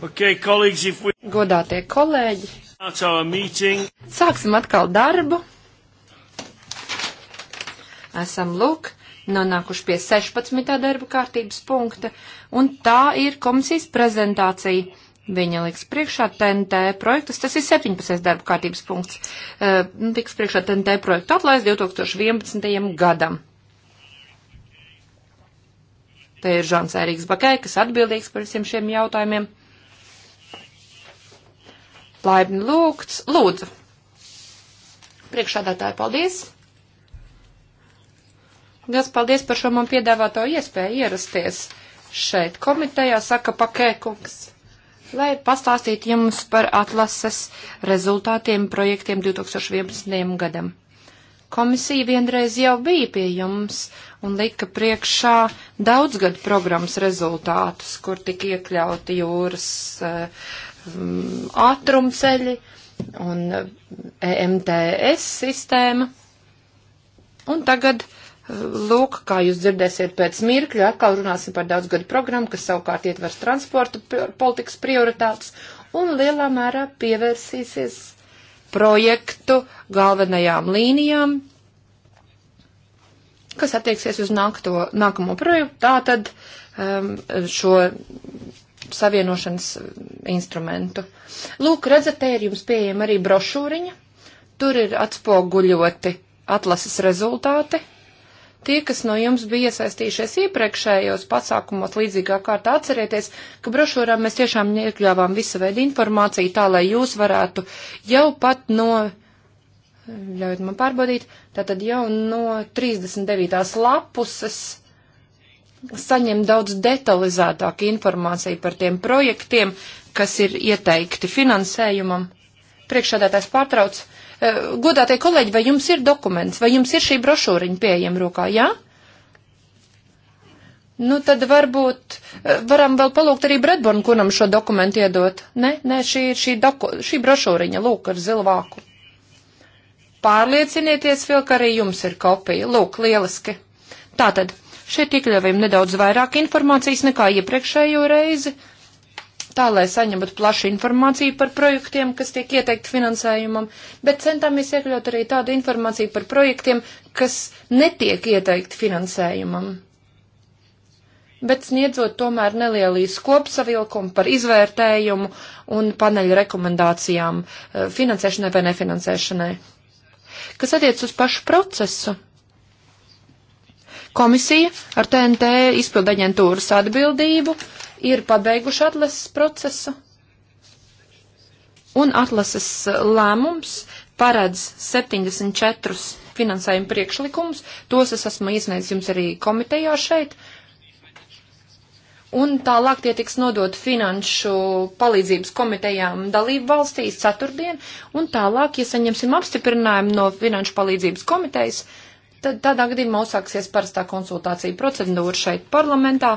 Okay, we... Godātie kolēģi, sāksim atkal darbu. Esam, lūk, nonākuši pie 16. darba kārtības punkta, un tā ir komisijas prezentācija. Viņa liks priekšā TNT projektus, tas ir 17. darba kārtības punkts, uh, tiks priekšā TNT projektu atlaist 2011. gadam. Te ir Žants Ērīgs Bakai, kas atbildīgs par visiem šiem jautājumiem laipni lūgts. Lūdzu. Priekšādātāji, paldies. Liels paldies par šo man piedāvāto iespēju ierasties šeit komitejā, saka Pakēkungs, lai pastāstītu jums par atlases rezultātiem projektiem 2011. gadam. Komisija vienreiz jau bija pie jums un lika priekšā daudzgadu programmas rezultātus, kur tika iekļauti jūras uh, Mm, ātrumceļi un EMTS sistēma. Un tagad, eh, lūk, kā jūs dzirdēsiet pēc mirkļa, atkal runāsim par daudzgadu programmu, kas savukārt ietvers transporta politikas prioritātes un lielā mērā pievērsīsies projektu galvenajām līnijām, kas attieksies uz nākto, nākamo projektu, tātad um, šo savienošanas eh, instrumentu. Lūk, redzat, te ir jums pieejama arī brošūriņa. Tur ir atspoguļoti atlases rezultāti. Tie, kas no jums bija iesaistījušies iepriekšējos pasākumos līdzīgā kārtā, atcerieties, ka brošūrā mēs tiešām iekļāvām visu veidu informāciju tā, lai jūs varētu jau pat no, ļaujiet man pārbaudīt, tātad jau no 39. lapuses saņem daudz detalizētāku informāciju par tiem projektiem, kas ir ieteikti finansējumam. Priekšādātājs pārtrauc. E, godātie kolēģi, vai jums ir dokuments, vai jums ir šī brošūriņa pieejama rokā, jā? Ja? Nu, tad varbūt e, varam vēl palūgt arī Bredbornu kunam šo dokumentu iedot. Nē, nē, šī ir šī, doku, šī brošūriņa, lūk, ar zilvāku. Pārliecinieties, vēl, ka arī jums ir kopija. Lūk, lieliski. Tātad, Šeit iekļāvām nedaudz vairāk informācijas nekā iepriekšējo reizi, tā lai saņemat plašu informāciju par projektiem, kas tiek ieteikti finansējumam, bet centāmies iekļaut arī tādu informāciju par projektiem, kas netiek ieteikti finansējumam. Bet sniedzot tomēr nelielu kopsavilkumu par izvērtējumu un paneļu rekomendācijām eh, finansēšanai vai nefinansēšanai. Kas attiec uz pašu procesu? Komisija ar TNT izpildu aģentūras atbildību ir pabeiguši atlases procesu, un atlases eh, lēmums paredz 74 finansējumu priekšlikumus, tos es esmu iesniedzis jums arī komitejā šeit, un tālāk tie tiks nodot finanšu palīdzības komitejām dalību valstīs ceturtdien, un tālāk, ja saņemsim apstiprinājumu no finanšu palīdzības komitejas, uh, tad tādā gadījumā uzsāksies parastā konsultācija procedūra šeit parlamentā,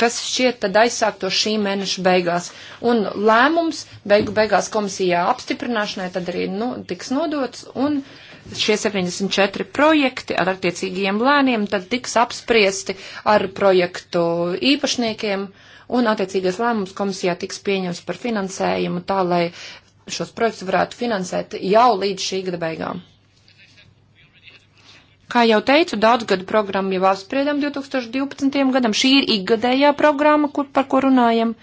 kas šķiet tad aizsākto šī mēneša beigās. Un lēmums beigu beigās komisijā apstiprināšanai tad arī nu, tiks nodots un šie 74 projekti ar attiecīgiem lēniem tad tiks apspriesti ar projektu īpašniekiem un attiecīgais lēmums komisijā tiks pieņems par finansējumu tā, lai šos projektus varētu finansēt jau līdz šī gada beigām. Kā jau teicu, daudzgadu programmu jau apspriedām 2012. gadam. Šī ir ikgadējā programma, kur, par ko runājam.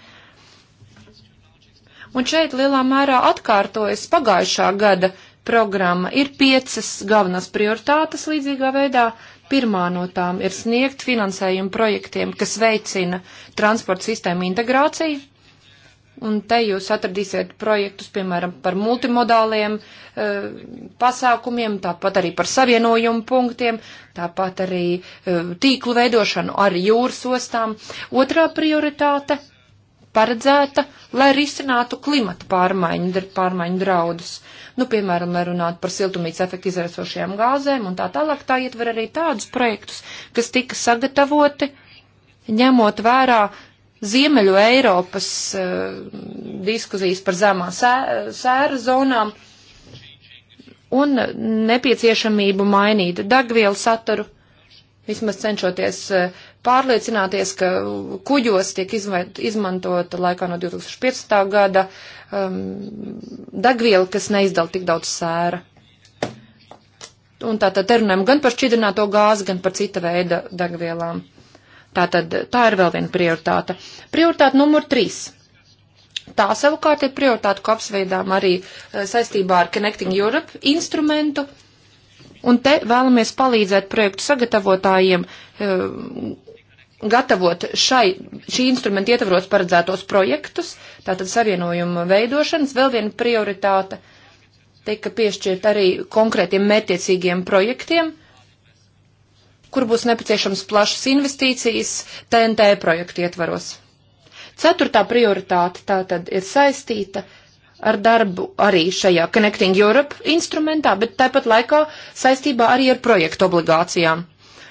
Un šeit lielā mērā atkārtojas pagājušā gada programma. Ir piecas galvenās prioritātes līdzīgā veidā. Pirmā no tām ir sniegt finansējumu projektiem, kas veicina transporta sistēmu integrāciju, un te jūs atradīsiet projektus, piemēram, par multimodāliem e, pasākumiem, tāpat arī par savienojumu punktiem, tāpat arī e, tīklu veidošanu ar jūras ostām. Otrā prioritāte paredzēta, lai risinātu klimata pārmaiņu, pārmaiņu draudus. Nu, piemēram, lai runātu par siltumnīca efektu izraisošajām gāzēm un tā tālāk, tā ietver arī tādus projektus, kas tika sagatavoti ņemot vērā Ziemeļu Eiropas eh, diskusijas par zemā sēra zonām un nepieciešamību mainīt dagvielu saturu, vismaz cenšoties eh, pārliecināties, ka kuģos tiek izmantota laikā no 2015. gada um, dagviela, kas neizdala tik daudz sēra. Un tātad runājam gan par šķidrināto gāzi, gan par cita veida dagvielām. Tātad tā ir vēl viena prioritāte. Prioritāte numur trīs. Tā savukārt ir prioritāte, ko apsveidām arī eh, saistībā ar Connecting Europe instrumentu. Un te vēlamies palīdzēt projektu sagatavotājiem eh, gatavot šai, šī instrumenta ietvaros paredzētos projektus, tātad savienojuma veidošanas, vēl viena prioritāte tika piešķirt arī konkrētiem mērķiecīgiem projektiem kur būs nepieciešams plašas investīcijas TNT projektu ietvaros. Ceturtā prioritāte tā tad ir saistīta ar darbu arī šajā Connecting Europe instrumentā, bet tāpat laikā saistībā arī ar projektu obligācijām.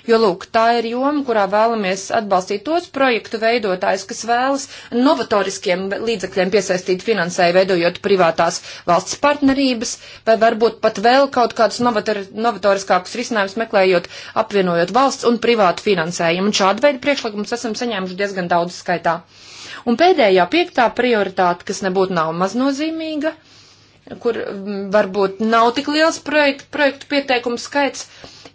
Jo, lūk, tā ir joma, kurā vēlamies atbalstīt tos projektu veidotājus, kas vēlas novatoriskiem līdzekļiem piesaistīt finansēju, veidojot privātās valsts partnerības, vai varbūt pat vēl kaut kādus novator, novatoriskākus risinājumus meklējot, apvienojot valsts un privātu finansējumu. Un šādu veidu priekšlikumus esam saņēmuši diezgan daudz skaitā. Un pēdējā piektā prioritāte, kas nebūtu nav maznozīmīga, kur mm, varbūt nav tik liels projektu, projektu pieteikumu skaits,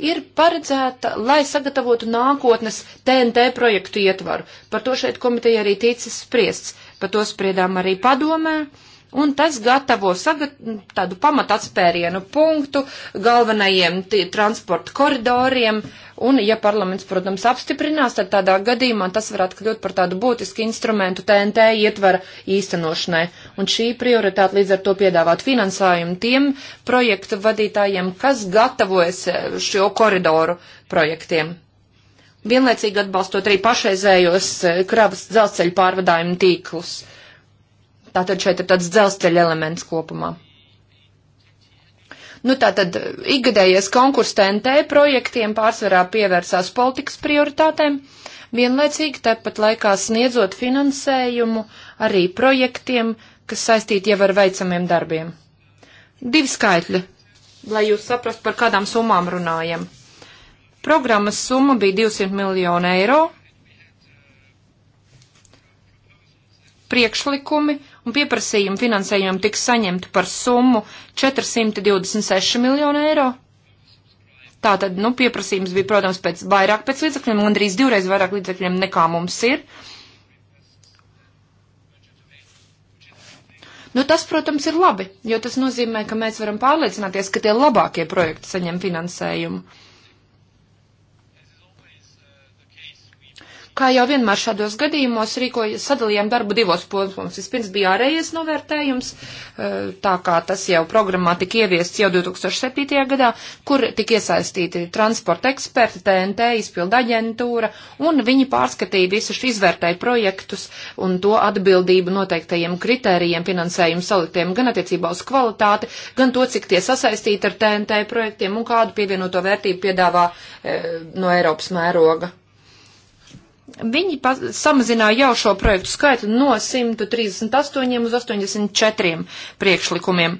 ir paredzēta, lai sagatavotu nākotnes TNT projektu ietvaru. Par to šeit komiteja arī ticis spriests. Par to spriedām arī padomē. Uh, un tas gatavo sagat, tādu pamat atspērienu punktu galvenajiem transporta koridoriem, un, ja parlaments, protams, apstiprinās, tad tādā gadījumā tas varētu kļūt par tādu būtisku instrumentu TNT ietvara īstenošanai, un šī prioritāte līdz ar to piedāvāt finansējumu tiem projektu vadītājiem, kas gatavojas e, šo koridoru projektiem vienlaicīgi atbalstot arī pašreizējos e, kravas dzelzceļa pārvadājumu tīklus. Tātad šeit ir tāds dzelzceļa elements kopumā. Nu, tātad ikgadējies konkurss TNT projektiem pārsvarā pievērsās politikas prioritātēm, vienlaicīgi tepat laikā sniedzot finansējumu arī projektiem, kas saistīti jau ar veicamiem darbiem. Divi skaitļi, lai jūs saprastu, par kādām summām runājam. Programmas summa bija 200 miljonu eiro. Priekšlikumi un pieprasījumi finansējumam tiks saņemti par summu 426 miljonu eiro. Tātad, nu, pieprasījums bija, protams, pēc vairāk pēc līdzekļiem, gandrīz divreiz vairāk līdzekļiem nekā mums ir. Nu, tas, protams, ir labi, jo tas nozīmē, ka mēs varam pārliecināties, ka tie labākie projekti saņem finansējumu. kā jau vienmēr šādos gadījumos rīkoja, sadalījām darbu divos posmos. Vispirms bija ārējais novērtējums, e, tā kā tas jau programmā tika ieviests jau 2007. gadā, kur tika iesaistīti transporta eksperti, TNT, izpilda aģentūra, un viņi pārskatīja visus izvērtēja projektus un to atbildību noteiktajiem kritērijiem finansējumu saliktiem gan attiecībā uz kvalitāti, gan to, cik tie sasaistīti ar TNT projektiem un kādu pievienoto vērtību piedāvā e, no Eiropas mēroga. Viņi samazināja jau šo projektu skaitu no 138 uz 84 priekšlikumiem.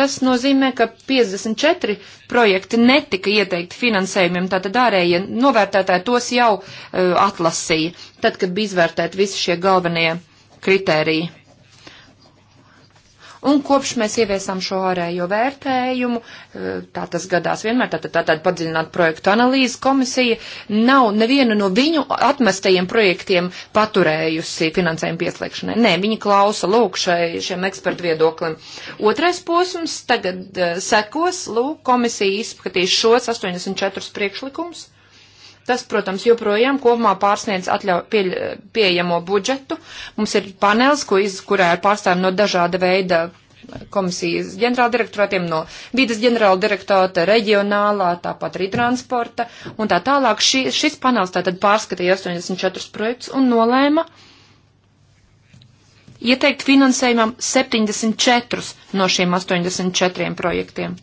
Tas nozīmē, ka 54 projekti netika ieteikti finansējumiem, tātad ārējie novērtētāji tos jau uh, atlasīja, tad, kad bija izvērtēti visi šie galvenie kritēriji. Un kopš mēs ieviesām šo ārējo vērtējumu, eh, tā tas gadās vienmēr, tātad tā, tā, tā padziļināt projektu analīzes komisija nav nevienu no viņu atmestajiem projektiem paturējusi finansējumu pieslēgšanai. Nē, viņi klausa lūk šai, šiem ekspertu viedoklim. Otrais posms tagad eh, sekos, lūk, komisija izskatīs šos 84 priekšlikumus Tas, protams, joprojām kopumā pārsniedz atļau, pie, pieejamo budžetu. Mums ir panels, ko iz, kurā ir pārstāvji no dažāda veida komisijas ģenerāldirektorātiem, no vidas ģenerāldirektorāta, reģionālā, tāpat arī transporta un tā tālāk. Ši, šis panels tātad pārskatīja 84 projektus un nolēma ieteikt finansējumam 74 no šiem 84 projektiem.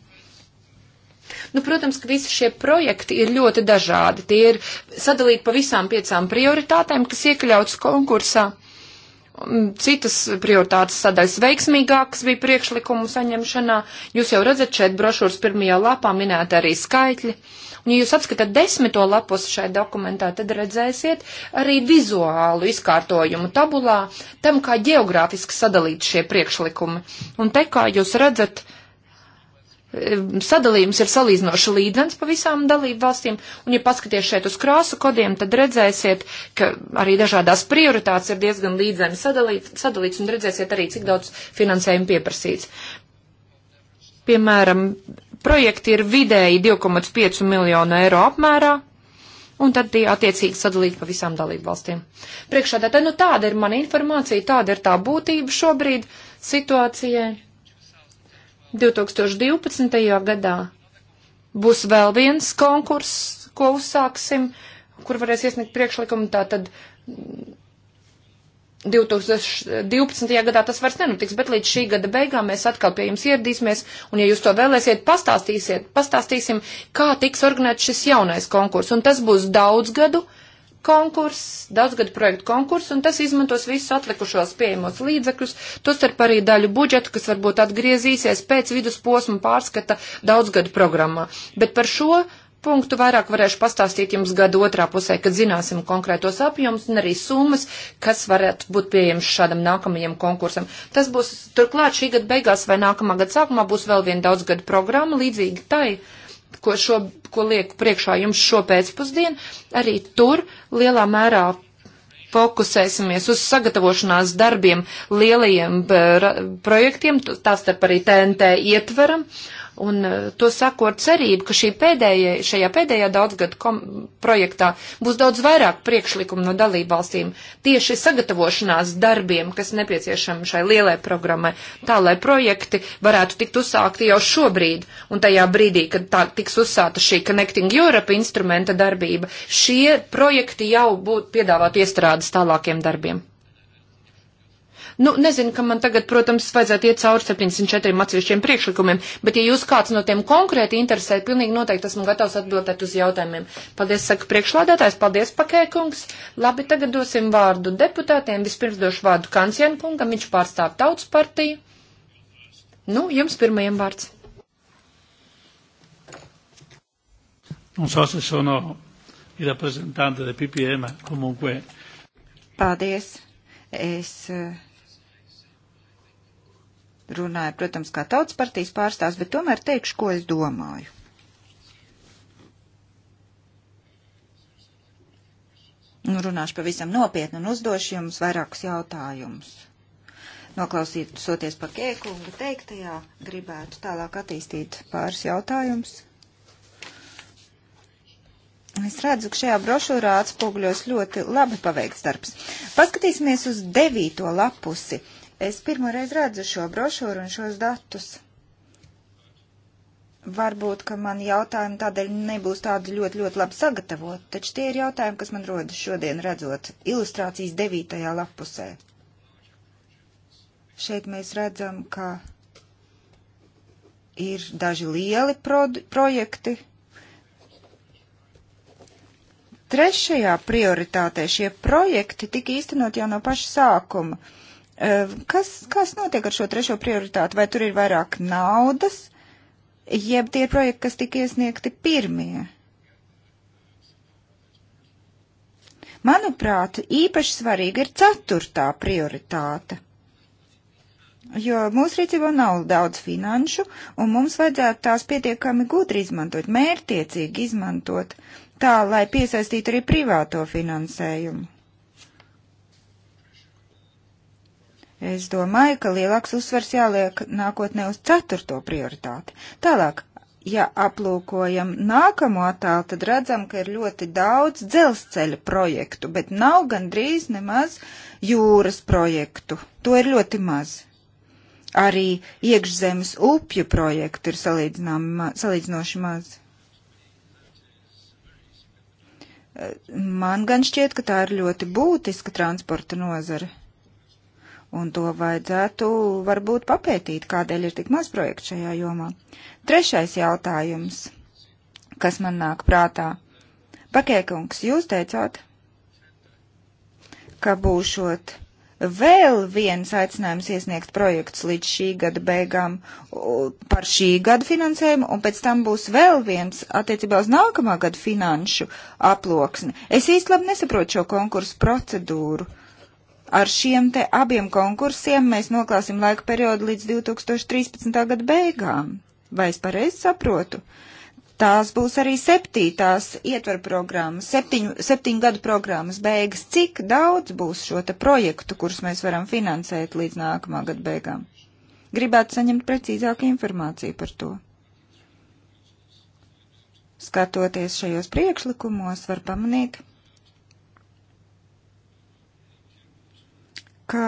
Nu, protams, ka visi šie projekti ir ļoti dažādi. Tie ir sadalīti pa visām piecām prioritātēm, kas iekļauts konkursā. Citas prioritātes sadaļas veiksmīgākas bija priekšlikumu saņemšanā. Jūs jau redzat šeit brošūras pirmajā lapā minēta arī skaitļi. Un, ja jūs apskatāt desmito lapus šai dokumentā, tad redzēsiet arī vizuālu izkārtojumu tabulā, tam kā geogrāfiski sadalīt šie priekšlikumi. Un te, kā jūs redzat, sadalījums ir salīdzinoši līdzens pa visām dalību valstīm, un ja paskaties šeit uz krāsu kodiem, tad redzēsiet, ka arī dažādās prioritātes ir diezgan līdzeni sadalīt, sadalīts, un redzēsiet arī, cik daudz finansējumu pieprasīts. Piemēram, projekti ir vidēji 2,5 miljonu eiro apmērā, un tad tie attiecīgi sadalīti pa visām dalību valstīm. Priekšādā, tad nu tāda ir mana informācija, tāda ir tā būtība šobrīd situācijai. 2012. gadā būs vēl viens konkurss, ko uzsāksim, kur varēs iesniegt priekšlikumu. Tātad 2012. Mm, gadā tas vairs nenotiks, bet līdz šī gada beigām mēs atkal pie jums ieradīsimies, un ja jūs to vēlēsiet, pastāstīsiet, pastāstīsim, kā tiks organizēts šis jaunais konkurss, un tas būs daudz gadu konkurss, daudzgadu projektu konkurss, un tas izmantos visus atlikušos pieejamos līdzekļus, tostarp arī daļu budžetu, kas varbūt atgriezīsies pēc vidusposma pārskata daudzgadu programmā. Bet par šo punktu vairāk varēšu pastāstīt jums gada otrā pusē, kad zināsim konkrētos apjomus un arī summas, kas varētu būt pieejams šādam nākamajam konkursam. Tas būs turklāt šī gada beigās vai nākamā gada sākumā būs vēl viena daudzgada programma līdzīga tai ko, šo, ko lieku priekšā jums šo pēcpusdienu, arī tur lielā mērā fokusēsimies uz sagatavošanās darbiem lielajiem eh, projektiem, tās starp arī TNT ietveram, Un e, to saku ar cerību, ka šī pēdējā, šajā pēdējā daudzgadu projektā būs daudz vairāk priekšlikumu no dalībvalstīm tieši sagatavošanās darbiem, kas nepieciešami šai lielai programmai, tā lai projekti varētu tikt uzsākti jau šobrīd. Un tajā brīdī, kad tā tiks uzsāta šī Connecting Europe instrumenta darbība, šie projekti jau būtu piedāvāt iestrādes tālākiem darbiem. Nu, nezinu, ka man tagad, protams, vajadzētu iet cauri 704 atsevišķiem priekšlikumiem, bet ja jūs kāds no tiem konkrēti interesē, pilnīgi noteikti esmu gatavs atbildēt uz jautājumiem. Paldies, saka priekšlādātājs, paldies, pakēkungs. Labi, tagad dosim vārdu deputātiem. Vispirms došu vārdu Kancienu kungam, viņš pārstāv tautas partiju. Nu, jums pirmajam vārds. Non so se sono il rappresentante del PPM, comunque. Paldies. Es uh, runāju, protams, kā tautas partijas pārstāvs, bet tomēr teikšu, ko es domāju. Nu, runāšu pavisam nopietni un uzdošu jums vairākus jautājumus. Noklausīties pa kēkungu teiktajā, gribētu tālāk attīstīt pāris jautājumus. Es redzu, ka šajā brošūrā atspoguļos ļoti labi paveikts darbs. Paskatīsimies uz devīto lapusi. Uh, Es pirmoreiz redzu šo brošūru un šos datus. Varbūt, ka man jautājumi tādēļ nebūs tādi ļoti, ļoti labi sagatavoti, taču tie ir jautājumi, kas man rodas šodien redzot ilustrācijas devītajā lapusē. Šeit mēs redzam, ka ir daži lieli projekti. Trešajā prioritātē šie projekti tika īstenot jau no paša sākuma. Uh, Eh, kas, kas notiek ar šo trešo prioritāti? Vai tur ir vairāk naudas, jeb tie projekti, kas tika iesniegti pirmie? Manuprāt, īpaši svarīga ir ceturtā prioritāte jo mūsu rīcībā nav daudz finanšu, un mums vajadzētu tās pietiekami gudri izmantot, mērtiecīgi izmantot, tā, lai piesaistītu arī privāto finansējumu. Es domāju, ka lielāks uzsvers jāliek nākotnē uz ceturto prioritāti. Tālāk, ja aplūkojam nākamo attēlu, tad redzam, ka ir ļoti daudz dzelzceļa projektu, bet nav gandrīz nemaz jūras projektu. To ir ļoti maz. Arī iekšzemes upju projektu ir salīdzinoši maz. Man gan šķiet, ka tā ir ļoti būtiska transporta nozara un to vajadzētu varbūt papētīt, kādēļ ir tik maz projektu šajā jomā. Trešais jautājums, kas man nāk prātā. Pakēkungs, jūs teicāt, ka būšot vēl viens aicinājums iesniegt projekts līdz šī gada beigām par šī gada finansējumu, un pēc tam būs vēl viens attiecībā uz nākamā gada finanšu aploksni. Es īsti labi nesaprotu šo konkursu procedūru. Uh, Ar šiem te abiem konkursiem mēs noklāsim laika periodu līdz 2013. gada beigām. Vai es pareizi saprotu? Tās būs arī septītās ietver programmas, septiņu, septiņu gadu programmas beigas. Cik daudz būs šo te projektu, kurus mēs varam finansēt līdz nākamā gada beigām? Gribētu saņemt precīzāku informāciju par to. Skatoties šajos priekšlikumos, var pamanīt, ka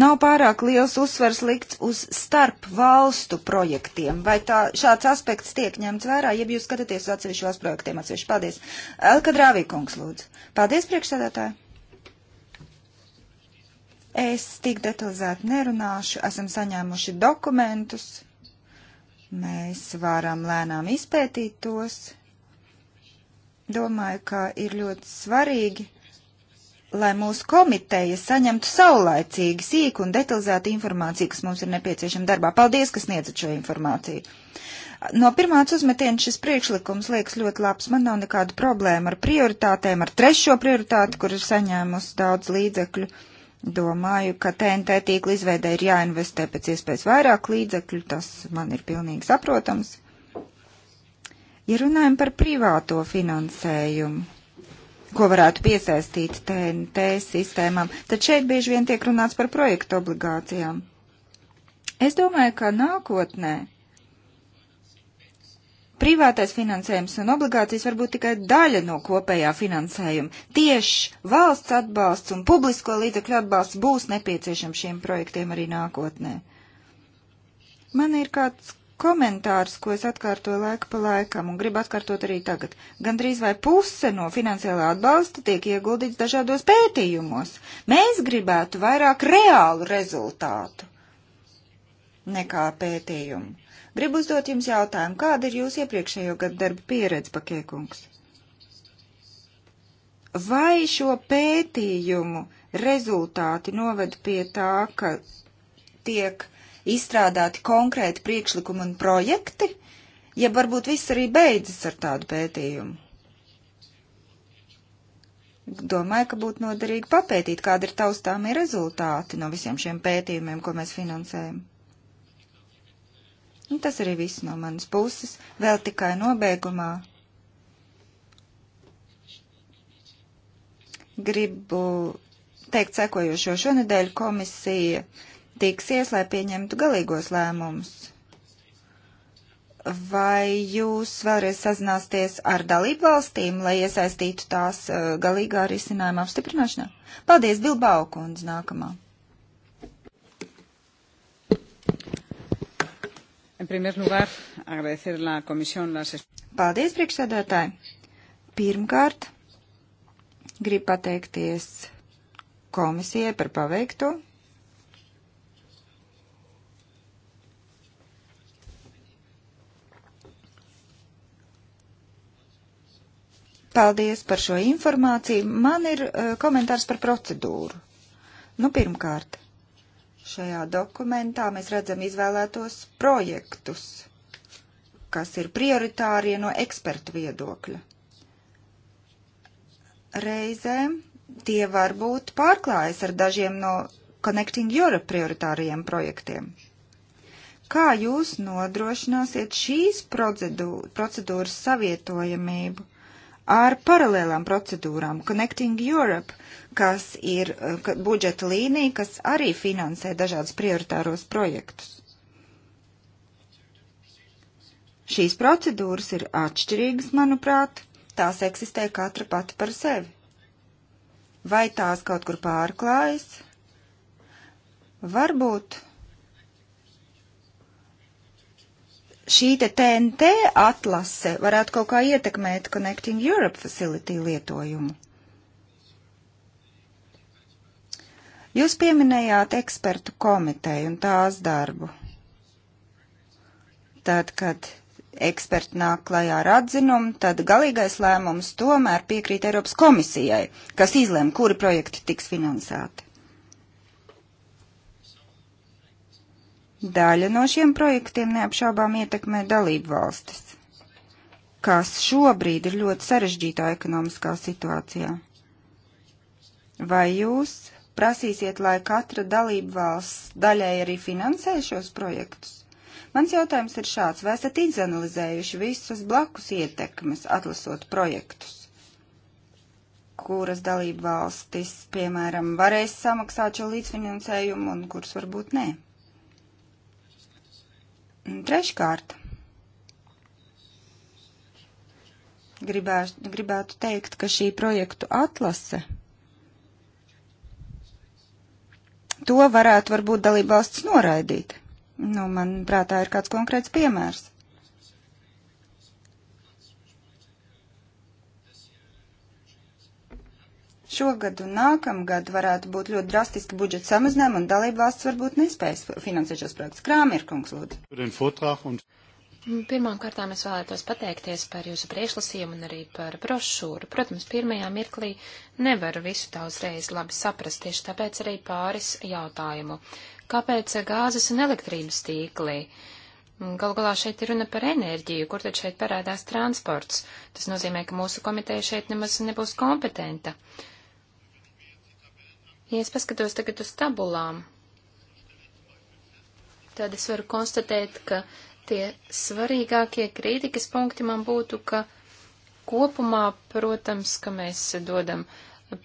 nav pārāk liels uzsvers likts uz starp valstu projektiem. Vai tā, šāds aspekts tiek ņemts vērā, ja jūs skatāties uz atsevišķu valstu projektiem atsevišķi? Paldies. Elka Drāvīkungs, lūdzu. Paldies, priekšsēdētāji. Es tik detalizēti nerunāšu, esam saņēmuši dokumentus. Mēs varam lēnām izpētīt tos. Domāju, ka ir ļoti svarīgi, lai mūsu komiteja saņemtu saulaicīgi, sīku un detalizētu informāciju, kas mums ir nepieciešama darbā. Paldies, kas sniedzat šo informāciju. No pirmāts uzmetiena šis priekšlikums liekas ļoti labs. Man nav nekāda problēma ar prioritātēm, ar trešo prioritāti, kur ir saņēmusi daudz līdzekļu. Domāju, ka TNT tīkla izveidē ir jāinvestē pēc iespējas vairāk līdzekļu, tas man ir pilnīgi saprotams. Ja runājam par privāto finansējumu, ko varētu piesaistīt TNT sistēmām, tad šeit bieži vien tiek runāts par projektu obligācijām. Es domāju, ka nākotnē privātais finansējums un obligācijas var būt tikai daļa no kopējā finansējuma. Tieši valsts atbalsts un publisko līdzekļu atbalsts būs nepieciešams šiem projektiem arī nākotnē. Man ir kāds komentārus, ko es atkārtoju laika pa laikam un gribu atkārtot arī tagad. Gandrīz vai puse no finansiālā atbalsta tiek ieguldīts dažādos pētījumos. Mēs gribētu vairāk reālu rezultātu nekā pētījumu. Gribu uzdot jums jautājumu, kāda ir jūsu iepriekšējo gadu darba pieredze, pakiekungs? Vai šo pētījumu rezultāti noved pie tā, ka tiek uh, izstrādāti konkrēti priekšlikumi un projekti, ja varbūt viss arī beidzas ar tādu pētījumu? Domāju, ka būtu noderīgi papētīt, kāda ir taustāmie rezultāti no visiem šiem pētījumiem, ko mēs finansējam. Un tas arī viss no manas puses, vēl tikai nobeigumā. Gribu teikt sekojošo šonadēļ komisija uh, tiksies, lai pieņemtu galīgos lēmumus. Vai jūs vēlreiz sazināsieties ar dalību valstīm, lai iesaistītu tās eh, galīgā risinājuma apstiprināšanā? Paldies, Bilbao kundze, nākamā. Paldies, priekšsēdētāji. Pirmkārt, gribu pateikties komisijai par paveikto. Paldies par šo informāciju. Man ir uh, komentārs par procedūru. Nu, pirmkārt, šajā dokumentā mēs redzam izvēlētos projektus, kas ir prioritārie no ekspertu viedokļa. Reizēm tie varbūt pārklājas ar dažiem no Connecting Europe prioritārajiem projektiem. Kā jūs nodrošināsiet šīs procedūras savietojamību? ar paralēlām procedūrām Connecting Europe, kas ir eh, ka, budžeta līnija, kas arī finansē dažādus prioritāros projektus. Šīs procedūras ir atšķirīgas, manuprāt, tās eksistē katra pati par sevi. Vai tās kaut kur pārklājas? Varbūt šī te TNT atlase varētu kaut kā ietekmēt Connecting Europe Facility lietojumu? Jūs pieminējāt ekspertu komiteju un tās darbu. Tad, kad eksperti nāk klajā ar atzinumu, tad galīgais lēmums tomēr piekrīt Eiropas komisijai, kas izlem, kuri projekti tiks finansēti. Daļa no šiem projektiem neapšaubām ietekmē dalību valstis, kas šobrīd ir ļoti sarežģītā ekonomiskā situācijā. Vai jūs prasīsiet, lai katra dalību valsts daļai arī finansē šos projektus? Mans jautājums ir šāds, vai esat izanalizējuši visas blakus ietekmes, atlasot projektus? kuras dalību valstis, piemēram, varēs samaksāt šo līdzfinansējumu un kuras varbūt nē. Treškārt, gribēš, gribētu teikt, ka šī projektu atlase to varētu varbūt dalībvalsts noraidīt. Nu, man prātā ir kāds konkrēts piemērs. šogad un nākamgad varētu būt ļoti drastiski budžeta samazinājumi, un dalība valsts varbūt nespēs finansēt šos projektus. Krāmerkungs, lūdzu. Pirmām kārtām es vēlētos pateikties par jūsu priešlasījumu un arī par brošūru. Protams, pirmajā mirklī nevaru visu tā uzreiz labi saprast, tieši tāpēc arī pāris jautājumu. Kāpēc gāzes un elektrības tīklī? Galu galā šeit ir runa par enerģiju, kur tad šeit parādās transports. Tas nozīmē, ka mūsu komiteja šeit nemaz nebūs kompetenta. Uh, Ja es paskatos tagad uz tabulām, tad es varu konstatēt, ka tie svarīgākie kritikas punkti man būtu, ka kopumā, protams, ka mēs dodam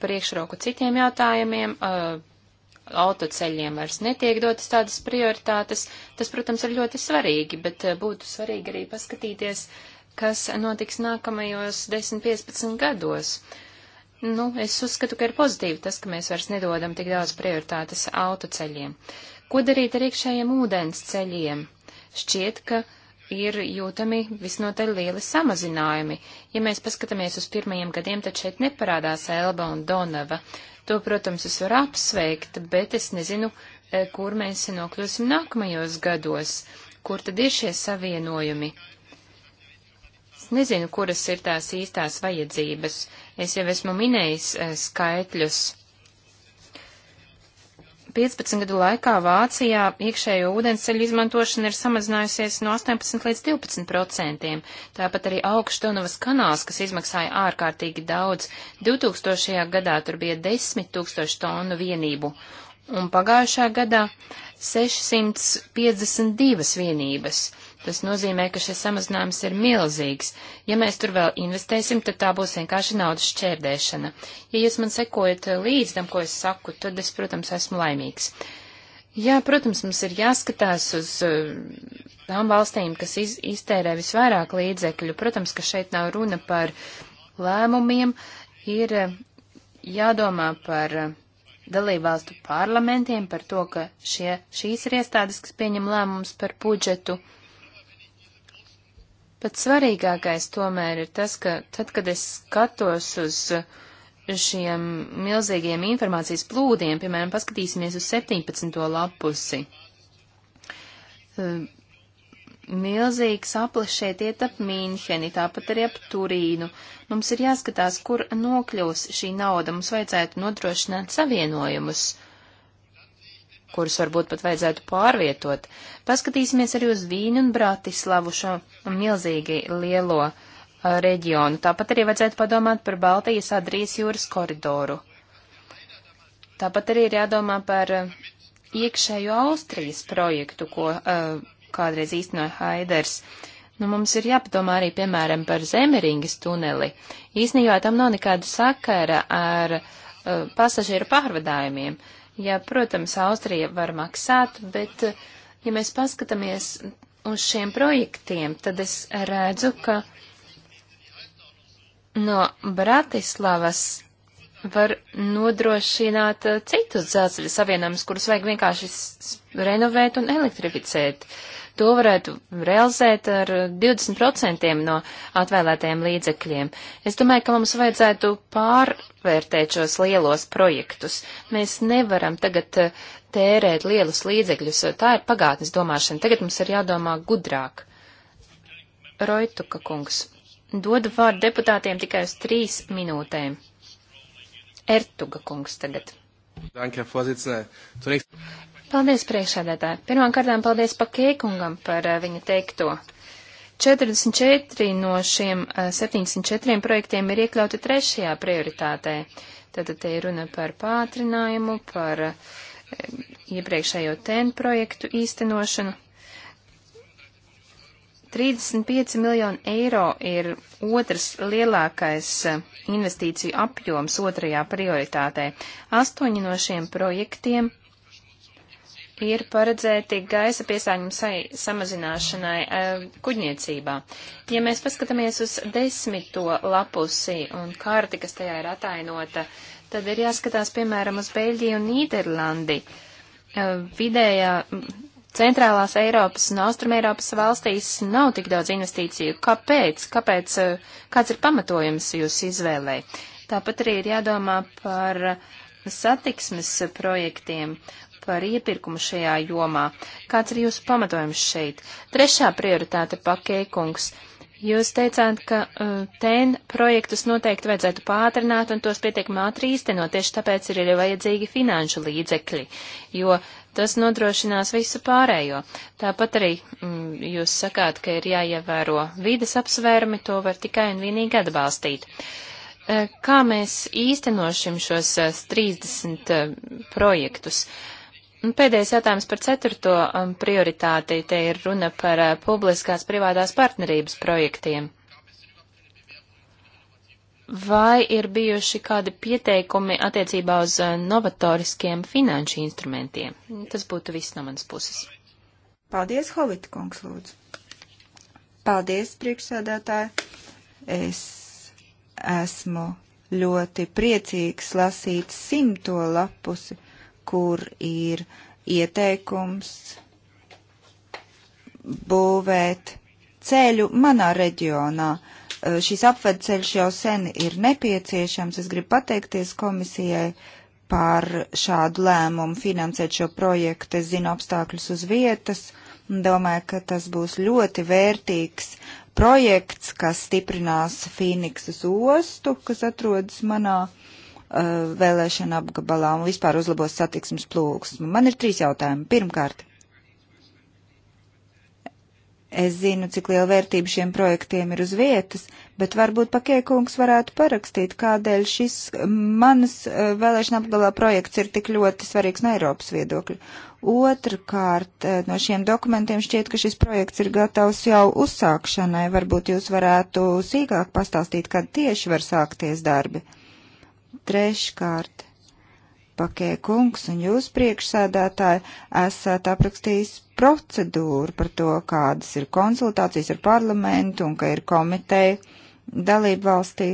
priekšroku citiem jautājumiem, autoceļiem vairs netiek dotas tādas prioritātes. Tas, protams, ir ļoti svarīgi, bet būtu svarīgi arī paskatīties, kas notiks nākamajos 10-15 gados. Nu, es uzskatu, ka ir pozitīvi tas, ka mēs vairs nedodam tik daudz prioritātes autoceļiem. Ko darīt ar iekšējiem ūdens ceļiem? Šķiet, ka ir jūtami visnotaļ lieli samazinājumi. Ja mēs paskatāmies uz pirmajiem gadiem, tad šeit neparādās Elba un Donava. To, protams, es varu apsveikt, bet es nezinu, eh, kur mēs nokļūsim nākamajos gados, kur tad ir šie savienojumi. Es nezinu, kuras ir tās īstās vajadzības. Es jau esmu minējis eh, skaitļus. 15 gadu laikā Vācijā iekšējo ūdensceļu izmantošana ir samazinājusies no 18 līdz 12 procentiem. Tāpat arī augštonavas kanāls, kas izmaksāja ārkārtīgi daudz. 2000. gadā tur bija 10 tūkstoši tonu vienību, un pagājušā gadā 652 vienības. Tas nozīmē, ka šis samazinājums ir milzīgs. Ja mēs tur vēl investēsim, tad tā būs vienkārši naudas šķērdēšana. Ja jūs man sekojat līdz tam, ko es saku, tad es, protams, esmu laimīgs. Jā, protams, mums ir jāskatās uz eh, tām valstīm, kas iz, iztērē visvairāk līdzekļu. Protams, ka šeit nav runa par lēmumiem, ir eh, jādomā par eh, dalībvalstu parlamentiem, par to, ka šie, šīs ir iestādes, kas pieņem lēmumus par budžetu. Uh, Pats svarīgākais tomēr ir tas, ka tad, kad es skatos uz šiem milzīgiem informācijas plūdiem, piemēram, paskatīsimies uz 17. lapusi, eh, milzīgs aplis šeit iet ap Mīnheni, tāpat arī ap Turīnu. Mums ir jāskatās, kur nokļūs šī nauda, mums vajadzētu nodrošināt savienojumus kurus varbūt pat vajadzētu pārvietot. Paskatīsimies arī uz Vīnu un Bratislavu šo milzīgi lielo uh, reģionu. Tāpat arī vajadzētu padomāt par Baltijas Adrijas jūras koridoru. Tāpat arī ir jādomā par uh, iekšējo Austrijas projektu, ko uh, kādreiz īstenoja Haiders. Nu, mums ir jāpadomā arī, piemēram, par Zemeringas tuneli. Īsnībā tam nav nekāda sakara ar uh, pasažieru pārvadājumiem. Uh, Jā, protams, Austrija var maksāt, bet ja mēs paskatāmies uz šiem projektiem, tad es redzu, ka no Bratislavas var nodrošināt eh, citus dzelzceļa savienojumus, kurus vajag vienkārši renovēt un elektrificēt. Uh, to varētu realizēt ar 20% no atvēlētajiem līdzekļiem. Es domāju, ka mums vajadzētu pārvērtēt šos lielos projektus. Mēs nevaram tagad eh, tērēt lielus līdzekļus, tā ir pagātnes domāšana. Tagad mums ir jādomā gudrāk. Roituka kungs. Dodu vārdu deputātiem tikai uz trīs minūtēm. Ertuga kungs tagad. Danke, Herr Vorsitzender. Zunächst Paldies, priekšādētāji. Pirmām kārtām paldies pa Kēkungam par uh, viņa teikto. 44 no šiem uh, eh, 74 projektiem ir iekļauti trešajā prioritātē. Tātad te ir runa par pātrinājumu, par uh, iepriekšējo TEN projektu īstenošanu. 35 miljoni eiro ir otrs lielākais investīciju apjoms otrajā prioritātē. Astoņi no šiem projektiem ir paredzēti gaisa piesārņojuma samazināšanai e, kuģniecībā. Ja mēs paskatāmies uz desmito lapusi un karti, kas tajā ir atainota, tad ir jāskatās, piemēram, uz Beļģiju un Nīderlandi. E, vidējā centrālās Eiropas un Austrumēropas valstīs nav tik daudz investīciju. Kāpēc? Kāpēc? Eh, kāds ir pamatojums jūsu izvēlē? Tāpat arī ir jādomā par satiksmes projektiem par iepirkumu šajā jomā. Kāds ir jūsu pamatojums šeit? Trešā prioritāte pakeikungs. Jūs teicāt, ka uh, ten projektus noteikti vajadzētu pātrināt un tos pietiekami ātri īstenot, tieši tāpēc ir arī vajadzīgi finanšu līdzekļi, jo tas nodrošinās visu pārējo. Tāpat arī mm, jūs sakāt, ka ir jāievēro vides apsvērumi, to var tikai un vienīgi atbalstīt. Uh, kā mēs īstenošim šos 30 uh, uh, projektus? Uh, Pēdējais jautājums par ceturto um, prioritāti. Te ir runa par uh, publiskās privātās partnerības projektiem. Vai ir bijuši kādi pieteikumi attiecībā uz uh, novatoriskiem finanšu instrumentiem? Tas būtu viss no manas puses. Paldies, Hovita kungs, lūdzu. Paldies, priekšsēdētāji. Es esmu ļoti priecīgs lasīt simto lapusi kur ir ieteikums būvēt ceļu manā reģionā. Eh, šis apvedceļš jau sen ir nepieciešams. Es gribu pateikties komisijai par šādu lēmumu finansēt šo projektu. Es zinu apstākļus uz vietas un domāju, ka tas būs ļoti vērtīgs projekts, kas stiprinās Fīniksas ostu, kas atrodas manā uh, Uh, vēlēšana apgabalā un vispār uzlabos satiksmes plūksmu. Man ir trīs jautājumi. Pirmkārt, es zinu, cik liela vērtība šiem projektiem ir uz vietas, bet varbūt pakiekungs varētu parakstīt, kādēļ šis manas uh, vēlēšana apgalā projekts ir tik ļoti svarīgs no Eiropas viedokļa. Otrakārt, uh, no šiem dokumentiem šķiet, ka šis projekts ir gatavs jau uzsākšanai. Varbūt jūs varētu sīkāk pastāstīt, kad tieši var sākties darbi. Treškārt, Pakē kungs un jūs priekšsēdētāji esat aprakstījis procedūru par to, kādas ir konsultācijas ar parlamentu un ka ir komiteja dalību valstī.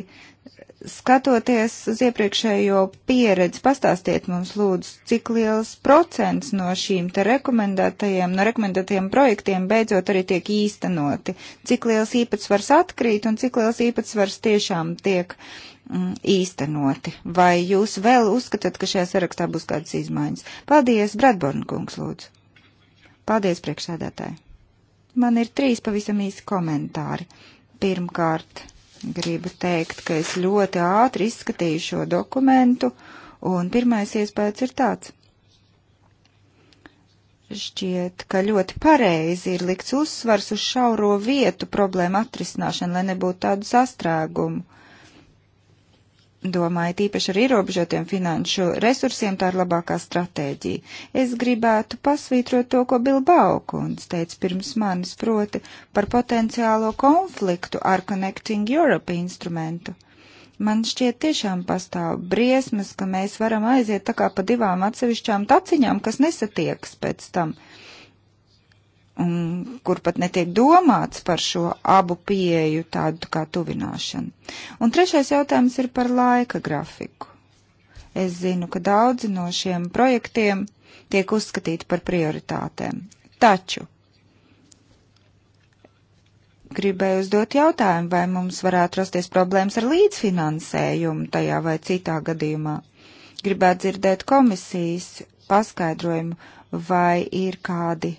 Skatoties uz iepriekšējo pieredzi, pastāstiet mums lūdzu, cik liels procents no šīm te rekomendētajiem, no rekomendētajiem projektiem beidzot arī tiek īstenoti, cik liels īpatsvars atkrīt un cik liels īpatsvars tiešām tiek uh, Mm, īstenoti. Vai jūs vēl uzskatāt, ka šajā sarakstā būs kādas izmaiņas? Paldies, Bradborn kungs, lūdzu. Paldies, priekšsēdētāji. Man ir trīs pavisam īsi komentāri. Pirmkārt, gribu teikt, ka es ļoti ātri izskatīju šo dokumentu, un pirmais iespējas ir tāds. Šķiet, ka ļoti pareizi ir likts uzsvars uz šauro vietu problēmu atrisināšanu, lai nebūtu tādu sastrēgumu domāju, tīpaši ar ierobežotiem finanšu resursiem, tā ir labākā stratēģija. Es gribētu pasvītrot to, ko Bilbao kundze teica pirms manis, proti par potenciālo konfliktu ar Connecting Europe instrumentu. Man šķiet tiešām pastāv briesmas, ka mēs varam aiziet tā kā pa divām atsevišķām taciņām, kas nesatiekas pēc tam. Uh, un kur pat netiek domāts par šo abu pieeju tādu kā tuvināšanu. Un trešais jautājums ir par laika grafiku. Es zinu, ka daudzi no šiem projektiem tiek uzskatīti par prioritātēm. Taču gribēju uzdot jautājumu, vai mums varētu rasties problēmas ar līdzfinansējumu tajā vai citā gadījumā. Gribētu dzirdēt komisijas paskaidrojumu, vai ir kādi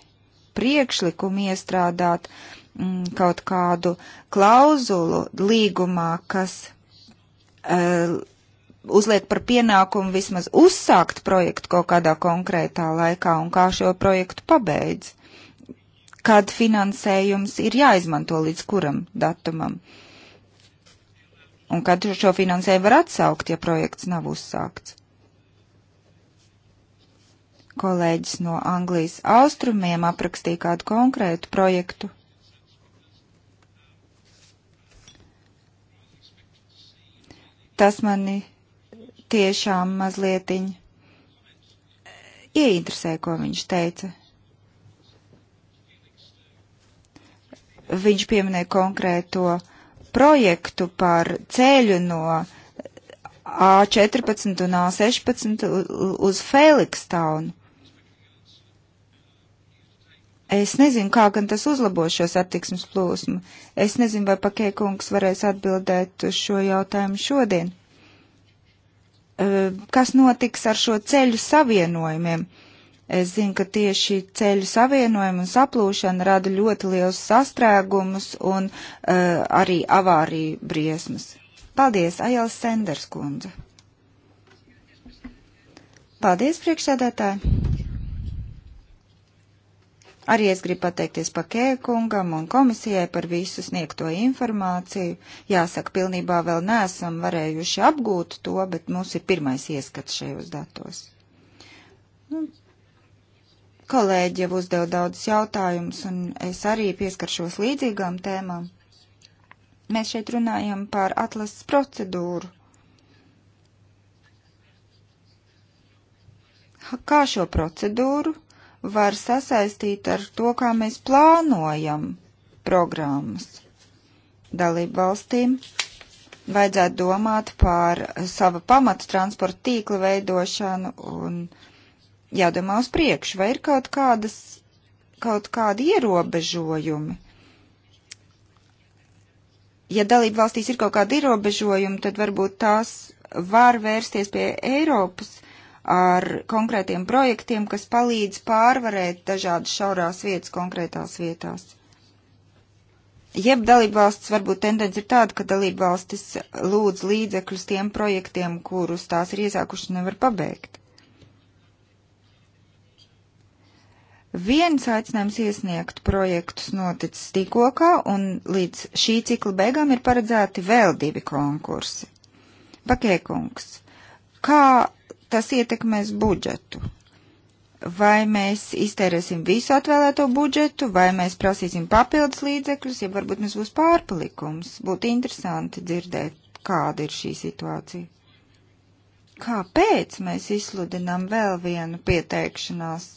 priekšlikumu iestrādāt mm, kaut kādu klauzulu līgumā, kas uh, uzliek par pienākumu vismaz uzsākt projektu kaut kādā konkrētā laikā un kā šo projektu pabeidz, kad finansējums ir jāizmanto līdz kuram datumam. Un kad šo finansējumu var atsaukt, ja projekts nav uzsākts kolēģis no Anglijas austrumiem aprakstīja kādu konkrētu projektu. Tas mani tiešām mazlietiņ ieinteresē, ko viņš teica. Viņš pieminēja konkrēto projektu par ceļu no A14 un A16 uz Felikstaunu. Es nezinu, kā gan tas uzlabos šo satiksmes plūsmu. Es nezinu, vai pakeikungs varēs atbildēt uz šo jautājumu šodien. E, kas notiks ar šo ceļu savienojumiem? Es zinu, ka tieši ceļu savienojumi un saplūšana rada ļoti liels sastrēgumus un uh, arī avāriju briesmas. Paldies, Ajels Senders kundze. Paldies, priekšsēdētāji. Arī es gribu pateikties Pakē kungam un komisijai par visu sniegto informāciju. Jāsaka, pilnībā vēl neesam varējuši apgūt to, bet mums ir pirmais ieskats šajos datos. Nu, kolēģi jau uzdeva daudzus jautājumus, un es arī pieskaršos līdzīgām tēmām. Mēs šeit runājam par atlases procedūru. Kā šo procedūru var sasaistīt ar to, kā mēs plānojam programmas. Dalību valstīm vajadzētu domāt par sava pamata transporta tīkla veidošanu un jādomā uz priekšu, vai ir kaut kādas, kaut kādi ierobežojumi. Ja dalību valstīs ir kaut kādi ierobežojumi, tad varbūt tās var vērsties pie Eiropas ar konkrētiem projektiem, kas palīdz pārvarēt dažādas šaurās vietas konkrētās vietās. Jeb dalībvalsts varbūt tendence ir tāda, ka dalībvalstis lūdz līdzekļus tiem projektiem, kurus tās ir iesākuši nevar pabeigt. Viens aicinājums iesniegt projektus noticis tikokā, un līdz šī cikla beigām ir paredzēti vēl divi konkursi. Pakēkungs, kā tas ietekmēs budžetu. Vai mēs iztērēsim visu atvēlēto budžetu, vai mēs prasīsim papildus līdzekļus, ja varbūt mums būs pārpalikums. Būtu interesanti dzirdēt, kāda ir šī situācija. Kāpēc mēs izsludinām vēl vienu pieteikšanās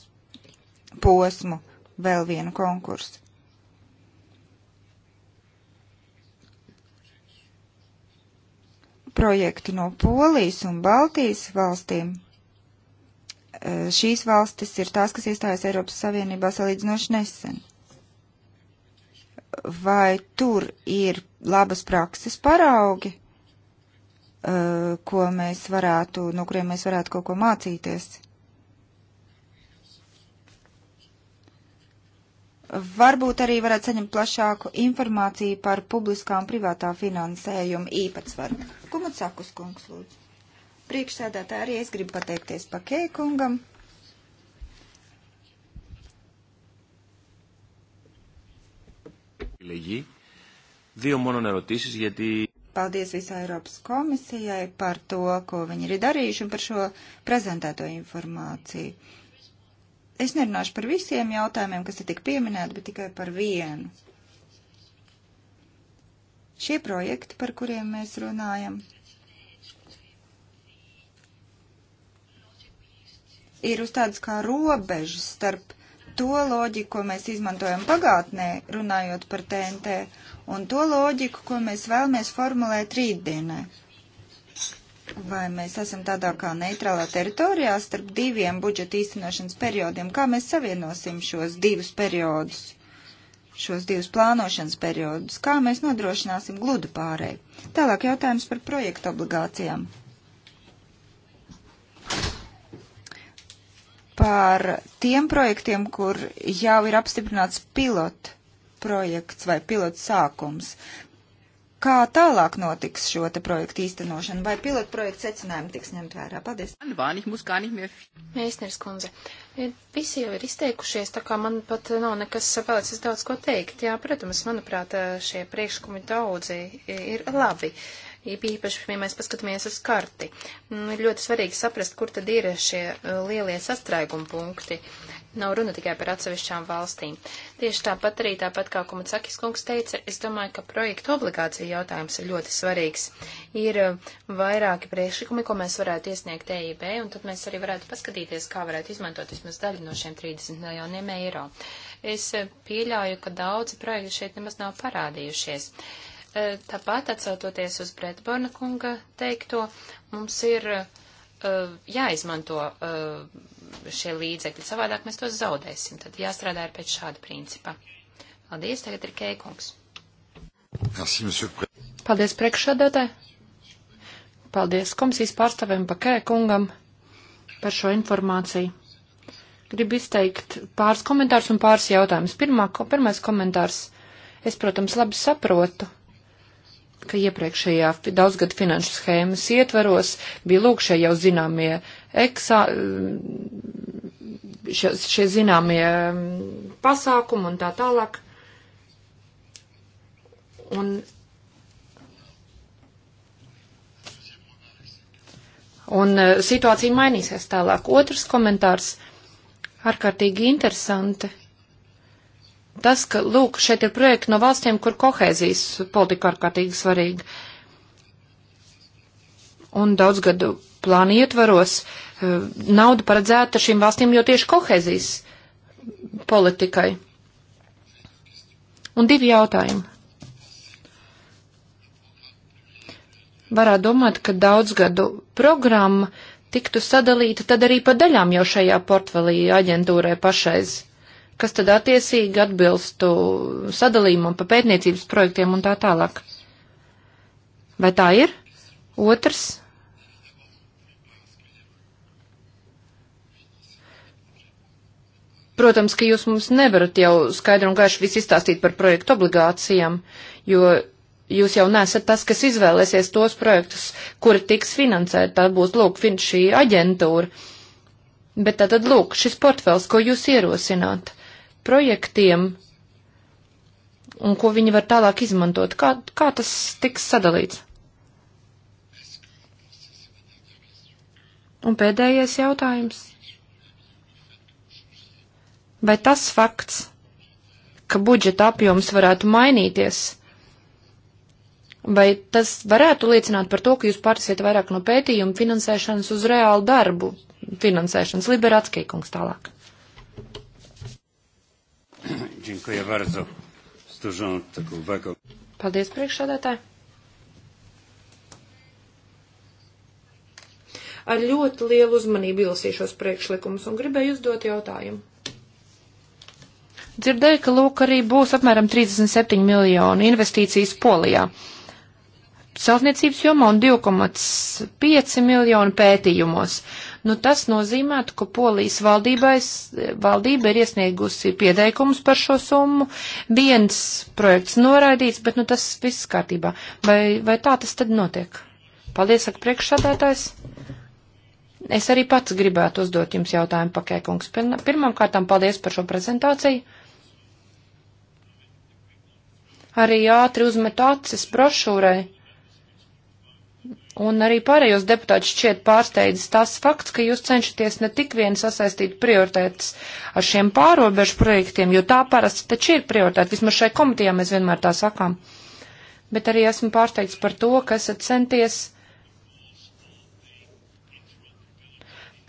posmu, vēl vienu konkursu? projektu no Polijas un Baltijas valstīm, šīs valstis ir tās, kas iestājas Eiropas Savienībā salīdzinoši nesen. Vai tur ir labas prakses paraugi, ko mēs varētu, no kuriem mēs varētu kaut ko mācīties? Varbūt arī varētu saņemt plašāku informāciju par publiskā un privātā finansējuma īpatsvaru. Kumatsakus kungs, lūdzu. Priekšsēdētāji arī es gribu pateikties Pakē kungam. επιλεγεί. Δύο μόνο ερωτήσεις γιατί... Paldies visai Eiropas komisijai par to, ko viņi ir darījuši un par šo prezentēto informāciju. Es nerunāšu par visiem jautājumiem, kas te tik pieminēti, bet tikai par vienu. Šie projekti, par kuriem mēs runājam, ir uz tādas kā robežas starp to loģiku, ko mēs izmantojam pagātnē, runājot par TNT, un to loģiku, ko mēs vēlamies formulēt rītdienai vai mēs esam tādā kā neitrālā teritorijā starp diviem budžeta īstenošanas periodiem, kā mēs savienosim šos divus periodus, šos divus plānošanas periodus, kā mēs nodrošināsim gludu pārēju. Tālāk jautājums par projektu obligācijām. Par tiem projektiem, kur jau ir apstiprināts pilots projekts vai pilots sākums kā tālāk notiks šo te projektu īstenošana, vai pilotu projektu secinājumi tiks ņemt vērā. Paldies. Mēsners kundze, visi jau ir izteikušies, tā kā man pat nav nekas palicis daudz ko teikt. Jā, protams, manuprāt, šie priekšlikumi daudzi ir labi. Uh, īpaši, ja mēs paskatāmies uz karti. Nu, ir ļoti svarīgi saprast, kur tad ir šie e, lielie sastrēguma punkti. Nav runa tikai par atsevišķām valstīm. Tieši tāpat arī, tāpat kā Kumatsakis kungs teica, es domāju, ka projektu obligāciju jautājums ir ļoti svarīgs. Ir e, vairāki priekšlikumi, ko mēs varētu iesniegt EIB, un tad mēs arī varētu paskatīties, kā varētu izmantot vismaz daļu no šiem 30 miljoniem eiro. Es e, pieļauju, ka daudzi projekti šeit nemaz nav parādījušies. Uh, E, tāpat atsautoties uz Bretborna kunga teikto, mums ir e, jāizmanto e, šie līdzekļi, savādāk mēs tos zaudēsim. Tad jāstrādā ir pēc šāda principa. Paldies, tagad ir Keikungs. Paldies priekšsēdētāji. Paldies komisijas pārstāvēm pa Kēkungam par šo informāciju gribu izteikt pāris komentārus un pāris jautājumus. Pirmā, ko, pirmais komentārs. Es, protams, labi saprotu, ka iepriekšējā daudzgada finanšu schēmas ietvaros bija lūk šie jau zināmie eksā, mm, šie, šie zināmie mm, pasākumi un tā tālāk. Un, un e, situācija mainīsies tālāk. Otrs komentārs ārkārtīgi interesanti tas, ka, lūk, šeit ir projekti no valstīm, kur kohēzijas politika ārkārtīgi svarīga. Un daudz gadu plāni ietvaros eh, nauda paredzēta šīm valstīm jau tieši kohēzijas politikai. Un divi jautājumi. Varētu domāt, ka daudzgadu programma tiktu sadalīta tad arī pa daļām jau šajā portfelī aģentūrai pašais kas tad attiecīgi atbilstu sadalījumam pa pētniecības projektiem un tā tālāk. Vai tā ir? Otrs. Protams, ka jūs mums nevarat jau skaidru un gaišu visu izstāstīt par projektu obligācijām, jo jūs jau nesat tas, kas izvēlēsies tos projektus, kuri tiks finansēti. Tā būs, lūk, šī aģentūra. Bet tātad, lūk, šis portfels, ko jūs ierosināt. Uh, projektiem un ko viņi var tālāk izmantot? Kā, kā tas tiks sadalīts? Un pēdējais jautājums. Vai tas fakts, ka budžeta apjoms varētu mainīties, vai tas varētu liecināt par to, ka jūs pārsiet vairāk no pētījuma finansēšanas uz reālu darbu finansēšanas? Liberāts Keikungs tālāk. Dziękuję bardzo z dużą taką wagą. Paldies, priekšsādātāji. Ar ļoti lielu uzmanību ilasīšos priekšlikumus un gribēju uzdot jautājumu. Dzirdēju, ka lūk arī būs apmēram 37 miljonu investīcijas Polijā. Celtniecības jomā un 2,5 miljonu pētījumos nu tas nozīmētu, ka Polijas valdība ir iesniegusi pieteikumus par šo summu, viens projekts noraidīts, bet nu tas viss kārtībā. Vai, vai tā tas tad notiek? Paldies, saka priekšsādātājs. Es arī pats gribētu uzdot jums jautājumu, pakēkungs. Pirmam kārtām paldies par šo prezentāciju arī ātri uzmet acis brošūrai, Un arī pārējos deputātus šķiet pārsteidzis tas fakts, ka jūs cenšaties ne tik vien sasaistīt prioritētas ar šiem pārobežu projektiem, jo tā parasti taču ir prioritēta, vismaz šai komitejā mēs vienmēr tā sakām. Bet arī esmu pārsteigts par to, ka esat centies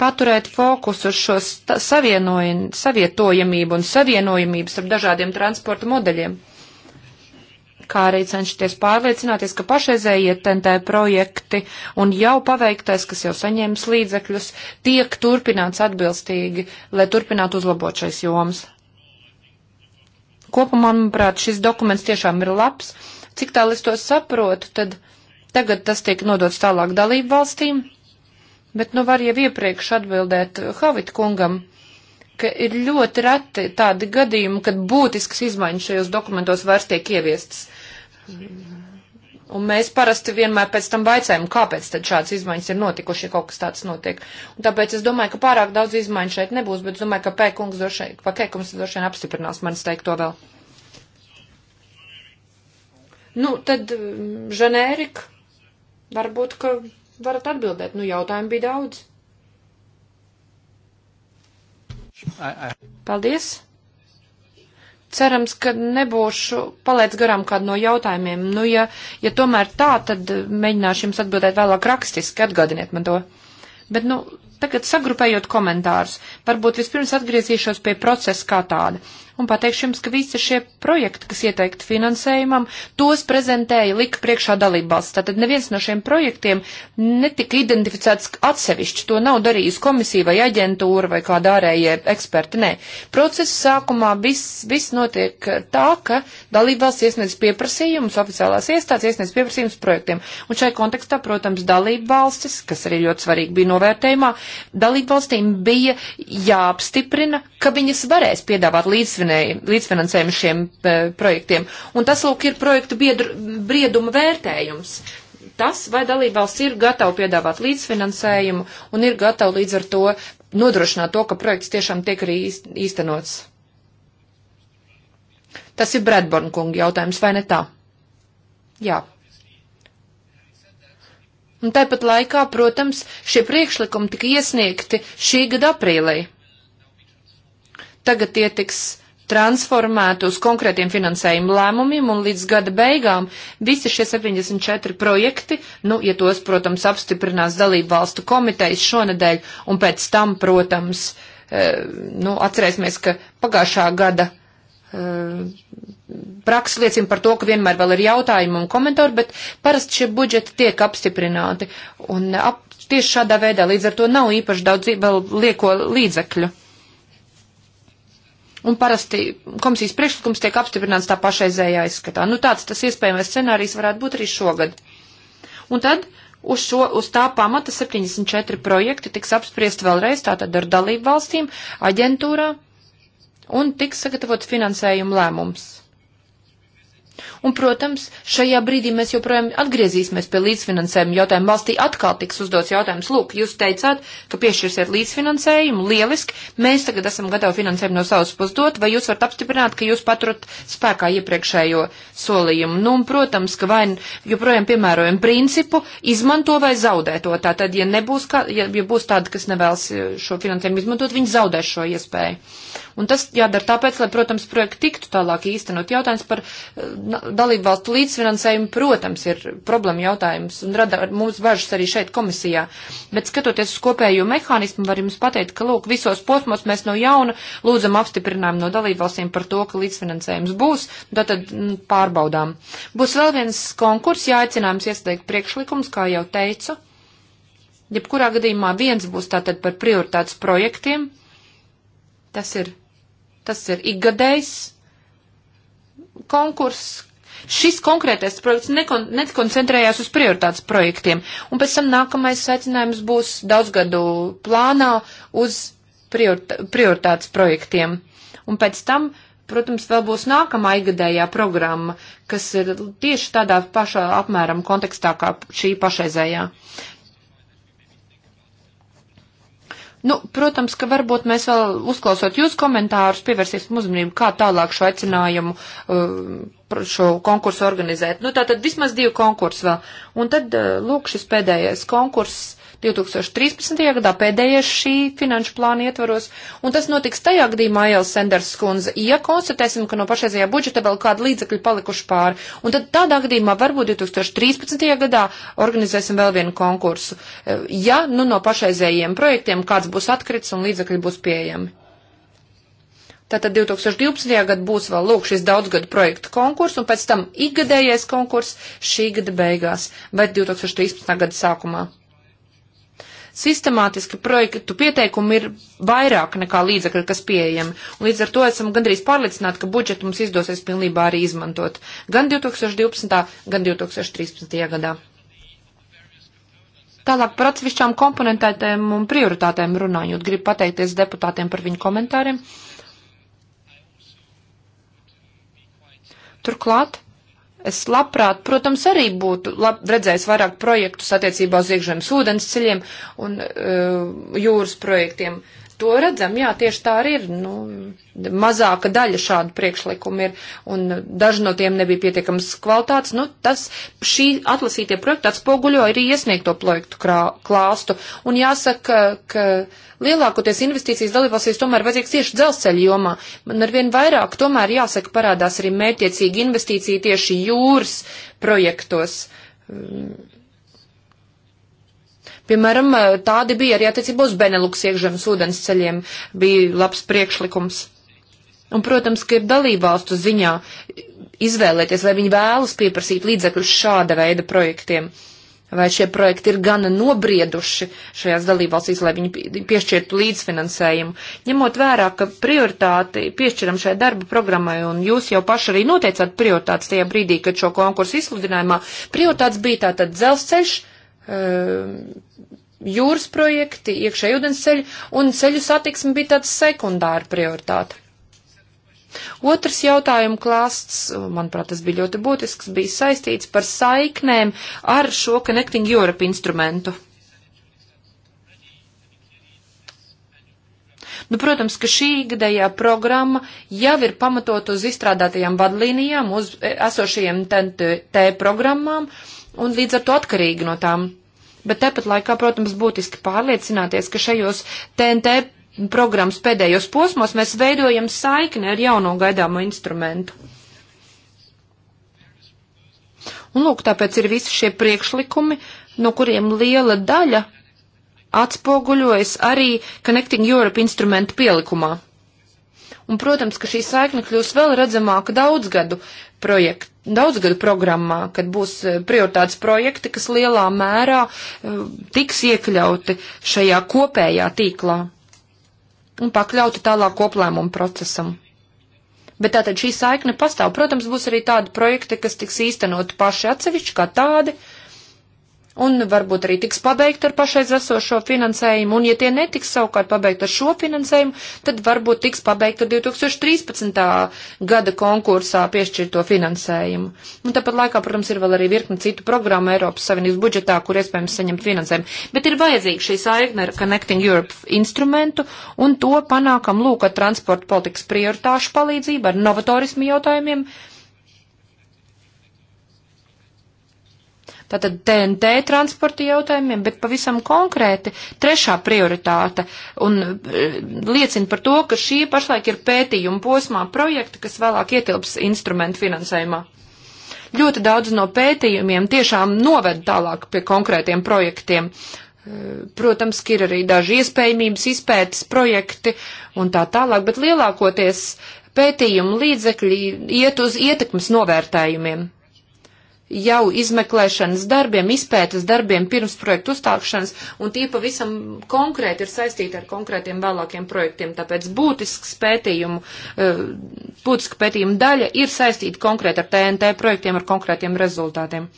paturēt fokusu uz šo savienojamību un savienojamību starp dažādiem transporta modeļiem kā arī cenšaties pārliecināties, ka pašreizējie tentē projekti un jau paveiktais, kas jau saņēmis līdzekļus, tiek turpināts atbilstīgi, lai turpinātu uzlabot šais jomas. Kopumā, manuprāt, šis dokuments tiešām ir labs. Cik tālu es to saprotu, tad tagad tas tiek nodots tālāk dalību valstīm, bet nu var jau iepriekš atbildēt Havit kungam ka ir ļoti reti tādi gadījumi, kad būtiskas izmaiņas šajos dokumentos vairs tiek ieviestas. Un mēs parasti vienmēr pēc tam vaicājam, kāpēc tad šāds izmaiņas ir notikuši, ja kaut kas tāds notiek. Un tāpēc es domāju, ka pārāk daudz izmaiņu šeit nebūs, bet domāju, ka pēkungs došai, pakēkums došai apstiprinās manis teikto vēl. Nu, tad, mm, Žanērika, varbūt, ka varat atbildēt. Nu, jautājumu bija daudz. Paldies! cerams, ka nebūšu paliec garām kādu no jautājumiem. Nu, ja, ja tomēr tā, tad mēģināšu jums atbildēt vēlāk rakstiski, atgādiniet man to. Bet, nu, tagad sagrupējot komentārus, varbūt vispirms atgriezīšos pie procesa kā tāda un pateikšu jums, ka visi šie projekti, kas ieteikti finansējumam, tos prezentēja, lika priekšā dalībvalsts. Tātad neviens no šiem projektiem netika identificēts atsevišķi. To nav darījusi komisija vai aģentūra vai kāda ārējie eksperti. Nē. Procesa sākumā viss, viss notiek tā, ka dalībvalsts iesniedz pieprasījumus, oficiālās iestādes iesniedz pieprasījumus projektiem. Un šai kontekstā, protams, dalībvalstis, kas arī ļoti svarīgi bija novērtējumā, dalībvalstīm bija jāapstiprina, ka viņas varēs piedāvāt līdzsvinu līdzfinansējumu šiem eh, projektiem. Un tas, lūk, ir projektu biedru, brieduma vērtējums. Tas, vai dalībvalsts ir gatava piedāvāt līdzfinansējumu un ir gatava līdz ar to nodrošināt to, ka projekts tiešām tiek arī īstenots. Tas ir Bradborn kunga jautājums, vai ne tā? Jā. Un tāpat laikā, protams, šie priekšlikumi tika iesniegti šī gada aprīlī. Tagad tie tiks transformēti uz konkrētiem finansējumu lēmumiem, un līdz gada beigām visi šie 74 projekti, nu, ja tos, protams, apstiprinās dalību valstu komitejas šonadēļ, un pēc tam, protams, eh, nu, atcerēsimies, ka pagājušā gada eh, praksa liecina par to, ka vienmēr vēl ir jautājumi un komentāri, bet parasti šie budžeti tiek apstiprināti, un ap, tieši šādā veidā līdz ar to nav īpaši daudz vēl lieko līdzekļu un parasti komisijas priekšlikums tiek apstiprināts tā pašreizējā izskatā. Nu, tāds tas iespējamais scenārijs varētu būt arī šogad. Un tad uz, šo, uz tā pamata 74 projekti tiks apspriest vēlreiz, tātad ar dalību valstīm, aģentūrā, un tiks sagatavots finansējuma lēmums. Un, protams, šajā brīdī mēs joprojām atgriezīsimies pie līdzfinansējuma jautājuma. Valstī atkal tiks uzdots jautājums, lūk, jūs teicāt, ka piešķirsiet līdzfinansējumu, lieliski, mēs tagad esam gatavi finansējumu no savas puses dot, vai jūs varat apstiprināt, ka jūs paturat spēkā iepriekšējo solījumu? Nu, un, protams, ka vai joprojām piemērojam principu, izmanto vai zaudē to. Tātad, ja, nebūs, kā, ja, ja būs tāda, kas nevēlas eh, šo finansējumu izmantot, viņi zaudēs šo iespēju. Un tas jādara tāpēc, lai, protams, projekti tiktu tālāk īstenot. Jautājums par eh, dalībvalstu līdzfinansējumu, protams, ir problēma jautājums un rada mums bažas arī šeit komisijā. Bet skatoties uz kopējo mehānismu, var jums pateikt, ka, lūk, visos posmos mēs no jauna lūdzam apstiprinājumu no dalībvalstīm par to, ka līdzfinansējums būs, tātad nu, nu, pārbaudām. Būs vēl viens konkurss, jāaicinājums iesniegt priekšlikums, kā jau teicu. Jebkurā gadījumā viens būs tātad par prioritātes projektiem. Tas ir, tas ir ikgadējs konkurss, šis konkrētais projekts nekon, nekoncentrējās uz prioritātes projektiem. Un pēc tam nākamais secinājums būs daudzgadu plānā uz prioritā, prioritātes projektiem. Un pēc tam, protams, vēl būs nākamā igadējā programma, kas ir tieši tādā pašā apmēram kontekstā kā šī pašreizējā. Nu, protams, ka varbūt mēs vēl uzklausot jūs komentārus, pievērsīsim uzmanību, kā tālāk šo aicinājumu, uh, šo konkursu organizēt. Nu, tā tad vismaz divi konkursi vēl. Un tad, uh, lūk, šis pēdējais konkurss 2013. gadā pēdējais šī finanšu plāna ietvaros, un tas notiks tajā gadījumā, Jēlis Sanders skundze, ja konstatēsim, ka no pašreizējā budžeta vēl kāda līdzekļa palikuši pāri, un tad tādā gadījumā varbūt 2013. gadā organizēsim vēl vienu konkursu, eh, ja nu no pašreizējiem projektiem kāds būs atkrits un līdzekļi būs pieejami. Tātad 2012. gadu būs vēl lūk šis daudzgadu projektu konkurss, un pēc tam ikgadējais konkurss šī gada beigās vai 2013. gada sākumā sistemātiski projektu pieteikumi ir vairāk nekā līdzekļi, kas pieejami. Un līdz ar to esam gandrīz pārliecināti, ka budžetu mums izdosies pilnībā arī izmantot gan 2012. gan 2013. gadā. Tālāk par atsevišķām komponentētēm un prioritātēm runājot, gribu pateikties deputātiem par viņu komentāriem. Turklāt Es labprāt, protams, arī būtu lab, redzējis vairāk projektus attiecībā uz iekšzemes ūdens ceļiem un uh, jūras projektiem. Uh, To redzam, jā, tieši tā arī ir. Nu, mazāka daļa šādu priekšlikumu ir, un daži no tiem nebija pietiekams kvalitātes. Nu, tas, šī atlasītie projekti atspoguļo arī iesniegto projektu krā, klāstu, un jāsaka, ka lielākoties investīcijas dalībvalstīs tomēr vajadzīgs tieši dzelzceļa jomā. Man arvien vairāk tomēr jāsaka parādās arī mērķiecīgi investīcija tieši jūras projektos. Um, Piemēram, eh, tādi bija arī attiecībā uz Beneluks iekšzemes ūdens ceļiem, bija labs priekšlikums. Un, protams, ka ir dalībvalstu ziņā izvēlēties, vai viņi vēlas pieprasīt līdzekļus šāda veida projektiem. Vai šie projekti ir gana nobrieduši šajās dalībvalstīs, lai viņi piešķirtu līdzfinansējumu? Ņemot vērā, ka prioritāti piešķiram šai darba programmai, un jūs jau paši arī noteicāt prioritātes tajā brīdī, kad šo konkursu izsludinājumā, prioritāts bija tātad dzelzceļš, Um, jūras projekti, iekšēji ūdensceļi un ceļu satiksme bija tāds sekundāra prioritāte. Otrs jautājuma klāsts, manuprāt, tas bija ļoti būtisks, bija saistīts par saiknēm ar šo Connecting Europe instrumentu. Nu, protams, ka šī gadējā programma jau ir pamatot uz izstrādātajām vadlīnijām, uz e, esošajiem TNT programmām un līdz ar to atkarīgi no tām. Bet tepat laikā, protams, būtiski pārliecināties, ka šajos TNT programmas pēdējos posmos mēs veidojam saikni ar jauno gaidāmo instrumentu. Un lūk, tāpēc ir visi šie priekšlikumi, no kuriem liela daļa atspoguļojas arī Connecting Europe instrumentu pielikumā. Un, protams, ka šī saikne kļūs vēl redzamāka daudzgadu projektu, daudzgadu programmā, kad būs eh, prioritātes projekti, kas lielā mērā eh, tiks iekļauti šajā kopējā tīklā un pakļauti tālāk koplēmumu procesam. Bet tātad šī saikne pastāv. Protams, būs arī tādi projekti, kas tiks īstenoti paši atsevišķi kā tādi, uh, un varbūt arī tiks pabeigt ar pašreiz esošo finansējumu, un ja tie netiks savukārt pabeigt ar šo finansējumu, tad varbūt tiks pabeigt ar 2013. gada konkursā piešķirto finansējumu. Un tāpat laikā, protams, ir vēl arī virkni citu programmu Eiropas Savienības budžetā, kur iespējams saņemt finansējumu. Bet ir vajadzīga šī saikne ar Connecting Europe instrumentu, un to panākam lūk ar transporta politikas prioritāšu palīdzību, ar novatorismu jautājumiem. tātad TNT transporta jautājumiem, bet pavisam konkrēti trešā prioritāte. Un e, liecina par to, ka šī pašlaik ir pētījuma posmā projekta, kas vēlāk ietilps instrumentu finansējumā. Ļoti daudz no pētījumiem tiešām noved tālāk pie konkrētiem projektiem. E, protams, ir arī daži iespējamības izpētes projekti un tā tālāk, bet lielākoties pētījumu līdzekļi iet uz ietekmes novērtējumiem jau izmeklēšanas darbiem, izpētes darbiem pirms projektu uzstākšanas, un tie pavisam konkrēti ir saistīti ar konkrētiem vēlākiem projektiem. Tāpēc būtisks pētījumu, eh, būtiska pētījuma daļa ir saistīta konkrēti ar TNT projektiem, ar konkrētiem rezultātiem.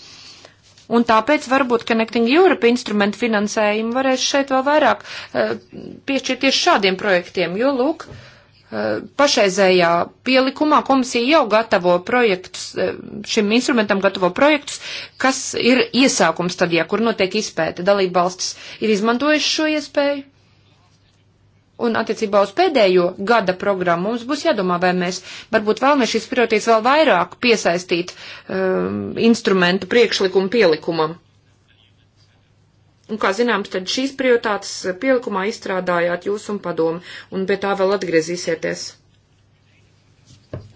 Un tāpēc varbūt Connecting Europe instrumentu finansējumu varēs šeit vēl vairāk eh, piešķirt tieši šādiem projektiem, jo, lūk, uh, pašreizējā pielikumā komisija jau gatavo projektus, e, šim instrumentam gatavo projektus, kas ir iesākums stadijā, kur notiek izpēta. Dalība valstis ir izmantojuši šo iespēju. Un attiecībā uz pēdējo gada programmu mums būs jādomā, vai mēs varbūt vēlamies šīs prioritātes vēl vairāk piesaistīt um, instrumentu priekšlikumu pielikumam. Un, kā zināms, tad šīs prioritātes pielikumā izstrādājāt jūs un padomu, un pie tā vēl atgriezīsieties.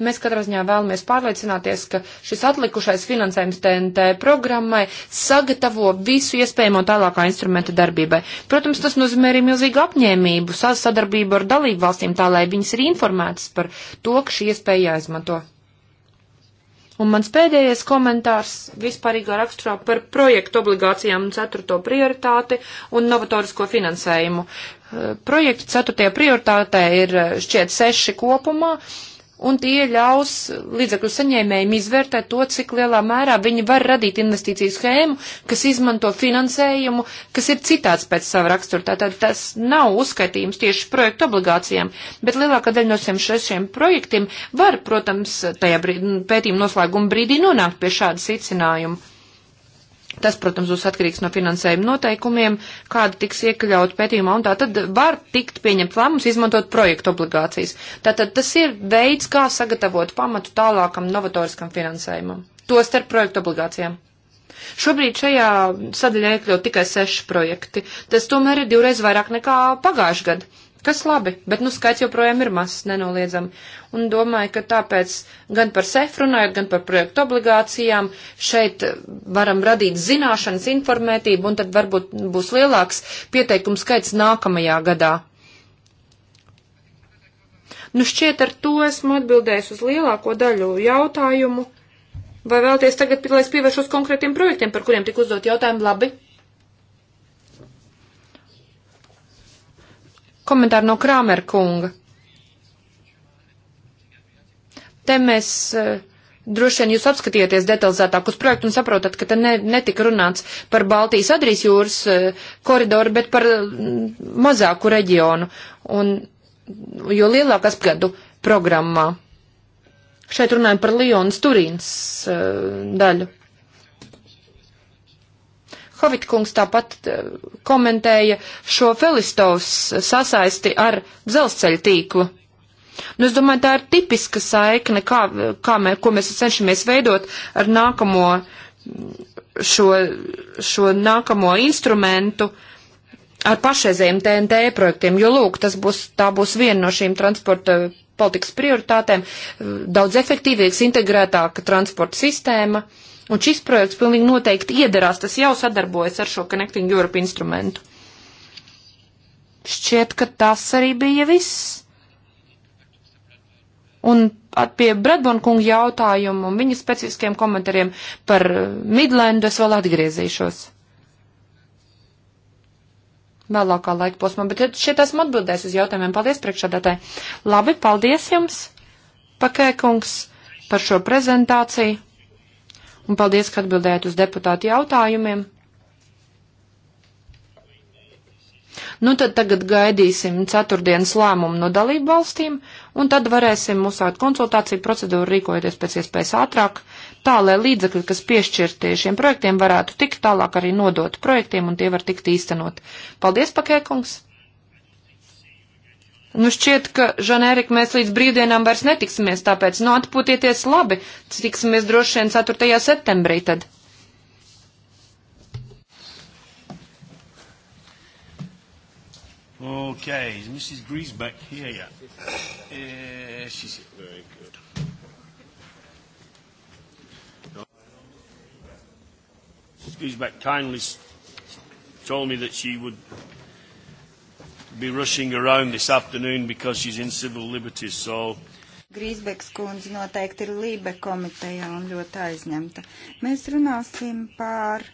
Mēs katrā ziņā vēlamies pārliecināties, ka šis atlikušais finansējums TNT programmai sagatavo visu iespējamo tālākā instrumenta darbībai. Protams, tas nozīmē arī milzīgu apņēmību, sadarbību ar dalību valstīm, tā lai viņas ir informētas par to, ka šī iespēja jāizmanto. Un mans pēdējais komentārs vispārīgā raksturā par projektu obligācijām un ceturto prioritāti un novatorisko finansējumu. Projekta ceturtajā prioritātē ir šķiet seši kopumā. Uh, un tie ļaus līdzekļu saņēmējiem izvērtēt to, cik lielā mērā viņi var radīt investīciju schēmu, kas izmanto finansējumu, kas ir citāds pēc sava rakstura. Tātad tas nav uzskaitījums tieši projektu obligācijām, bet lielākā daļa no šiem šešiem projektiem var, protams, tajā brīd, pētījuma noslēguma brīdī nonākt pie šāda secinājuma. Tas, protams, būs atkarīgs no finansējuma noteikumiem, kāda tiks iekļaut pētījumā, un tā tad var tikt pieņemt lēmums izmantot projektu obligācijas. Tātad tas ir veids, kā sagatavot pamatu tālākam novatoriskam finansējumam. To starp projektu obligācijām. Šobrīd šajā sadaļā iekļaut tikai seši projekti. Tas tomēr ir divreiz vairāk nekā pagājuši gadu. Kas labi, bet nu skaits joprojām ir mazs, nenoliedzami. Un domāju, ka tāpēc gan par SEF runājot, gan par projektu obligācijām šeit varam radīt zināšanas, informētību, un tad varbūt būs lielāks pieteikumu skaits nākamajā gadā. Nu šķiet ar to esmu atbildējis uz lielāko daļu jautājumu. Vai vēlties tagad, lai es pievēršos konkrētiem projektiem, par kuriem tik uzdot jautājumu? Labi. komentāru no Krāmera kunga. Te mēs eh, droši vien jūs apskatījāties detalizētāk uz projektu un saprotat, ka te ne, netika runāts par Baltijas Adrijas jūras eh, koridoru, bet par mm, mazāku reģionu, un, jo lielākas gadu programmā. Šeit runājam par Lionas Turīnas eh, daļu. Hovit kungs tāpat eh, komentēja šo Felistovs sasaisti ar dzelzceļa tīklu. Nu, es domāju, tā ir tipiska saikne, kā, kā mē, ko mēs cenšamies veidot ar nākamo šo, šo nākamo instrumentu ar pašreizējiem TNT projektiem, jo, lūk, tas būs, tā būs viena no šīm transporta politikas prioritātēm, daudz efektīvāks, integrētāka transporta sistēma. Uh, Un šis projekts pilnīgi noteikti iederās, tas jau sadarbojas ar šo Connecting Europe instrumentu. Šķiet, ka tas arī bija viss. Un pie Bradbona kunga jautājumu un viņa specifiskiem komentāriem par Midlandu es vēl atgriezīšos. Vēlākā laika posmā, bet šeit esmu atbildējis uz jautājumiem. Paldies priekšādātāji. Labi, paldies jums, Pakē kungs, par šo prezentāciju un paldies, ka atbildējāt uz deputātu jautājumiem. Nu tad tagad gaidīsim ceturtdienas lēmumu no dalību valstīm, un tad varēsim uzsākt konsultāciju procedūru rīkojoties pēc iespējas ātrāk, tā lai līdzekļi, kas piešķirti šiem projektiem, varētu tikt tālāk arī nodot projektiem, un tie var tikt īstenot. Paldies, Pakēkungs! Nu šķiet, ka, Žanērika, mēs līdz brīvdienām vairs netiksimies, tāpēc, nu, atpūtieties labi, tiksimies droši vien 4. septembrī tad. Okay, is Mrs. Griesbeck here yet? Yeah. Uh, she's here. Very good. Mrs. Griesbeck kindly told me that she would be rushing around this afternoon because she's in civil liberties, so. Grīsbeks kundze noteikti ir Lībe komitejā un ļoti aizņemta. Mēs runāsim par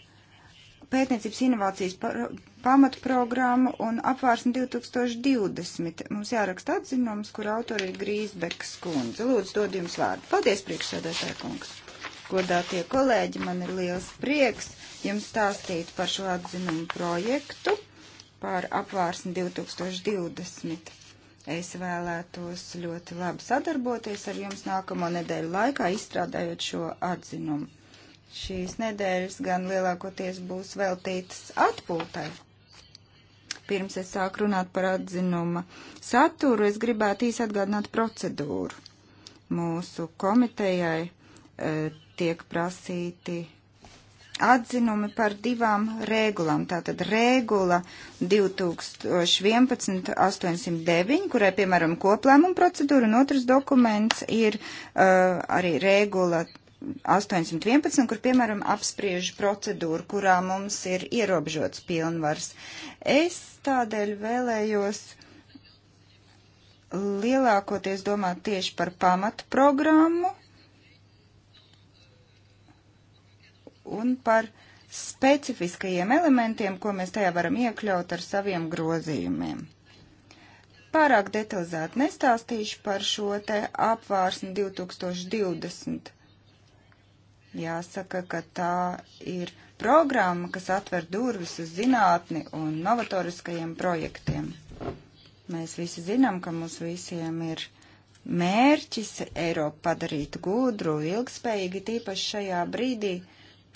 pētniecības inovācijas pamatprogrammu un apvārsni 2020. Mums jāraksta atzinums, kur autori ir Grīsbeks kundze. Lūdzu, dod jums vārdu. Paldies, priekšsēdētāja kungs. Godātie kolēģi, man ir liels prieks jums stāstīt par šo atzinumu projektu par apvārsni 2020. Es vēlētos ļoti labi sadarboties ar jums nākamo nedēļu laikā, izstrādājot šo atzinumu. Šīs nedēļas gan lielākoties būs veltītas atpūtai. Pirms es sāku runāt par atzinuma saturu, es gribētu īsi atgādināt procedūru. Mūsu komitejai e, tiek prasīti atzinumi par divām regulām. Tātad regula 2011.809, kurai, piemēram, koplēmuma procedūra, un otrs dokuments ir uh, arī regula 811, kur, piemēram, apspriež procedūru, kurā mums ir ierobežots pilnvars. Es tādēļ vēlējos lielākoties domāt tieši par pamatu programmu un par specifiskajiem elementiem, ko mēs tajā varam iekļaut ar saviem grozījumiem. Pārāk detalizēti nestāstīšu par šo te apvārsni 2020. Jāsaka, ka tā ir programma, kas atver durvis uz zinātni un novatoriskajiem projektiem. Mēs visi zinām, ka mums visiem ir mērķis Eiropu padarīt gudru, ilgspējīgi, tīpaši šajā brīdī,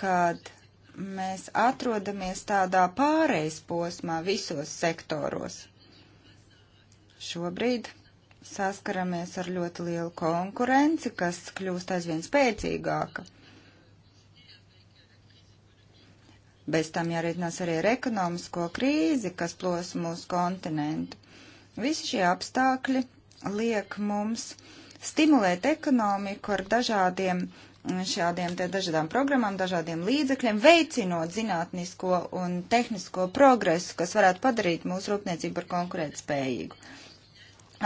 kad mēs atrodamies tādā pārejas posmā visos sektoros. Šobrīd saskaramies ar ļoti lielu konkurenci, kas kļūst aizvien spēcīgāka. Bez tam jārēķinās arī ar ekonomisko krīzi, kas plos mūsu kontinentu. Visi šie apstākļi liek mums stimulēt ekonomiku ar dažādiem uh, šādiem te dažādām programmām, dažādiem līdzekļiem, veicinot zinātnisko un tehnisko progresu, kas varētu padarīt mūsu rūpniecību par konkurētspējīgu.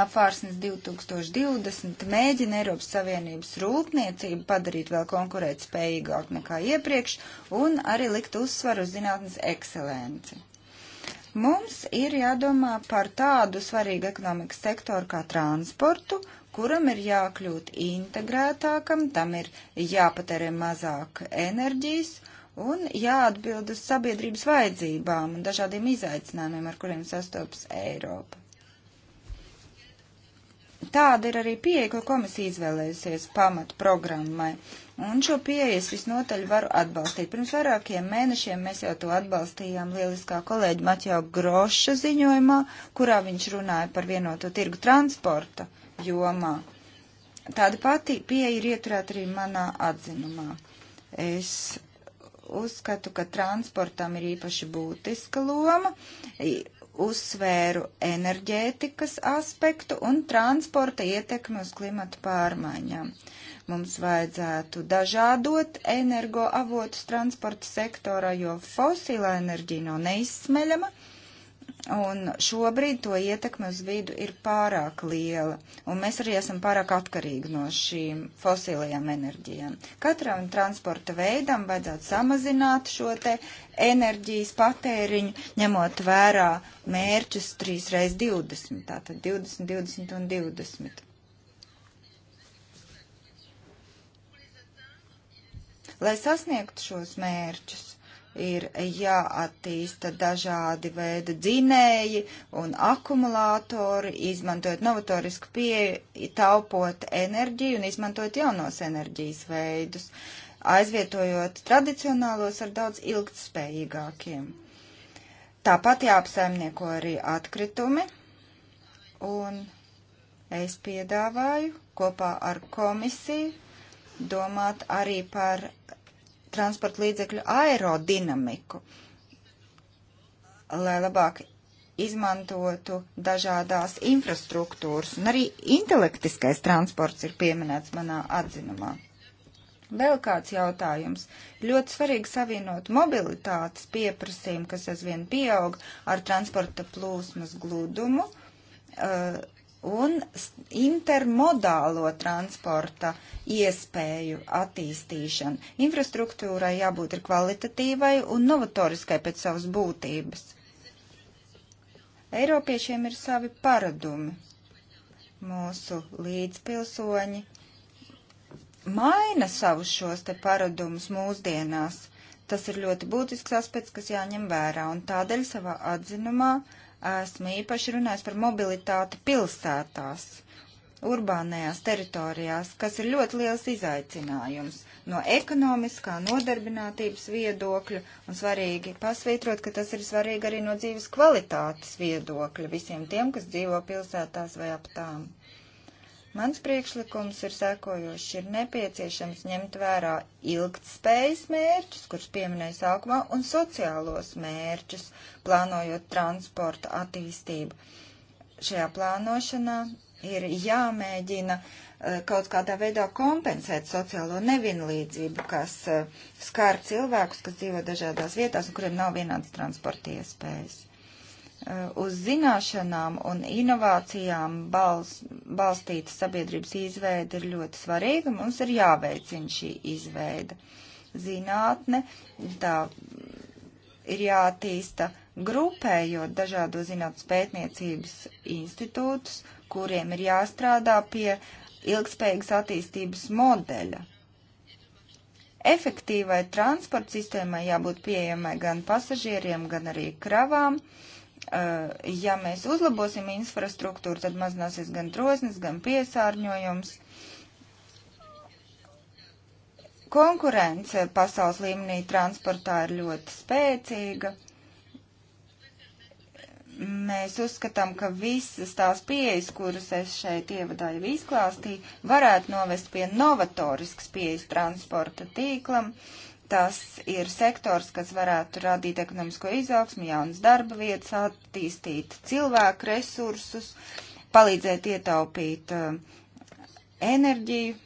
Apvārsnes 2020 mēģina Eiropas Savienības rūpniecību padarīt vēl konkurētspējīgāk nekā iepriekš un arī likt uzsvaru uz zinātnes ekscelenci. Mums ir jādomā par tādu svarīgu ekonomikas sektoru kā transportu, kuram ir jākļūt integrētākam, tam ir jāpatērē mazāk enerģijas un jāatbild uz sabiedrības vajadzībām un dažādiem izaicinājumiem, ar kuriem sastopas Eiropa. Tāda ir arī pieeja, ko komisija izvēlējusies pamatu programmai. Un šo pieeju es visnotaļ varu atbalstīt. Pirms vairākiem mēnešiem mēs jau to atbalstījām lieliskā kolēģa Maķjau Groša ziņojumā, kurā viņš runāja par vienoto tirgu transporta uh, jomā. Tāda pati pieeja ir ieturēta arī manā atzinumā. Es uzskatu, ka transportam ir īpaši būtiska loma, uzsvēru enerģētikas aspektu un transporta ietekmi uz klimatu pārmaiņām. Mums vajadzētu dažādot energoavotus transporta sektorā, jo fosila enerģija nav neizsmeļama. No un šobrīd to ietekme uz vidu ir pārāk liela, un mēs arī esam pārāk atkarīgi no šīm fosilajām enerģijām. Katram transporta veidam vajadzētu samazināt šo te enerģijas patēriņu, ņemot vērā mērķus 3x20, tātad 20, 20 un 20. Lai sasniegtu šos mērķus, ir jāattīsta dažādi veidi dzinēji un akumulātori, izmantojot novatorisku pieeju, taupot enerģiju un izmantojot jaunos enerģijas veidus, aizvietojot tradicionālos ar daudz ilgtspējīgākiem. Tāpat jāapsaimnieko arī atkritumi, un es piedāvāju kopā ar komisiju domāt arī par transporta līdzekļu aerodinamiku, lai labāk izmantotu dažādās infrastruktūras. Un arī intelektiskais transports ir pieminēts manā atzinumā. Vēl kāds jautājums. Ļoti svarīgi savienot mobilitātes pieprasījumu, kas aizvien pieaug ar transporta plūsmas gludumu, uh, un intermodālo transporta iespēju attīstīšanu. Infrastruktūrai jābūt ir kvalitatīvai un novatoriskai pēc savas būtības. Eiropiešiem ir savi paradumi. Mūsu līdzpilsoņi maina savus šos te paradumus mūsdienās. Tas ir ļoti būtisks aspekts, kas jāņem vērā, un tādēļ savā atzinumā uh, Esmu īpaši runājis par mobilitāti pilsētās, urbānajās teritorijās, kas ir ļoti liels izaicinājums no ekonomiskā nodarbinātības viedokļa un svarīgi pasvītrot, ka tas ir svarīgi arī no dzīves kvalitātes viedokļa visiem tiem, kas dzīvo pilsētās vai ap tām. Mans priekšlikums ir sekojošs. Ir nepieciešams ņemt vērā ilgtspējas mērķus, kurus pieminēja sākumā, un sociālos mērķus, plānojot transporta attīstību. Šajā plānošanā ir jāmēģina eh, kaut kādā veidā kompensēt sociālo nevienlīdzību, kas eh, skar cilvēkus, kas dzīvo dažādās vietās un kuriem nav vienādas transporta iespējas Uh, uz zināšanām un inovācijām bals, balstīta sabiedrības izveida ir ļoti svarīga. Mums ir jāveicina šī izveida. Zinātne tā ir jātīsta grupējot dažādo zinātnes pētniecības institūtus, kuriem ir jāstrādā pie ilgspējīgas attīstības modeļa. Efektīvai transporta sistēmai jābūt pieejamai gan pasažieriem, gan arī kravām. Uh, Eh, ja mēs uzlabosim infrastruktūru, tad mazināsies gan trosnes, gan piesārņojums. Konkurence pasaules līmenī transportā ir ļoti spēcīga. Mēs uzskatām, ka visas tās pieejas, kuras es šeit ievadā jau izklāstīju, varētu novest pie novatoriskas pieejas transporta tīklam. Uh, Tas ir sektors, kas varētu radīt ekonomisko izaugsmu, jaunas darba vietas, attīstīt cilvēku resursus, palīdzēt ietaupīt uh, enerģiju.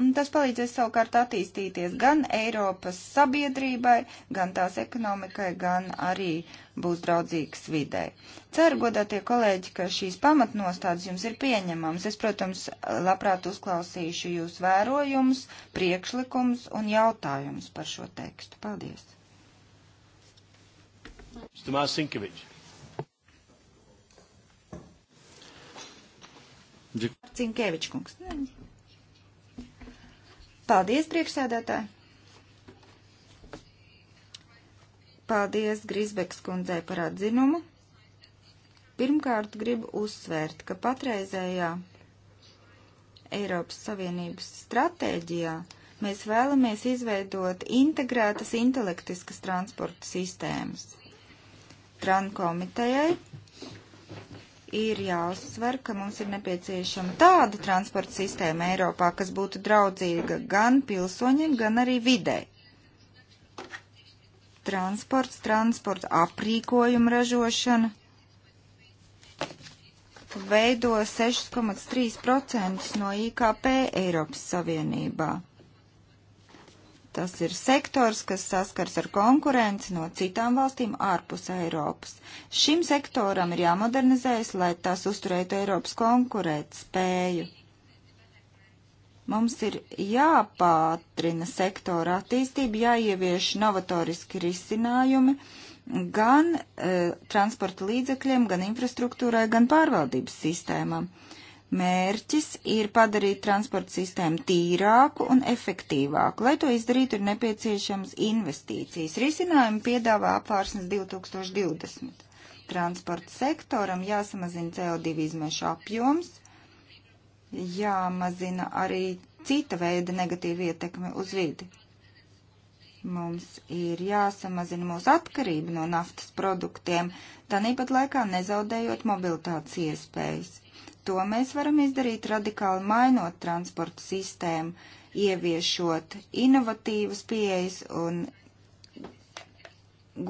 Un tas palīdzēs savukārt attīstīties gan Eiropas sabiedrībai, gan tās ekonomikai, gan arī būs draudzīgs vidē. Ceru, godātie kolēģi, ka šīs pamatnostādes jums ir pieņemamas. Es, protams, labprāt uzklausīšu jūs vērojumus, priekšlikums un jautājumus par šo tekstu. Paldies! Cinkevičs kungs. Paldies, priekšsēdētāji! Paldies Grisbeks kundzei par atzinumu. Pirmkārt, gribu uzsvērt, ka patreizējā Eiropas Savienības stratēģijā mēs vēlamies izveidot integrētas intelektiskas transporta sistēmas. Tran komitejai ir jāuzsver, ka mums ir nepieciešama tāda transporta sistēma Eiropā, kas būtu draudzīga gan pilsoņiem, gan arī videi. Transports, transporta aprīkojuma ražošana veido 6,3% no IKP Eiropas Savienībā. Tas ir sektors, kas saskars ar konkurenci no citām valstīm ārpus Eiropas. Šim sektoram ir jāmodernizējas, lai tas uzturētu Eiropas konkurēt spēju. Mums ir jāpātrina sektora attīstība, jāievieš novatoriski risinājumi gan e, transporta līdzekļiem, gan infrastruktūrai, gan pārvaldības sistēmām. E, Mērķis ir padarīt transporta sistēmu tīrāku un efektīvāku. Lai to izdarītu, ir nepieciešams investīcijas. Risinājumu piedāvā apvārsnes 2020. Transporta sektoram jāsamazina CO2 izmešu apjoms, jāmazina arī cita veida negatīva ietekme uz vidi. Mums ir jāsamazina mūsu atkarība no naftas produktiem, tāpat laikā nezaudējot mobilitātes iespējas. To mēs varam izdarīt radikāli mainot transporta sistēmu, ieviešot inovatīvas pieejas un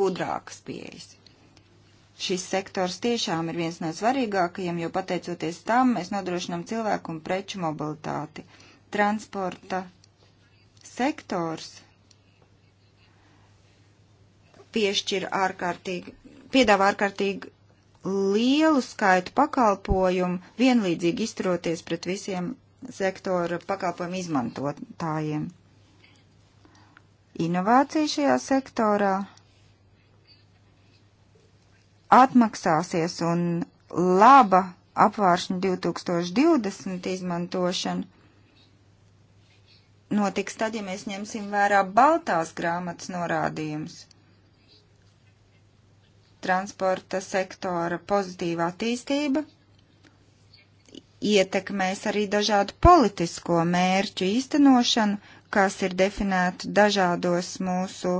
gudrākas pieejas. Šis sektors tiešām ir viens no svarīgākajiem, jo pateicoties tam mēs nodrošinām cilvēku un preču mobilitāti. Transporta sektors piešķir ārkārtīgi, piedāvā ārkārtīgi lielu skaitu pakalpojumu, vienlīdzīgi izturoties pret visiem sektora pakalpojumu izmantotājiem. Inovācija šajā sektorā atmaksāsies un laba apvāršņa 2020 izmantošana notiks tad, ja mēs ņemsim vērā baltās grāmatas norādījumus transporta sektora pozitīva attīstība ietekmēs arī dažādu politisko mērķu īstenošanu, kas ir definēti dažādos mūsu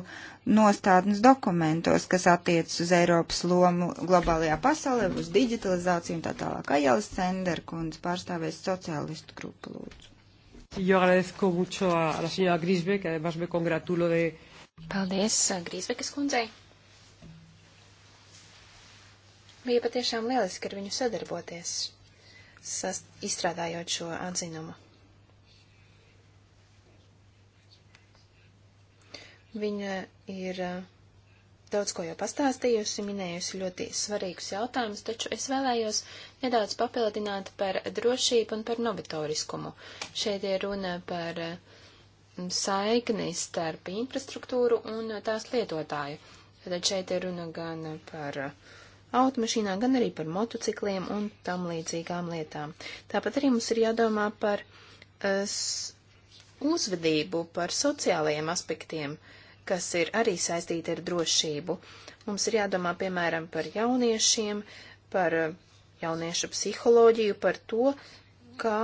nostādnes dokumentos, kas attiecas uz Eiropas lomu globālajā pasaulē, uz digitalizāciju un tā tālāk. Ajālis Senderkundze pārstāvēs sociālistu grupu lūdzu. Yo agradezco mucho a la señora Grisbe, que además me congratulo de. Paldies, Grisbekas kundzei. Bija patiešām lieliski ar viņu sadarboties, sas, izstrādājot šo atzinumu. Viņa ir eh, daudz ko jau pastāstījusi, minējusi ļoti svarīgus jautājumus, taču es vēlējos nedaudz papildināt par drošību un par novatoriskumu. Šeit ir runa par eh, saikni starp infrastruktūru un tās lietotāju. Tad šeit ir runa gan par uh, automašīnā, gan arī par motocikliem un tam līdzīgām lietām. Tāpat arī mums ir jādomā par uh, uzvedību, par sociālajiem aspektiem, kas ir arī saistīti ar drošību. Mums ir jādomā, piemēram, par jauniešiem, par uh, jauniešu psiholoģiju, par to, kā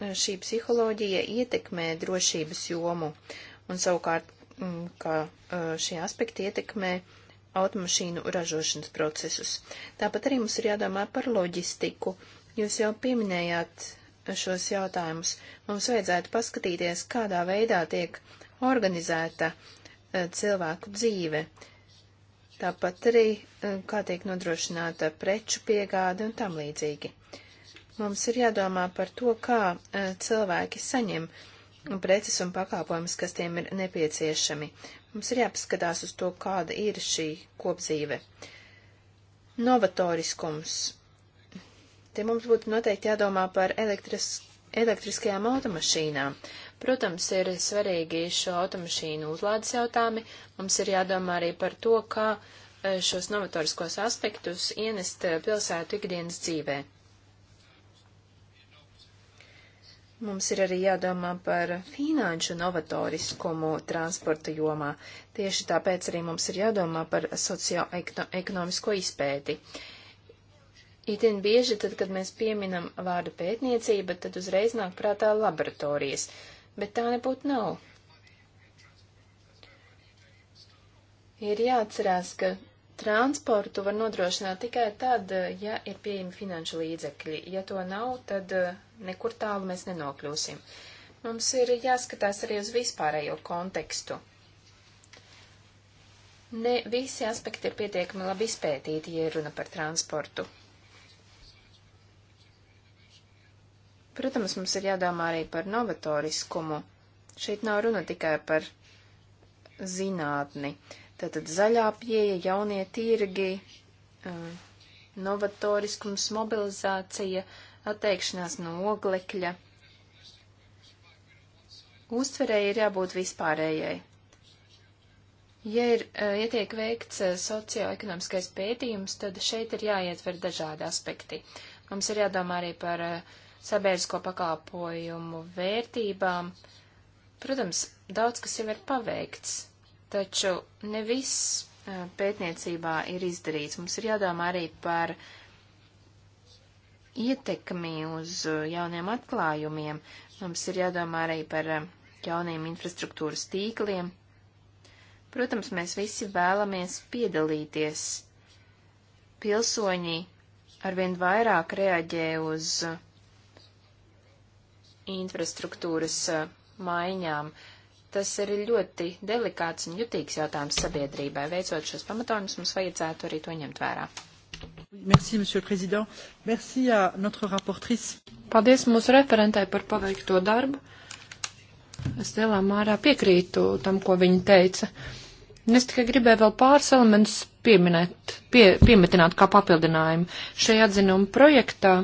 eh, šī psiholoģija ietekmē drošības jomu. Un savukārt, mm, kā šie aspekti ietekmē uh, automašīnu ražošanas procesus. Tāpat arī mums ir jādomā par loģistiku. Jūs jau pieminējāt šos jautājumus. Mums vajadzētu paskatīties, kādā veidā tiek organizēta eh, cilvēku dzīve. Tāpat arī, eh, kā tiek nodrošināta preču piegāde un tam līdzīgi. Mums ir jādomā par to, kā eh, cilvēki saņem preces un pakāpojumus, kas tiem ir nepieciešami. Mums ir jāpaskatās uz to, kāda ir šī kopdzīve. Novatoriskums. Te mums būtu noteikti jādomā par elektris, elektriskajām automašīnām. Protams, ir svarīgi šo automašīnu uzlādes jautājumi. Mums ir jādomā arī par to, kā eh, šos novatoriskos aspektus ienest eh, pilsētu ikdienas dzīvē. Mums ir arī jādomā par finanšu novatoriskumu transporta jomā. Tieši tāpēc arī mums ir jādomā par socioekonomisko izpēti. Itin bieži, tad, kad mēs pieminam vārdu pētniecība, tad uzreiz nāk prātā laboratorijas, bet tā nebūtu nav. Ir jāatcerās, ka transportu var nodrošināt tikai tad, eh, ja ir pieejami finanšu līdzekļi. Ja to nav, tad eh, nekur tālu mēs nenokļūsim. Mums ir jāskatās arī uz vispārējo kontekstu. Ne visi aspekti ir pietiekami labi izpētīti, ja runa par transportu. Protams, mums ir jādomā arī par novatoriskumu. Šeit nav runa tikai par zinātni. Uh, Tātad zaļā pieeja, jaunie tirgi, novatoriskums, mobilizācija, atteikšanās no oglekļa. Uztverēji ir jābūt vispārējai. Ja ir, ja tiek veikts socioekonomiskais pētījums, tad šeit ir jāietver dažādi aspekti. Mums ir jādomā arī par sabiedrisko pakalpojumu vērtībām. Protams, daudz kas jau ir paveikts, Taču ne viss pētniecībā ir izdarīts. Mums ir jādomā arī par ietekmi uz jauniem atklājumiem. Mums ir jādomā arī par jauniem infrastruktūras tīkliem. Protams, mēs visi vēlamies piedalīties. Pilsoņi arvien vairāk reaģē uz infrastruktūras maiņām. Uh, Tas ir ļoti delikāts un jutīgs jautājums sabiedrībai. Veicot šos pamatojumus, mums vajadzētu arī to ņemt vērā. Merci, monsieur le président. Merci à notre rapportrice. Paldies mūsu referentai par paveikto darbu. Es lielā mērā piekrītu tam, ko viņa teica. Es tikai gribēju vēl pāris elementus pieminēt, pie, piemetināt kā papildinājumu. Šajā atzinuma projektā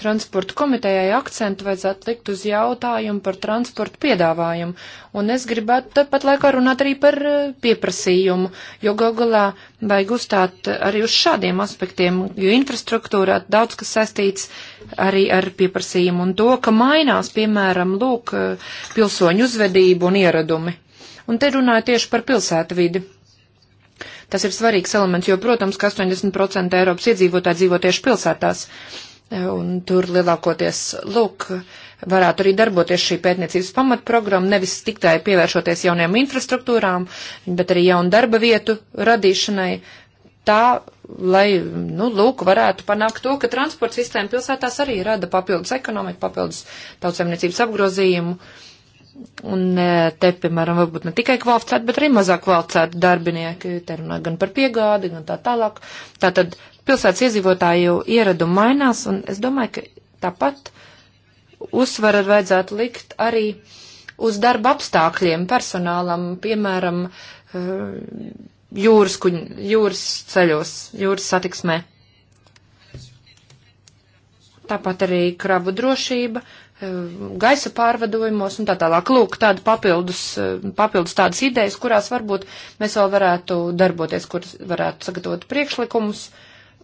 transporta komitejai akcentu vajadzētu likt uz jautājumu par transportu piedāvājumu. Un es gribētu tāpat laikā runāt arī par eh, pieprasījumu, jo galā vajag uzstāt arī uz šādiem aspektiem, jo infrastruktūrā daudz kas saistīts arī ar pieprasījumu un to, ka mainās, piemēram, lūk, eh, pilsoņu uzvedību un ieradumi. Un te runāju tieši par pilsētu vidi. Tas ir svarīgs elements, jo, protams, ka 80% Eiropas iedzīvotāji dzīvo tieši pilsētās. Un tur lielākoties, lūk, varētu arī darboties šī pētniecības pamatprogramma, nevis tikai pievēršoties jaunajām infrastruktūrām, bet arī jaunu darba vietu radīšanai, tā, lai, nu, lūk, varētu panākt to, ka transporta sistēma pilsētās arī rada papildus ekonomiku, papildus tautsēmniecības apgrozījumu. Uh, Un e, te, piemēram, varbūt ne tikai kvalificēti, bet arī mazāk kvalificēti darbinieki, te runā gan par piegādi, gan tā tālāk. Tātad pilsētas iedzīvotāju ieradumu mainās, un es domāju, ka tāpat uzsvaru vajadzētu likt arī uz darba apstākļiem personālam, piemēram, e, jūras, kuņ, jūras ceļos, jūras satiksmē. Tāpat arī kravu drošība Eh, gaisa pārvadojumos un tā tālāk. Lūk, tāda papildus, eh, papildus tādas idejas, kurās varbūt mēs vēl varētu darboties, kur varētu sagatavot priekšlikumus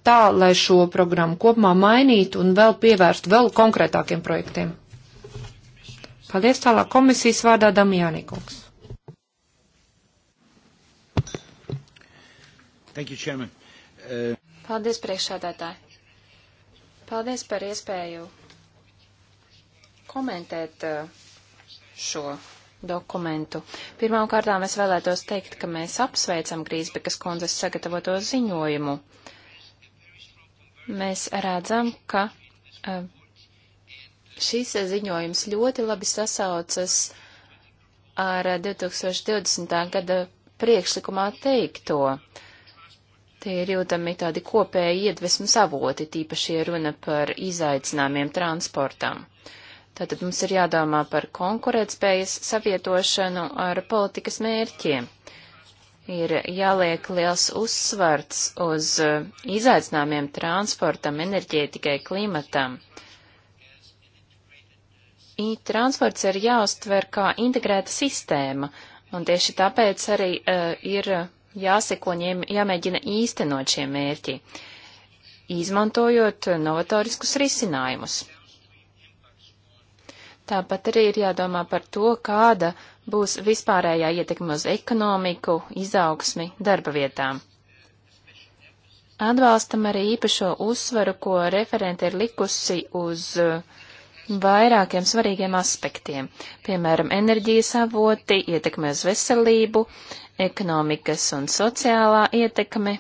tā, lai šo programmu kopumā mainītu un vēl pievērstu vēl konkrētākiem projektiem. Paldies tālāk komisijas vārdā Damjānīkungs. Thank you, Chairman. Uh... Paldies priekšādātāji. Paldies par iespēju komentēt eh, šo dokumentu. Pirmkārt, es vēlētos teikt, ka mēs apsveicam Grīsbekas kundzes sagatavoto ziņojumu. Mēs redzam, ka eh, šīs ziņojums ļoti labi sasaucas ar 2020. gada priekšlikumā teikto. Tie ir jūtami tādi kopēji iedvesmas avoti, tīpaši runa par izaicinājumiem transportam. Tātad mums ir jādomā par konkurētspējas savietošanu ar politikas mērķiem. Ir jāliek liels uzsvarts uz izaicinājumiem transportam, enerģētikai, klimatam. I transports ir jāuztver kā integrēta sistēma, un tieši tāpēc arī uh, ir jāseko un jāmēģina īstenot šie mērķi, izmantojot novatoriskus risinājumus. Tāpat arī ir jādomā par to, kāda būs vispārējā ietekme uz ekonomiku, izaugsmi, darba vietām. Atbalstam arī īpašo uzsvaru, ko referente ir likusi uz uh, vairākiem svarīgiem aspektiem, piemēram, enerģijas avoti, ietekme uz veselību, ekonomikas un sociālā ietekme.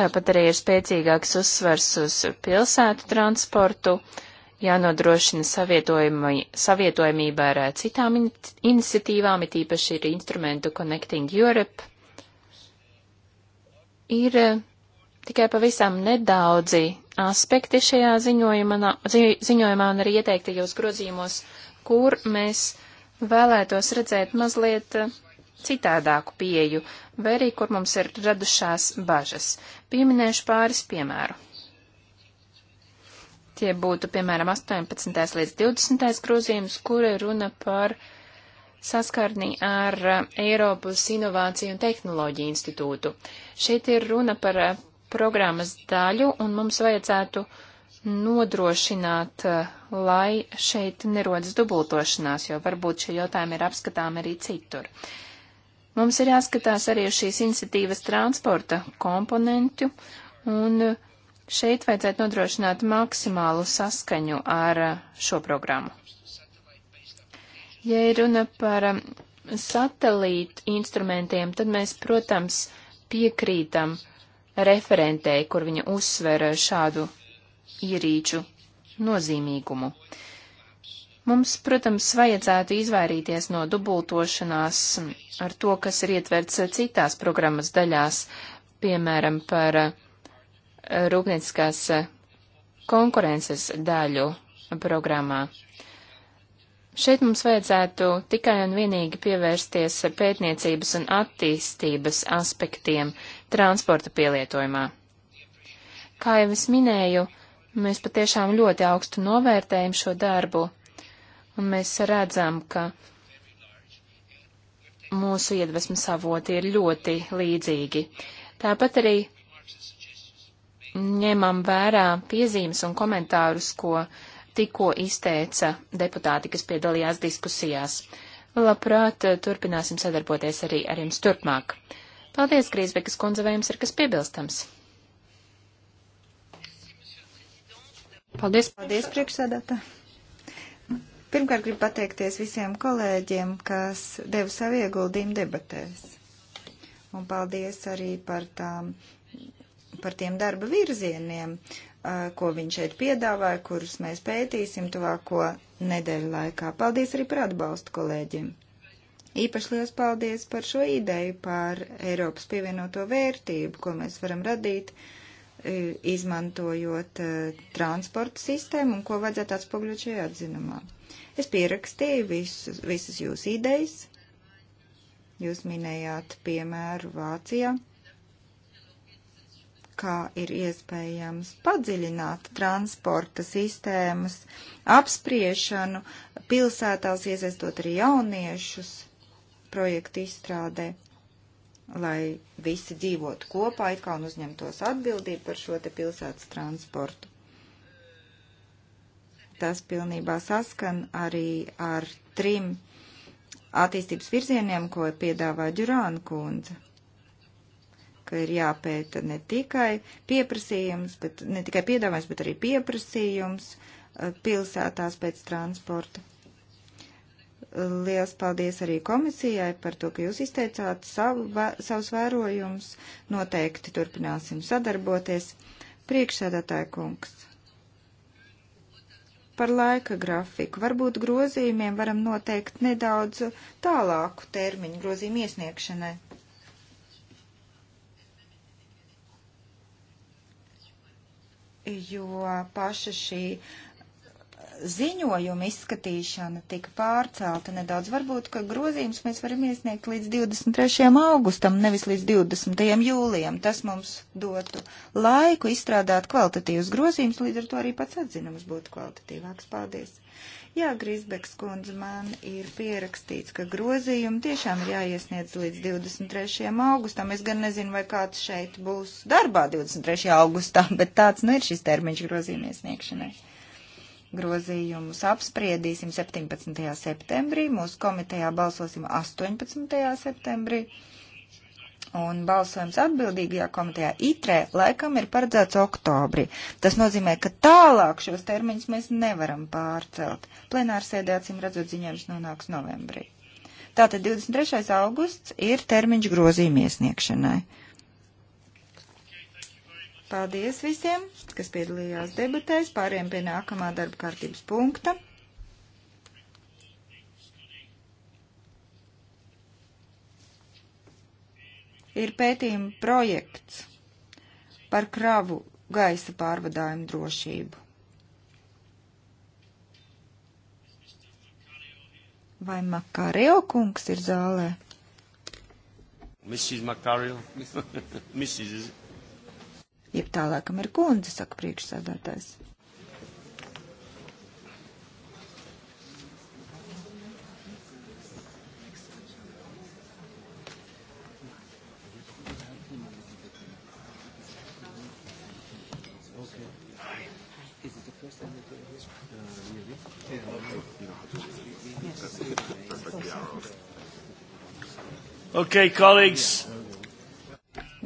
Tāpat arī ir spēcīgāks uzsvars uz pilsētu transportu, uh, jānodrošina savietojamība ar eh, citām in iniciatīvām, it īpaši ir instrumentu Connecting Europe. Ir eh, tikai pavisam nedaudzi aspekti šajā ziņojumā, ziņojumā un arī ieteiktajos grozījumos, kur mēs vēlētos redzēt mazliet eh, citādāku pieju, vai arī kur mums ir radušās bažas. Pieminēšu pāris piemēru. Tie būtu, piemēram, 18. līdz 20. grozījums, kura runa par saskarni ar eh, Eiropas Inovāciju un Tehnoloģiju institūtu. Šeit ir runa par eh, programmas daļu, un mums vajadzētu nodrošināt, eh, lai šeit nerodas dubultošanās, jo varbūt šie jautājumi ir apskatām arī citur. Mums ir jāskatās arī uz šīs iniciatīvas transporta komponentu, un uh, Šeit vajadzētu nodrošināt maksimālu saskaņu ar eh, šo programmu. Ja ir runa par eh, satelītu instrumentiem, tad mēs, protams, piekrītam referentei, kur viņa uzsver eh, šādu ierīču nozīmīgumu. Mums, protams, vajadzētu izvairīties no dubultošanās ar to, kas ir ietverts citās programmas daļās, piemēram, par rūpnieciskās eh, konkurences daļu programmā. Šeit mums vajadzētu tikai un vienīgi pievērsties pētniecības un attīstības aspektiem transporta pielietojumā. Kā jau es minēju, mēs patiešām ļoti augstu novērtējam šo darbu, un mēs redzam, ka mūsu iedvesmas avoti ir ļoti līdzīgi. Tāpat arī ņemam vērā piezīmes un komentārus, ko tikko izteica deputāti, kas piedalījās diskusijās. Labprāt, eh, turpināsim sadarboties arī ar jums turpmāk. Paldies, Grīsbekas kundze, vai jums ir kas piebilstams? Paldies, paldies priekšsēdētā. Pirmkārt, gribu pateikties visiem kolēģiem, kas deva savu ieguldījumu debatēs. Un paldies arī par tām par tiem darba virzieniem, ko viņš šeit piedāvāja, kurus mēs pētīsim tuvāko nedēļu laikā. Paldies arī par atbalstu kolēģiem. Īpaši liels paldies par šo ideju par Eiropas pievienoto vērtību, ko mēs varam radīt, izmantojot transporta sistēmu un ko vajadzētu atspogļot šajā atzinumā. Es pierakstīju visus, visas jūsu idejas. Jūs minējāt piemēru Vācijā kā ir iespējams padziļināt transporta sistēmas apspriešanu pilsētās, iesaistot arī jauniešus projektu izstrādē, lai visi dzīvotu kopā, it kā un uzņemtos atbildību par šo te pilsētas transportu. Tas pilnībā saskan arī ar trim attīstības virzieniem, ko piedāvā Džurāna kundze ka ir jāpēta ne tikai pieprasījums, bet ne tikai piedāvājums, bet arī pieprasījums uh, pilsētās pēc transporta. Liels paldies arī komisijai par to, ka jūs izteicāt savu, savus vērojumus. Noteikti turpināsim sadarboties. Priekšsēdētāja kungs. Par laika grafiku. Varbūt grozījumiem varam noteikt nedaudz tālāku termiņu grozījumu iesniegšanai. jo paša šī ziņojuma izskatīšana tika pārcelta nedaudz. Varbūt, ka grozījums mēs varam iesniegt līdz 23. augustam, nevis līdz 20. jūlijam. Tas mums dotu laiku izstrādāt kvalitatīvus grozījumus, līdz ar to arī pats atzinums būtu kvalitatīvāks. Paldies! Jā, Grisbeks kundze, man ir pierakstīts, ka grozījumi tiešām ir jāiesniedz līdz 23. augustam. Es gan nezinu, vai kāds šeit būs darbā 23. augustā, bet tāds nu ir šis termiņš grozījuma iesniegšanai. Grozījumus apspriedīsim 17. septembrī, mūsu komitejā balsosim 18. septembrī. Un balsojums atbildīgajā komitejā ITRE laikam ir paredzēts oktobrī. Tas nozīmē, ka tālāk šos termiņus mēs nevaram pārcelt. Plenāra sēdē acīm redzot ziņojums nonāks novembrī. Tātad 23. augusts ir termiņš grozījuma iesniegšanai. Paldies visiem, kas piedalījās debatēs. Pāriem pie nākamā darba kārtības punkta. ir pētījuma projekts par kravu gaisa pārvadājumu drošību. Vai Makareo kungs ir zālē? Mrs. Makareo. Mrs. Jeb tālākam ir kundze, saka priekšsādātājs. Okay, colleagues.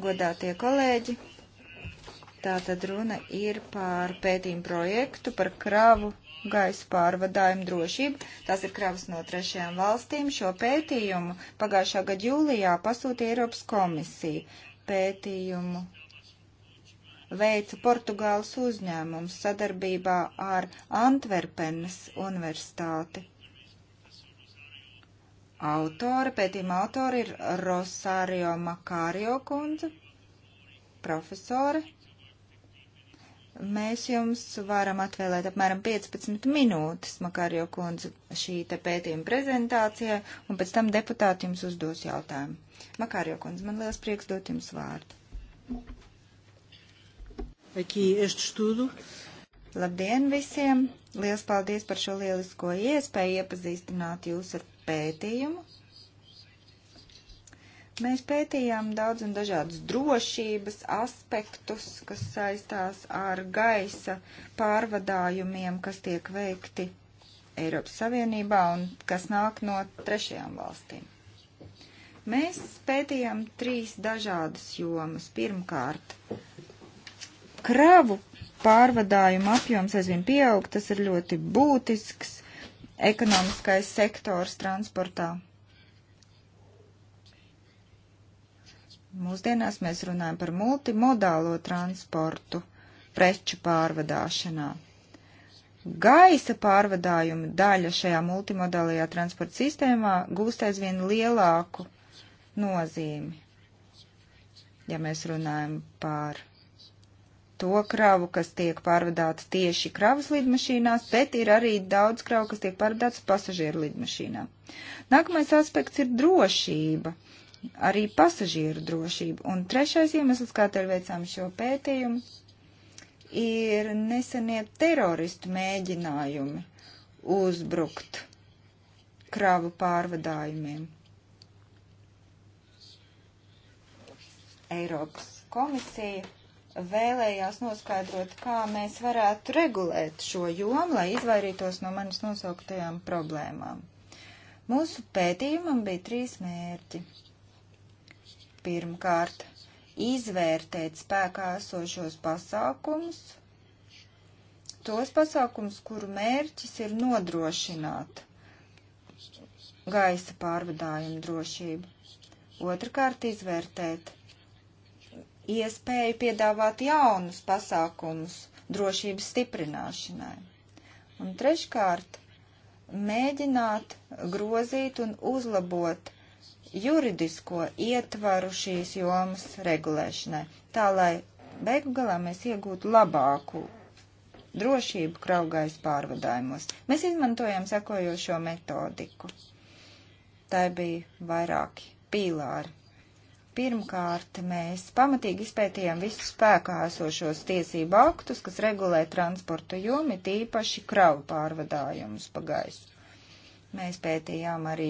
Godātie kolēģi, tātad runa ir par pētījumu projektu par kravu gaisa pārvadājumu drošību. Tās ir kravas no trešajām valstīm. Šo pētījumu pagājušā gada jūlijā pasūtīja Eiropas komisija. Pētījumu veica Portugāles uzņēmums sadarbībā ar Antverpenes universitāti. Autori, pētījuma autori ir Rosario Makārio kundze, profesore. Mēs jums varam atvēlēt apmēram 15 minūtes, Makārio kundze, šī te pētījuma prezentācijai, un pēc tam deputāti jums uzdos jautājumu. Makārio kundze, man liels prieks dot jums vārdu. Aqui este estudo Labdien visiem! Lielas paldies par šo lielisko iespēju iepazīstināt jūs ar pētījumu. Mēs pētījām daudz un dažādas drošības aspektus, kas saistās ar gaisa pārvadājumiem, kas tiek veikti Eiropas Savienībā un kas nāk no trešajām valstīm. Mēs pētījām trīs dažādas jomas. Pirmkārt, kravu pārvadājumu apjoms aizvien pieaug, tas ir ļoti būtisks ekonomiskais sektors transportā. Mūsdienās mēs runājam par multimodālo transportu preču pārvadāšanā. Gaisa pārvadājuma daļa šajā multimodālajā transporta sistēmā gūst aizvien lielāku nozīmi. Ja mēs runājam par to kravu, kas tiek pārvadāts tieši kravas lidmašīnās, bet ir arī daudz kravu, kas tiek pārvadāts pasažieru lidmašīnā. Nākamais aspekts ir drošība, arī pasažieru drošība. Un trešais iemesls, kādēļ veicām šo pētījumu, ir nesenie teroristu mēģinājumi uzbrukt kravu pārvadājumiem. Eiropas komisija vēlējās noskaidrot, kā mēs varētu regulēt šo jomu, lai izvairītos no manis nosauktajām problēmām. Mūsu pētījumam bija trīs mērķi. Pirmkārt, izvērtēt spēkā esošos pasākumus, tos pasākumus, kuru mērķis ir nodrošināt gaisa pārvadājumu drošību. Otrakārt, izvērtēt iespēju piedāvāt jaunus pasākumus drošības stiprināšanai. Un treškārt, mēģināt grozīt un uzlabot juridisko ietvaru šīs jomas regulēšanai, tā lai beigu galā mēs iegūtu labāku drošību kraugais pārvadājumos. Mēs izmantojam sekojošo metodiku. Tā bija vairāki pīlāri. Pirmkārt, mēs pamatīgi izpētījām visus spēkā esošos tiesību aktus, kas regulē transportu jomi, tīpaši kravu pārvadājumus pa gaisu. Mēs pētījām arī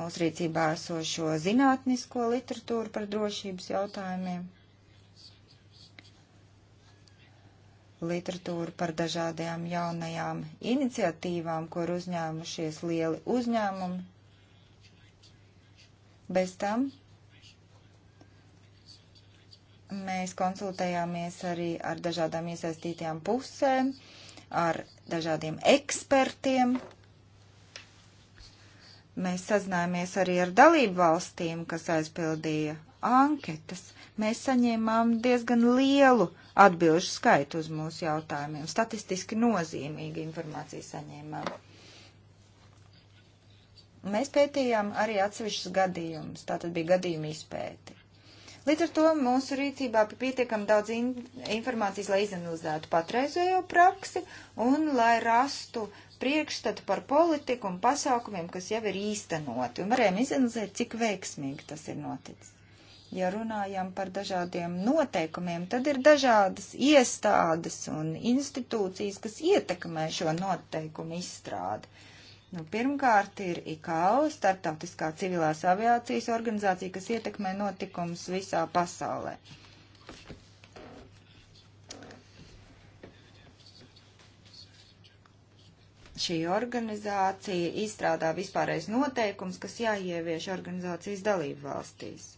mūsu rīcībā esošo zinātnisko literatūru par drošības jautājumiem, literatūru par dažādajām jaunajām iniciatīvām, kur uzņēmušies lieli uzņēmumi. Bez tam Mēs konsultējāmies arī ar dažādām iesaistītajām pusēm, ar dažādiem ekspertiem. Mēs sazinājāmies arī ar dalību valstīm, kas aizpildīja anketas. Mēs saņēmām diezgan lielu atbilžu skaitu uz mūsu jautājumiem. Statistiski nozīmīgi informāciju saņēmām. Mēs pētījām arī atsevišķus gadījumus, tātad bija gadījuma izpēti. Līdz ar to mūsu rīcībā pietiekam daudz in informācijas, lai izanalizētu patreizējo praksi un lai rastu priekšstatu par politiku un pasākumiem, kas jau ir īstenoti, un varējām izanalizēt, cik veiksmīgi tas ir noticis. Ja runājam par dažādiem noteikumiem, tad ir dažādas iestādes un institūcijas, kas ietekmē šo noteikumu izstrādi. Nu, pirmkārt, ir ICAO, Startautiskā civilās aviācijas organizācija, kas ietekmē notikums visā pasaulē. Šī organizācija izstrādā vispārējais noteikums, kas jāievieš organizācijas dalību valstīs.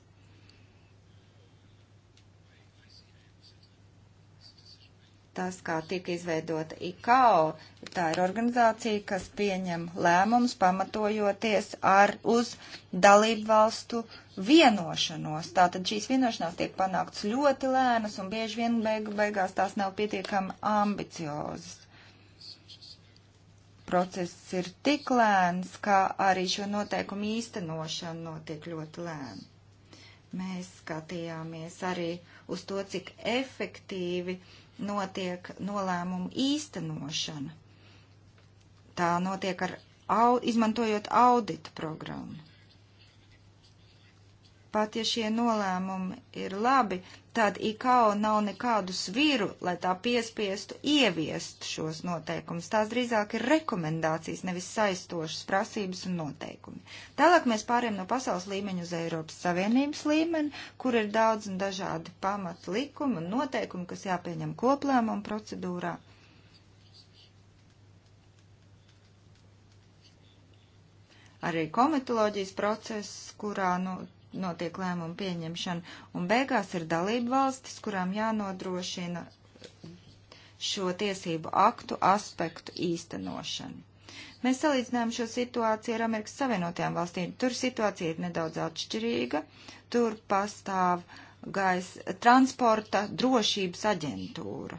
tas, kā tika izveidota ICAO, tā ir organizācija, kas pieņem lēmumus pamatojoties ar, uz dalību valstu vienošanos. Tātad šīs vienošanās tiek panāktas ļoti lēnas un bieži vien beigu beigās tās nav pietiekami ambiciozas. Process ir tik lēns, ka arī šo noteikumu īstenošana notiek ļoti lēna. Mēs skatījāmies arī uz to, cik efektīvi uh, notiek nolēmumu īstenošana. Tā notiek ar, au, izmantojot auditu programmu. Pat ja šie nolēmumi ir labi, tad IKO nav nekādu svīru, lai tā piespiestu ieviest šos noteikumus. Tās drīzāk ir rekomendācijas, nevis saistošas prasības un noteikumi. Tālāk mēs pārējām no pasaules līmeņa uz Eiropas Savienības līmeni, kur ir daudz un dažādi pamatlikumi un noteikumi, kas jāpieņem koplēmumu procedūrā. Arī komitoloģijas process, kurā nu, notiek lēmumu pieņemšana, un beigās ir dalība valstis, kurām jānodrošina šo tiesību aktu aspektu īstenošana. Mēs salīdzinām šo situāciju ar Amerikas Savienotajām valstīm. Tur situācija ir nedaudz atšķirīga. Tur pastāv gaisa transporta drošības aģentūra,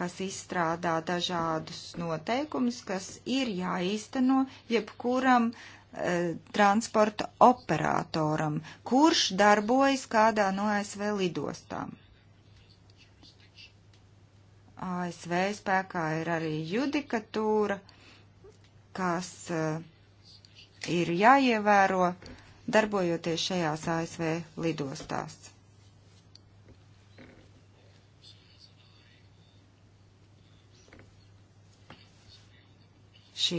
kas izstrādā dažādus noteikumus, kas ir jāīsteno jebkuram uh, E, transporta operatoram, kurš darbojas kādā no ASV lidostām. ASV spēkā ir arī judikatūra, kas e, ir jāievēro darbojoties šajās ASV lidostās. šī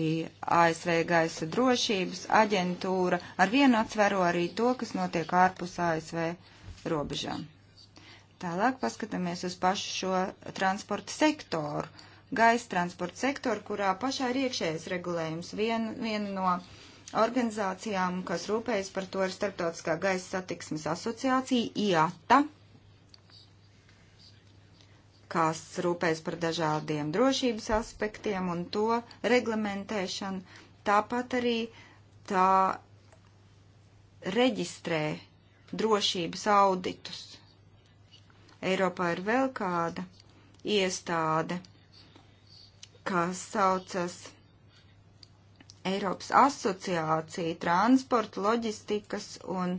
ASV gaisa drošības aģentūra ar vienu atsvero arī to, kas notiek ārpus ASV robežām. Tālāk paskatāmies uz pašu šo transporta sektoru, gaisa transporta sektoru, kurā pašā ir iekšējais regulējums. Vien, viena no organizācijām, kas rūpējas par to, ir Startautiskā gaisa satiksmes asociācija IATA kas rūpēs par dažādiem drošības aspektiem un to reglamentēšanu. Tāpat arī tā reģistrē drošības auditus. Eiropā ir vēl kāda iestāde, kas saucas Eiropas asociācija transporta, loģistikas un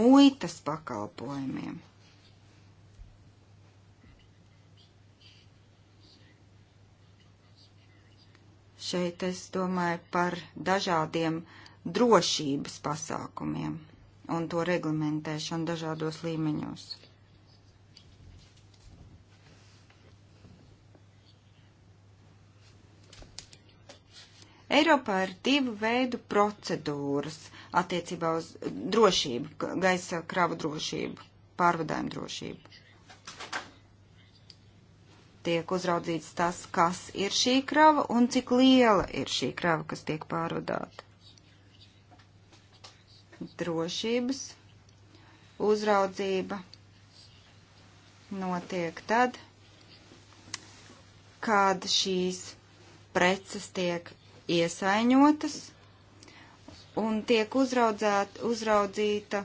muitas pakalpojumiem. Šeit es domāju par dažādiem drošības pasākumiem un to reglamentēšanu dažādos līmeņos. Eiropā ir divu veidu procedūras attiecībā uz drošību, gaisa kravu drošību, pārvadājumu drošību tiek uzraudzīts tas, kas ir šī krava un cik liela ir šī krava, kas tiek pārvadāta. Drošības uzraudzība notiek tad, kad šīs preces tiek iesaiņotas un tiek uzraudzēt, uzraudzīta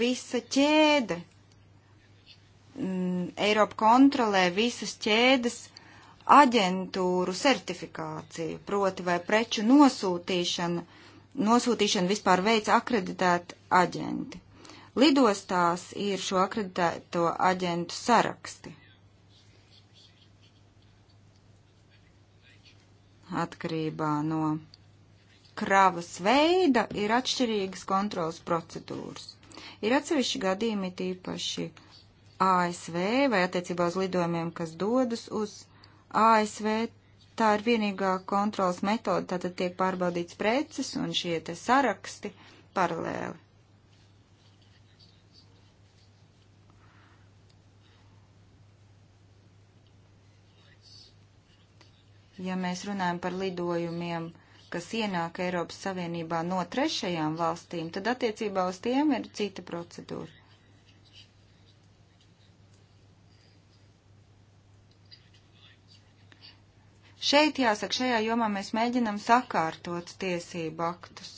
visa ķēde, mm, Eiropa kontrolē visas ķēdes aģentūru certifikāciju, proti vai preču nosūtīšana, nosūtīšana vispār veids akreditēti aģenti. Lidostās ir šo akreditēto aģentu saraksti. Atkarībā no kravas veida ir atšķirīgas kontrolas procedūras. Ir atsevišķi gadījumi, tīpaši uh, ASV vai attiecībā uz lidojumiem, kas dodas uz ASV. Tā ir vienīgā kontrolas metode, tātad tiek pārbaudīts preces un šie te saraksti paralēli. ja mēs runājam par lidojumiem, kas ienāk Eiropas Savienībā no trešajām valstīm, tad attiecībā uz tiem ir cita procedūra. Šeit jāsaka, šajā jomā mēs mēģinam sakārtot tiesību aktus.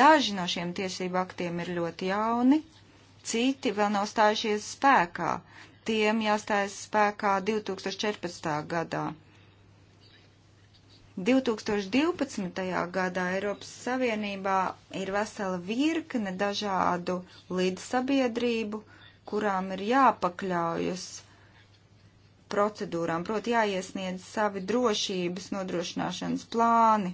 Daži no šiem tiesību aktiem ir ļoti jauni, citi vēl nav stājušies spēkā. Tiem jāstājas spēkā 2014. gadā. 2012. gadā Eiropas Savienībā ir vesela virkne dažādu līdzsabiedrību, kurām ir jāpakļaujas procedūrām, proti jāiesniedz savi drošības nodrošināšanas plāni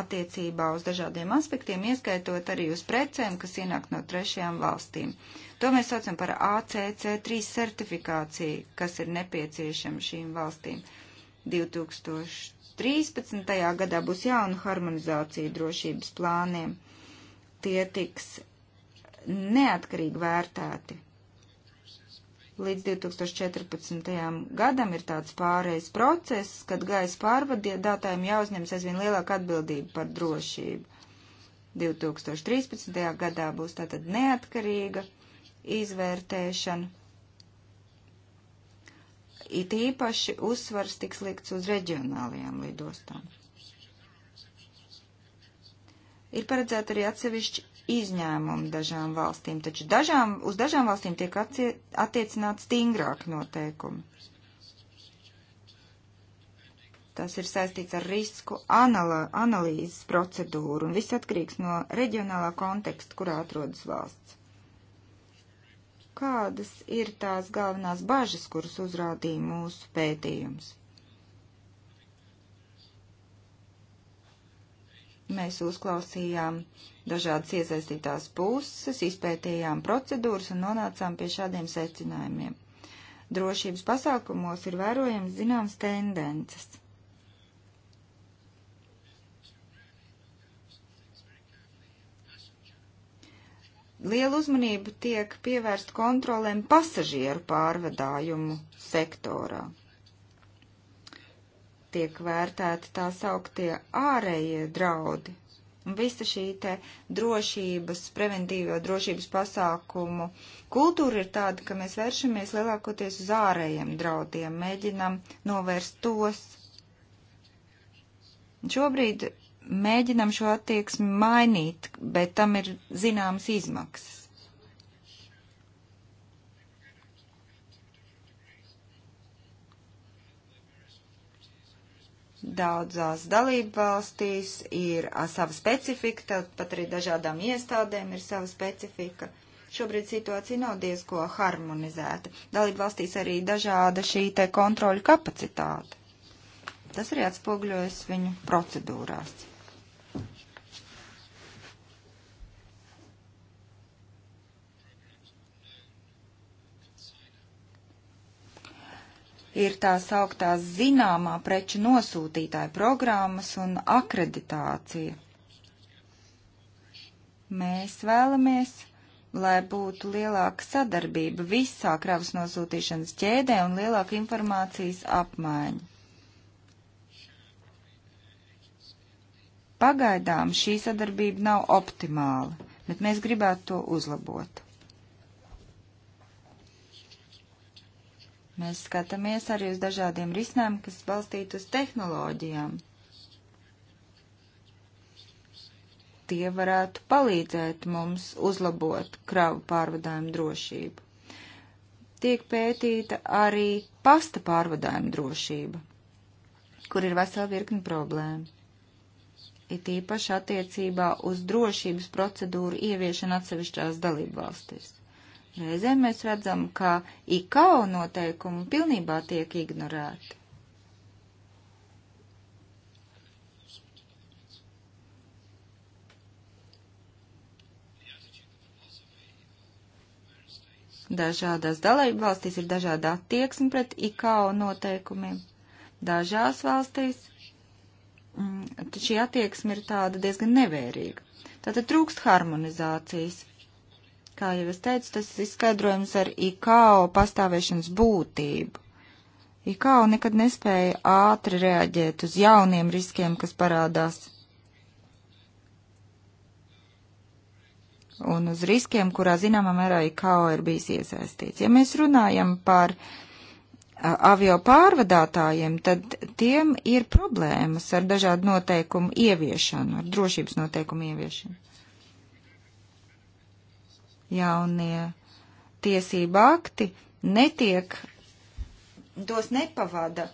attiecībā uz dažādiem aspektiem, ieskaitot arī uz precēm, kas ienāk no trešajām valstīm. To mēs saucam par ACC3 certifikāciju, kas ir nepieciešama šīm valstīm. 2013. gadā būs jauna harmonizācija drošības plāniem. Tie tiks neatkarīgi vērtēti Līdz 2014. gadam ir tāds pārējais process, kad gaisa pārvadātājiem jāuzņemas aizvien lielāka atbildība par drošību. 2013. gadā būs tātad neatkarīga izvērtēšana. It īpaši uzsvars tiks likts uz reģionālajām lidostām ir paredzēta arī atsevišķi izņēmumi dažām valstīm, taču dažām, uz dažām valstīm tiek attiecināt stingrāk noteikumi. Tas ir saistīts ar risku anala, analīzes procedūru, un viss atkarīgs no reģionālā konteksta, kurā atrodas valsts. Kādas ir tās galvenās bažas, kuras uzrādīja mūsu pētījums? Mēs uzklausījām dažādas iesaistītās puses, izpētījām procedūras un nonācām pie šādiem secinājumiem. Drošības pasākumos ir vērojams zināms tendences. Liela uzmanība tiek pievērsta kontrolēm pasažieru pārvadājumu sektorā tiek vērtēti tā sauktie ārējie draudi. Un visa šī te drošības, preventīvo drošības pasākumu kultūra ir tāda, ka mēs vēršamies lielākoties uz ārējiem draudiem, mēģinam novērst tos. Šobrīd mēģinam šo attieksmi mainīt, bet tam ir zināmas izmaksas. Daudzās dalību valstīs ir sava specifika, tāpat arī dažādām iestādēm ir sava specifika. Šobrīd situācija nav diezko harmonizēta. Dalību valstīs arī dažāda šī te kontroļu kapacitāte. Tas arī atspoguļojas viņu procedūrās. ir tā sauktā zināmā preču nosūtītāja programmas un akreditācija. Mēs vēlamies, lai būtu lielāka sadarbība visā kravas nosūtīšanas ķēdē un lielāka informācijas apmaiņa. Pagaidām šī sadarbība nav optimāla, bet mēs gribētu to uzlabot. Mēs skatāmies arī uz dažādiem risinājumiem, kas balstīti uz tehnoloģijām. Tie varētu palīdzēt mums uzlabot kravu pārvadājumu drošību. Tiek pētīta arī pasta pārvadājuma drošība, kur ir vesela virkni problēma. It īpaši attiecībā uz drošības procedūru ieviešanu atsevišķās dalībvalstīs. Reizēm mēs redzam, ka IKO noteikumi pilnībā tiek ignorēti. Dažādās dalību valstīs ir dažāda attieksme pret IKO noteikumiem. Dažās valstīs mm, šī attieksme ir tāda diezgan nevērīga. Tātad trūkst harmonizācijas Kā jau es teicu, tas izskaidrojums ar IKO pastāvēšanas būtību. IKO nekad nespēja ātri reaģēt uz jauniem riskiem, kas parādās. Un uz riskiem, kurā zināmā mērā IKO ir bijis iesaistīts. Ja mēs runājam par avio pārvadātājiem, tad tiem ir problēmas ar dažādu noteikumu ieviešanu, ar drošības noteikumu ieviešanu jaunie tiesība akti netiek, tos nepavada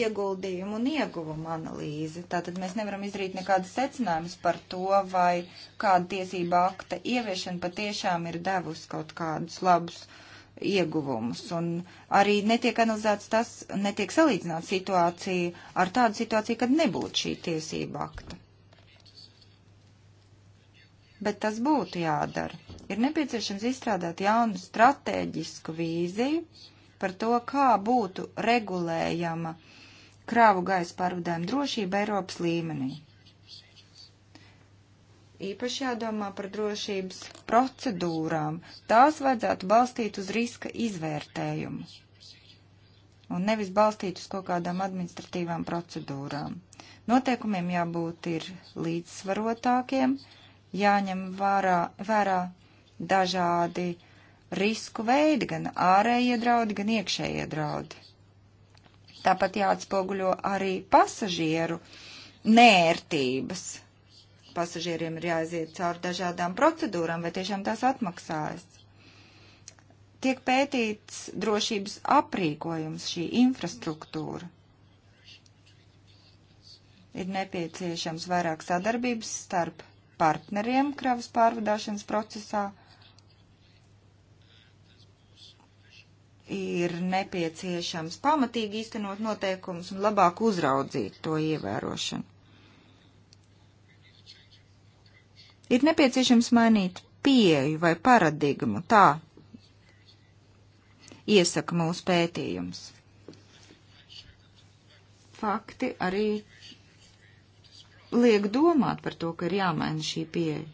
ieguldījumu un ieguvumu analīze. Tātad mēs nevaram izdarīt nekādas secinājumus par to, vai kāda tiesība akta ieviešana patiešām ir devusi kaut kādus labus ieguvumus. Un arī netiek analizēts tas, netiek salīdzināta situācija ar tādu situāciju, kad nebūtu šī tiesība akta. Bet tas būtu jādara Ir nepieciešams izstrādāt jaunu stratēģisku vīziju par to, kā būtu regulējama krāvu gaisa pārvadājuma drošība Eiropas līmenī. Īpaši jādomā par drošības procedūrām. Tās vajadzētu balstīt uz riska izvērtējumu un nevis balstīt uz kaut kādām administratīvām procedūrām. Noteikumiem jābūt ir līdzsvarotākiem, jāņem vārā, vērā dažādi risku veidi, gan ārējie draudi, gan iekšējie draudi. Tāpat jāatspoguļo arī pasažieru nērtības. Pasažieriem ir jāiziet cauri dažādām procedūrām, vai tiešām tās atmaksājas. Tiek pētīts drošības aprīkojums, šī infrastruktūra ir nepieciešams vairāk sadarbības starp partneriem kravas pārvadāšanas procesā, ir nepieciešams pamatīgi īstenot noteikumus un labāk uzraudzīt to ievērošanu. Ir nepieciešams mainīt pieeju vai paradigmu, tā iesaka mūsu pētījums. Fakti arī liek domāt par to, ka ir jāmaina šī pieeja.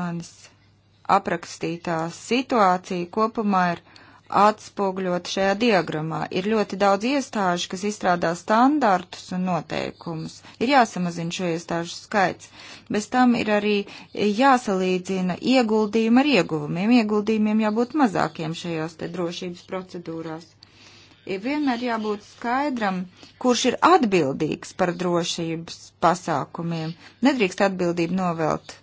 Manis aprakstītā situācija kopumā ir atspoguļot šajā diagramā. Ir ļoti daudz iestāžu, kas izstrādā standartus un noteikumus. Ir jāsamazina šo iestāžu skaits. Bez tam ir arī jāsalīdzina ieguldījumi ar ieguvumiem. Ieguldījumiem jābūt mazākiem šajos te drošības procedūrās. Ir vienmēr jābūt skaidram, kurš ir atbildīgs par drošības pasākumiem. Nedrīkst atbildību novelt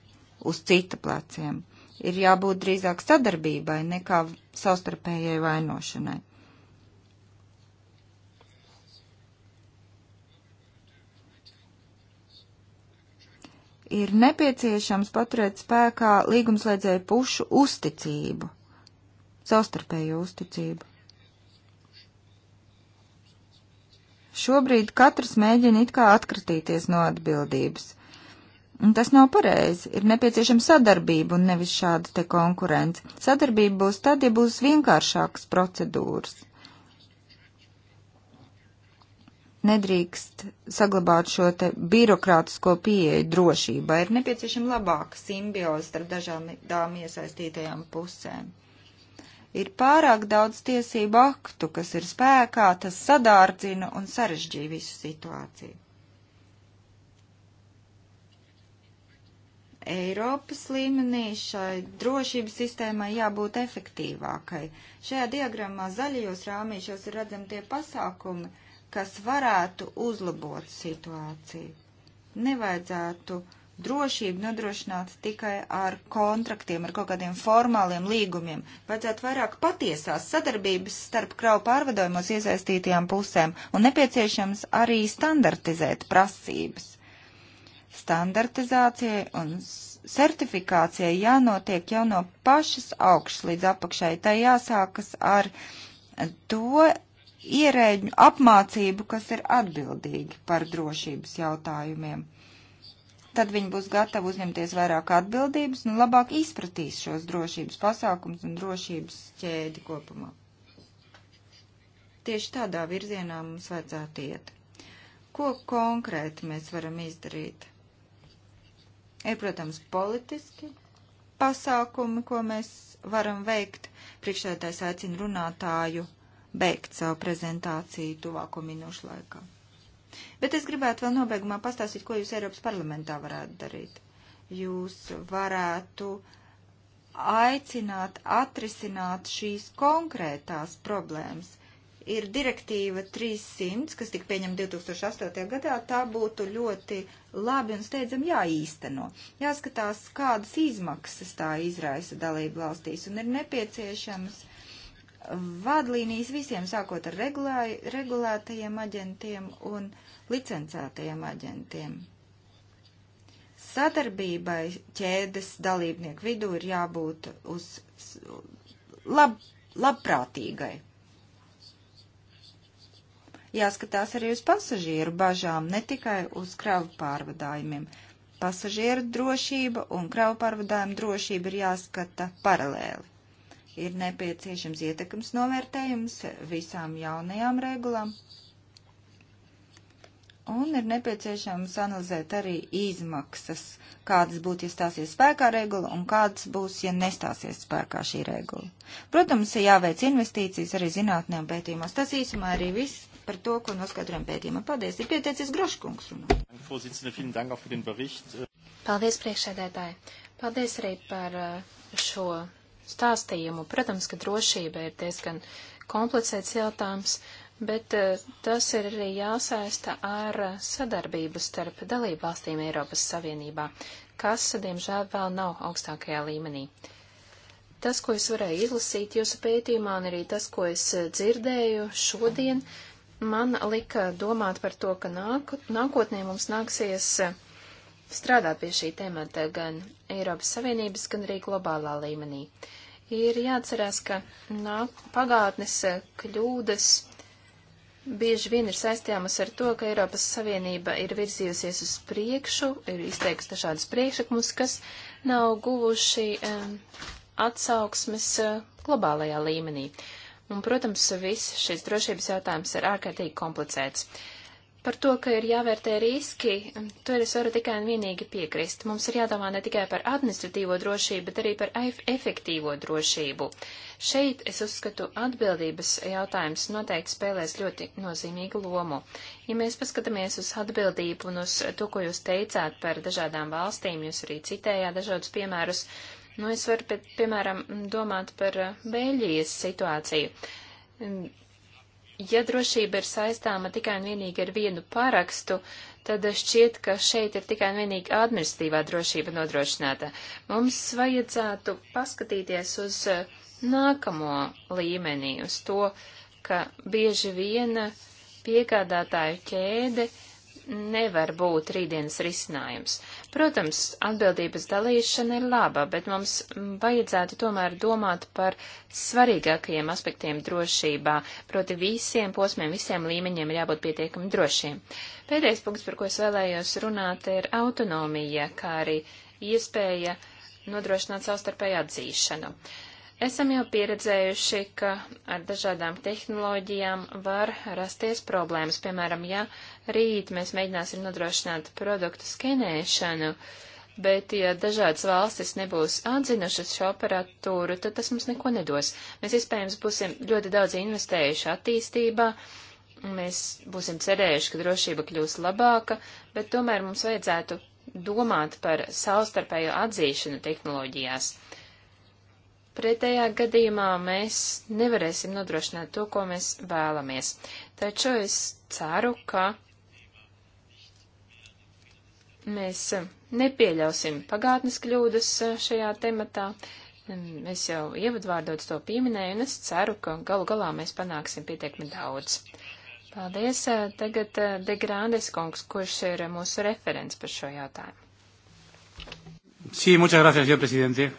uz cita pleciem ir jābūt drīzāk sadarbībai nekā savstarpējai vainošanai. ir nepieciešams paturēt spēkā līgumslēdzēju pušu uzticību, savstarpējo uzticību. Šobrīd katrs mēģina it kā atkratīties no atbildības. Un tas nav pareizi. Ir nepieciešama sadarbība un nevis šāda te konkurence. Sadarbība būs tad, ja būs vienkāršākas procedūras. Nedrīkst saglabāt šo te birokrātisko pieeju drošībā. Ir nepieciešama labāka simbioze starp dažādām iesaistītajām pusēm. Ir pārāk daudz tiesību aktu, kas ir spēkā, tas sadārdzina un sarežģīja visu situāciju. Eiropas līmenī šai drošības sistēmai jābūt efektīvākai. Šajā diagrammā zaļajos rāmīšos ir redzami tie pasākumi, kas varētu uzlabot situāciju. Nevajadzētu drošību nodrošināt tikai ar kontraktiem, ar kaut kādiem formāliem līgumiem. Vajadzētu vairāk patiesās sadarbības starp kravu pārvadojumos iesaistītajām pusēm un nepieciešams arī standartizēt prasības standartizācijai un certifikācijai jānotiek jau no pašas augšas līdz apakšai. Tā jāsākas ar to ierēģu apmācību, kas ir atbildīgi par drošības jautājumiem. Tad viņi būs gatavi uzņemties vairāk atbildības un labāk izpratīs šos drošības pasākums un drošības ķēdi kopumā. Tieši tādā virzienā mums vajadzētu iet. Ko konkrēti mēs varam izdarīt? Ir, protams, politiski pasākumi, ko mēs varam veikt. Priekšsēdētājs aicina runātāju beigt savu prezentāciju tuvāko minūšu laikā. Bet es gribētu vēl nobeigumā pastāstīt, ko jūs Eiropas parlamentā varētu darīt. Jūs varētu aicināt atrisināt šīs konkrētās problēmas, ir direktīva 300, kas tika pieņemta 2008. gadā, tā būtu ļoti labi un steidzam jāīsteno. Jāskatās, kādas izmaksas tā izraisa dalību valstīs un ir nepieciešams vadlīnijas visiem, sākot ar regulē, regulētajiem aģentiem un licencētajiem aģentiem. Sadarbībai ķēdes dalībnieku vidū ir jābūt uz lab, labprātīgai jāskatās arī uz pasažieru bažām, ne tikai uz kravu pārvadājumiem. Pasažieru drošība un kravu pārvadājumu drošība ir jāskata paralēli. Ir nepieciešams ietekmes novērtējums visām jaunajām regulām, un ir nepieciešams analizēt arī izmaksas, kādas būtu, ja stāsies spēkā regula, un kādas būs, ja nestāsies spēkā šī regula. Protams, jāveic investīcijas arī zinātnē un pētījumos. Tas īsumā arī viss par to, ko noskaidrojam pētījumā. Paldies, ir pieteicies Groškungs runā. Paldies, priekšsēdētāji. Paldies arī par eh, šo stāstījumu. Protams, ka drošība ir diezgan komplicēts jautājums, bet eh, tas ir arī jāsaista ar eh, sadarbību starp dalību valstīm Eiropas Savienībā, kas, diemžēl, vēl nav augstākajā līmenī. Tas, ko es varēju izlasīt jūsu pētījumā, un arī tas, ko es dzirdēju šodien, uh, man lika domāt par to, ka nāk, nākotnē mums nāksies eh, strādāt pie šī temata gan Eiropas Savienības, gan arī globālā līmenī. Ir jāatcerās, ka nāk, pagātnes eh, kļūdas bieži vien ir saistījāmas ar to, ka Eiropas Savienība ir virzījusies uz priekšu, ir izteikusi dažādas priekšakmus, kas nav guvuši um, atsauksmes uh, globālajā līmenī. Uh, Un, protams, viss šis drošības jautājums ir ārkārtīgi komplicēts. Par to, ka ir jāvērtē riski, to es varu tikai un vienīgi piekrist. Mums ir jādomā ne tikai par administratīvo drošību, bet arī par efektīvo drošību. Šeit, es uzskatu, atbildības jautājums noteikti spēlēs ļoti nozīmīgu lomu. Ja mēs paskatāmies uz atbildību un uz to, ko jūs teicāt par dažādām valstīm, jūs arī citējāt dažādus piemērus, uh, Nu, es varu, pie, piemēram, domāt par eh, Beļģijas situāciju. Ja drošība ir saistāma tikai un vienīgi ar vienu parakstu, tad šķiet, ka šeit ir tikai un vienīgi administratīvā drošība nodrošināta. Mums vajadzētu paskatīties uz eh, nākamo līmenī, uz to, ka bieži viena piegādātāju ķēde nevar būt rītdienas risinājums. Protams, atbildības dalīšana ir laba, bet mums vajadzētu tomēr domāt par svarīgākajiem aspektiem drošībā, proti visiem posmiem, visiem līmeņiem ir jābūt pietiekami drošiem. Pēdējais punkts, par ko es vēlējos runāt, ir autonomija, kā arī iespēja nodrošināt savstarpēju atzīšanu. Uh, Esam jau pieredzējuši, ka ar dažādām tehnoloģijām var rasties problēmas. Piemēram, ja rīt mēs mēģināsim nodrošināt produktu skenēšanu, bet ja dažādas valstis nebūs atzinušas šo aparatūru, tad tas mums neko nedos. Mēs iespējams būsim ļoti daudz investējuši attīstībā, mēs būsim cerējuši, ka drošība kļūs labāka, bet tomēr mums vajadzētu domāt par savstarpējo atzīšanu tehnoloģijās. Pretējā gadījumā mēs nevarēsim nodrošināt to, ko mēs vēlamies. Taču es ceru, ka mēs nepieļausim pagātnes kļūdas šajā tematā. Es jau ievadvārdot to pieminēju, un es ceru, ka galu galā mēs panāksim pietiekami daudz. Paldies. Eh, tagad eh, De Grandes kungs, kurš ir mūsu referents par šo jautājumu. Sí, muchas gracias, señor presidente.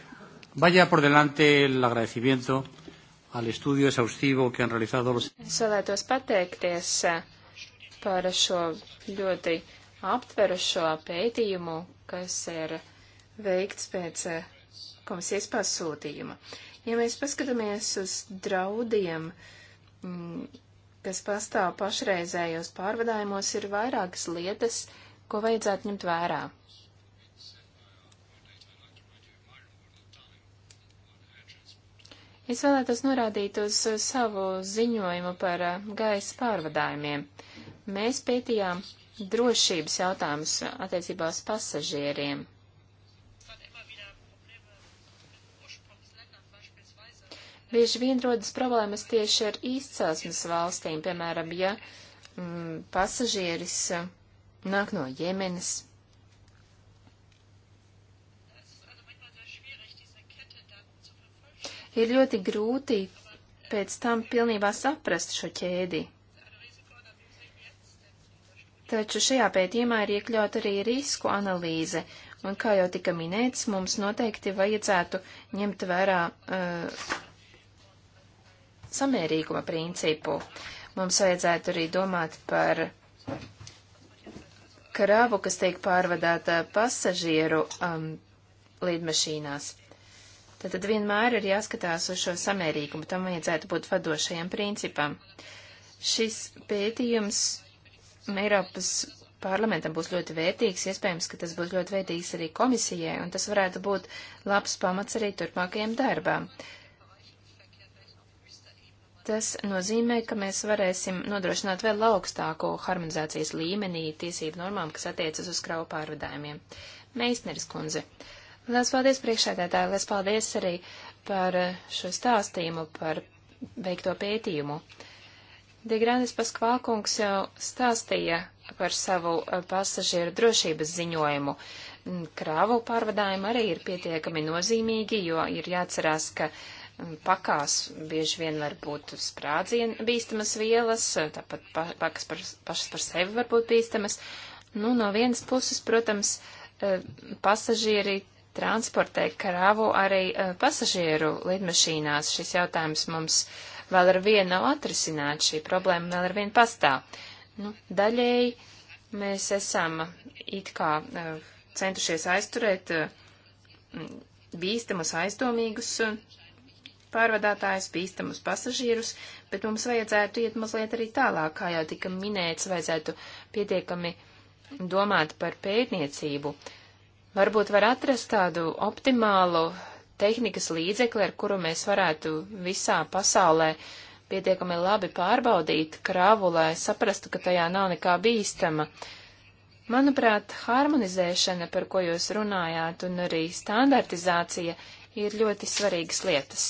Vaya por delante el agradecimiento al estudio exhaustivo que han realizado los. Es vēlētos pateikties eh, par šo ļoti aptverušo pētījumu, kas ir veikts pēc eh, komisijas pasūtījuma. Ja mēs paskatāmies uz draudiem, mm, kas pastāv pašreizējos pārvadājumos, ir vairākas lietas, ko vajadzētu ņemt vērā. Es vēlētos norādīt uz uh, savu ziņojumu par uh, gaisa pārvadājumiem. Mēs pētījām drošības jautājumus uh, attiecībā uz pasažieriem. Bieži vien rodas problēmas tieši ar izcelsmes valstīm, piemēram, ja mm, pasažieris nāk no Jemenas ir ļoti grūti pēc tam pilnībā saprast šo ķēdi. Taču šajā pētījumā ir iekļaut arī risku analīze, un, kā jau tika minēts, mums noteikti vajadzētu ņemt vērā uh, samērīguma principu. Mums vajadzētu arī domāt par kravu, kas tiek pārvadāta pasažieru um, līdmašīnās. Tātad vienmēr ir jāskatās uz šo samērīgumu, tam vajadzētu būt vadošajam principam. Šis pētījums Eiropas parlamentam būs ļoti vērtīgs, iespējams, ka tas būs ļoti vērtīgs arī komisijai, un tas varētu būt labs pamats arī turpmākajiem darbām. Tas nozīmē, ka mēs varēsim nodrošināt vēl augstāko harmonizācijas līmenī tiesību normām, kas attiecas uz kravu pārvadājumiem. Meisneris kundze, Lielas paldies priekšēdētāji, lielas paldies arī par eh, šo stāstījumu, par veikto pētījumu. Digrandis Paskvākungs jau stāstīja par savu eh, pasažieru drošības ziņojumu. Mm, krāvu pārvadājumi arī ir pietiekami nozīmīgi, jo ir jāatcerās, ka mm, pakās bieži vien var būt sprādzien bīstamas vielas, tāpat pakas par, pašas par sevi var būt bīstamas. Nu, no vienas puses, protams, eh, pasažieri transportē kravu arī eh, pasažieru lidmašīnās. Šis jautājums mums vēl ar vienu nav atrisināts, šī problēma vēl ar vienu pastāv. Nu, daļēji mēs esam it kā eh, centušies aizturēt eh, bīstamus aizdomīgus pārvadātājus, bīstamus pasažierus, bet mums vajadzētu iet mazliet arī tālāk, kā jau tika minēts, vajadzētu pietiekami domāt par pētniecību. Varbūt var atrast tādu optimālu tehnikas līdzekli, ar kuru mēs varētu visā pasaulē pietiekami labi pārbaudīt kravu, lai saprastu, ka tajā nav nekā bīstama. Manuprāt, harmonizēšana, par ko jūs runājāt, un arī standartizācija ir ļoti svarīgas lietas.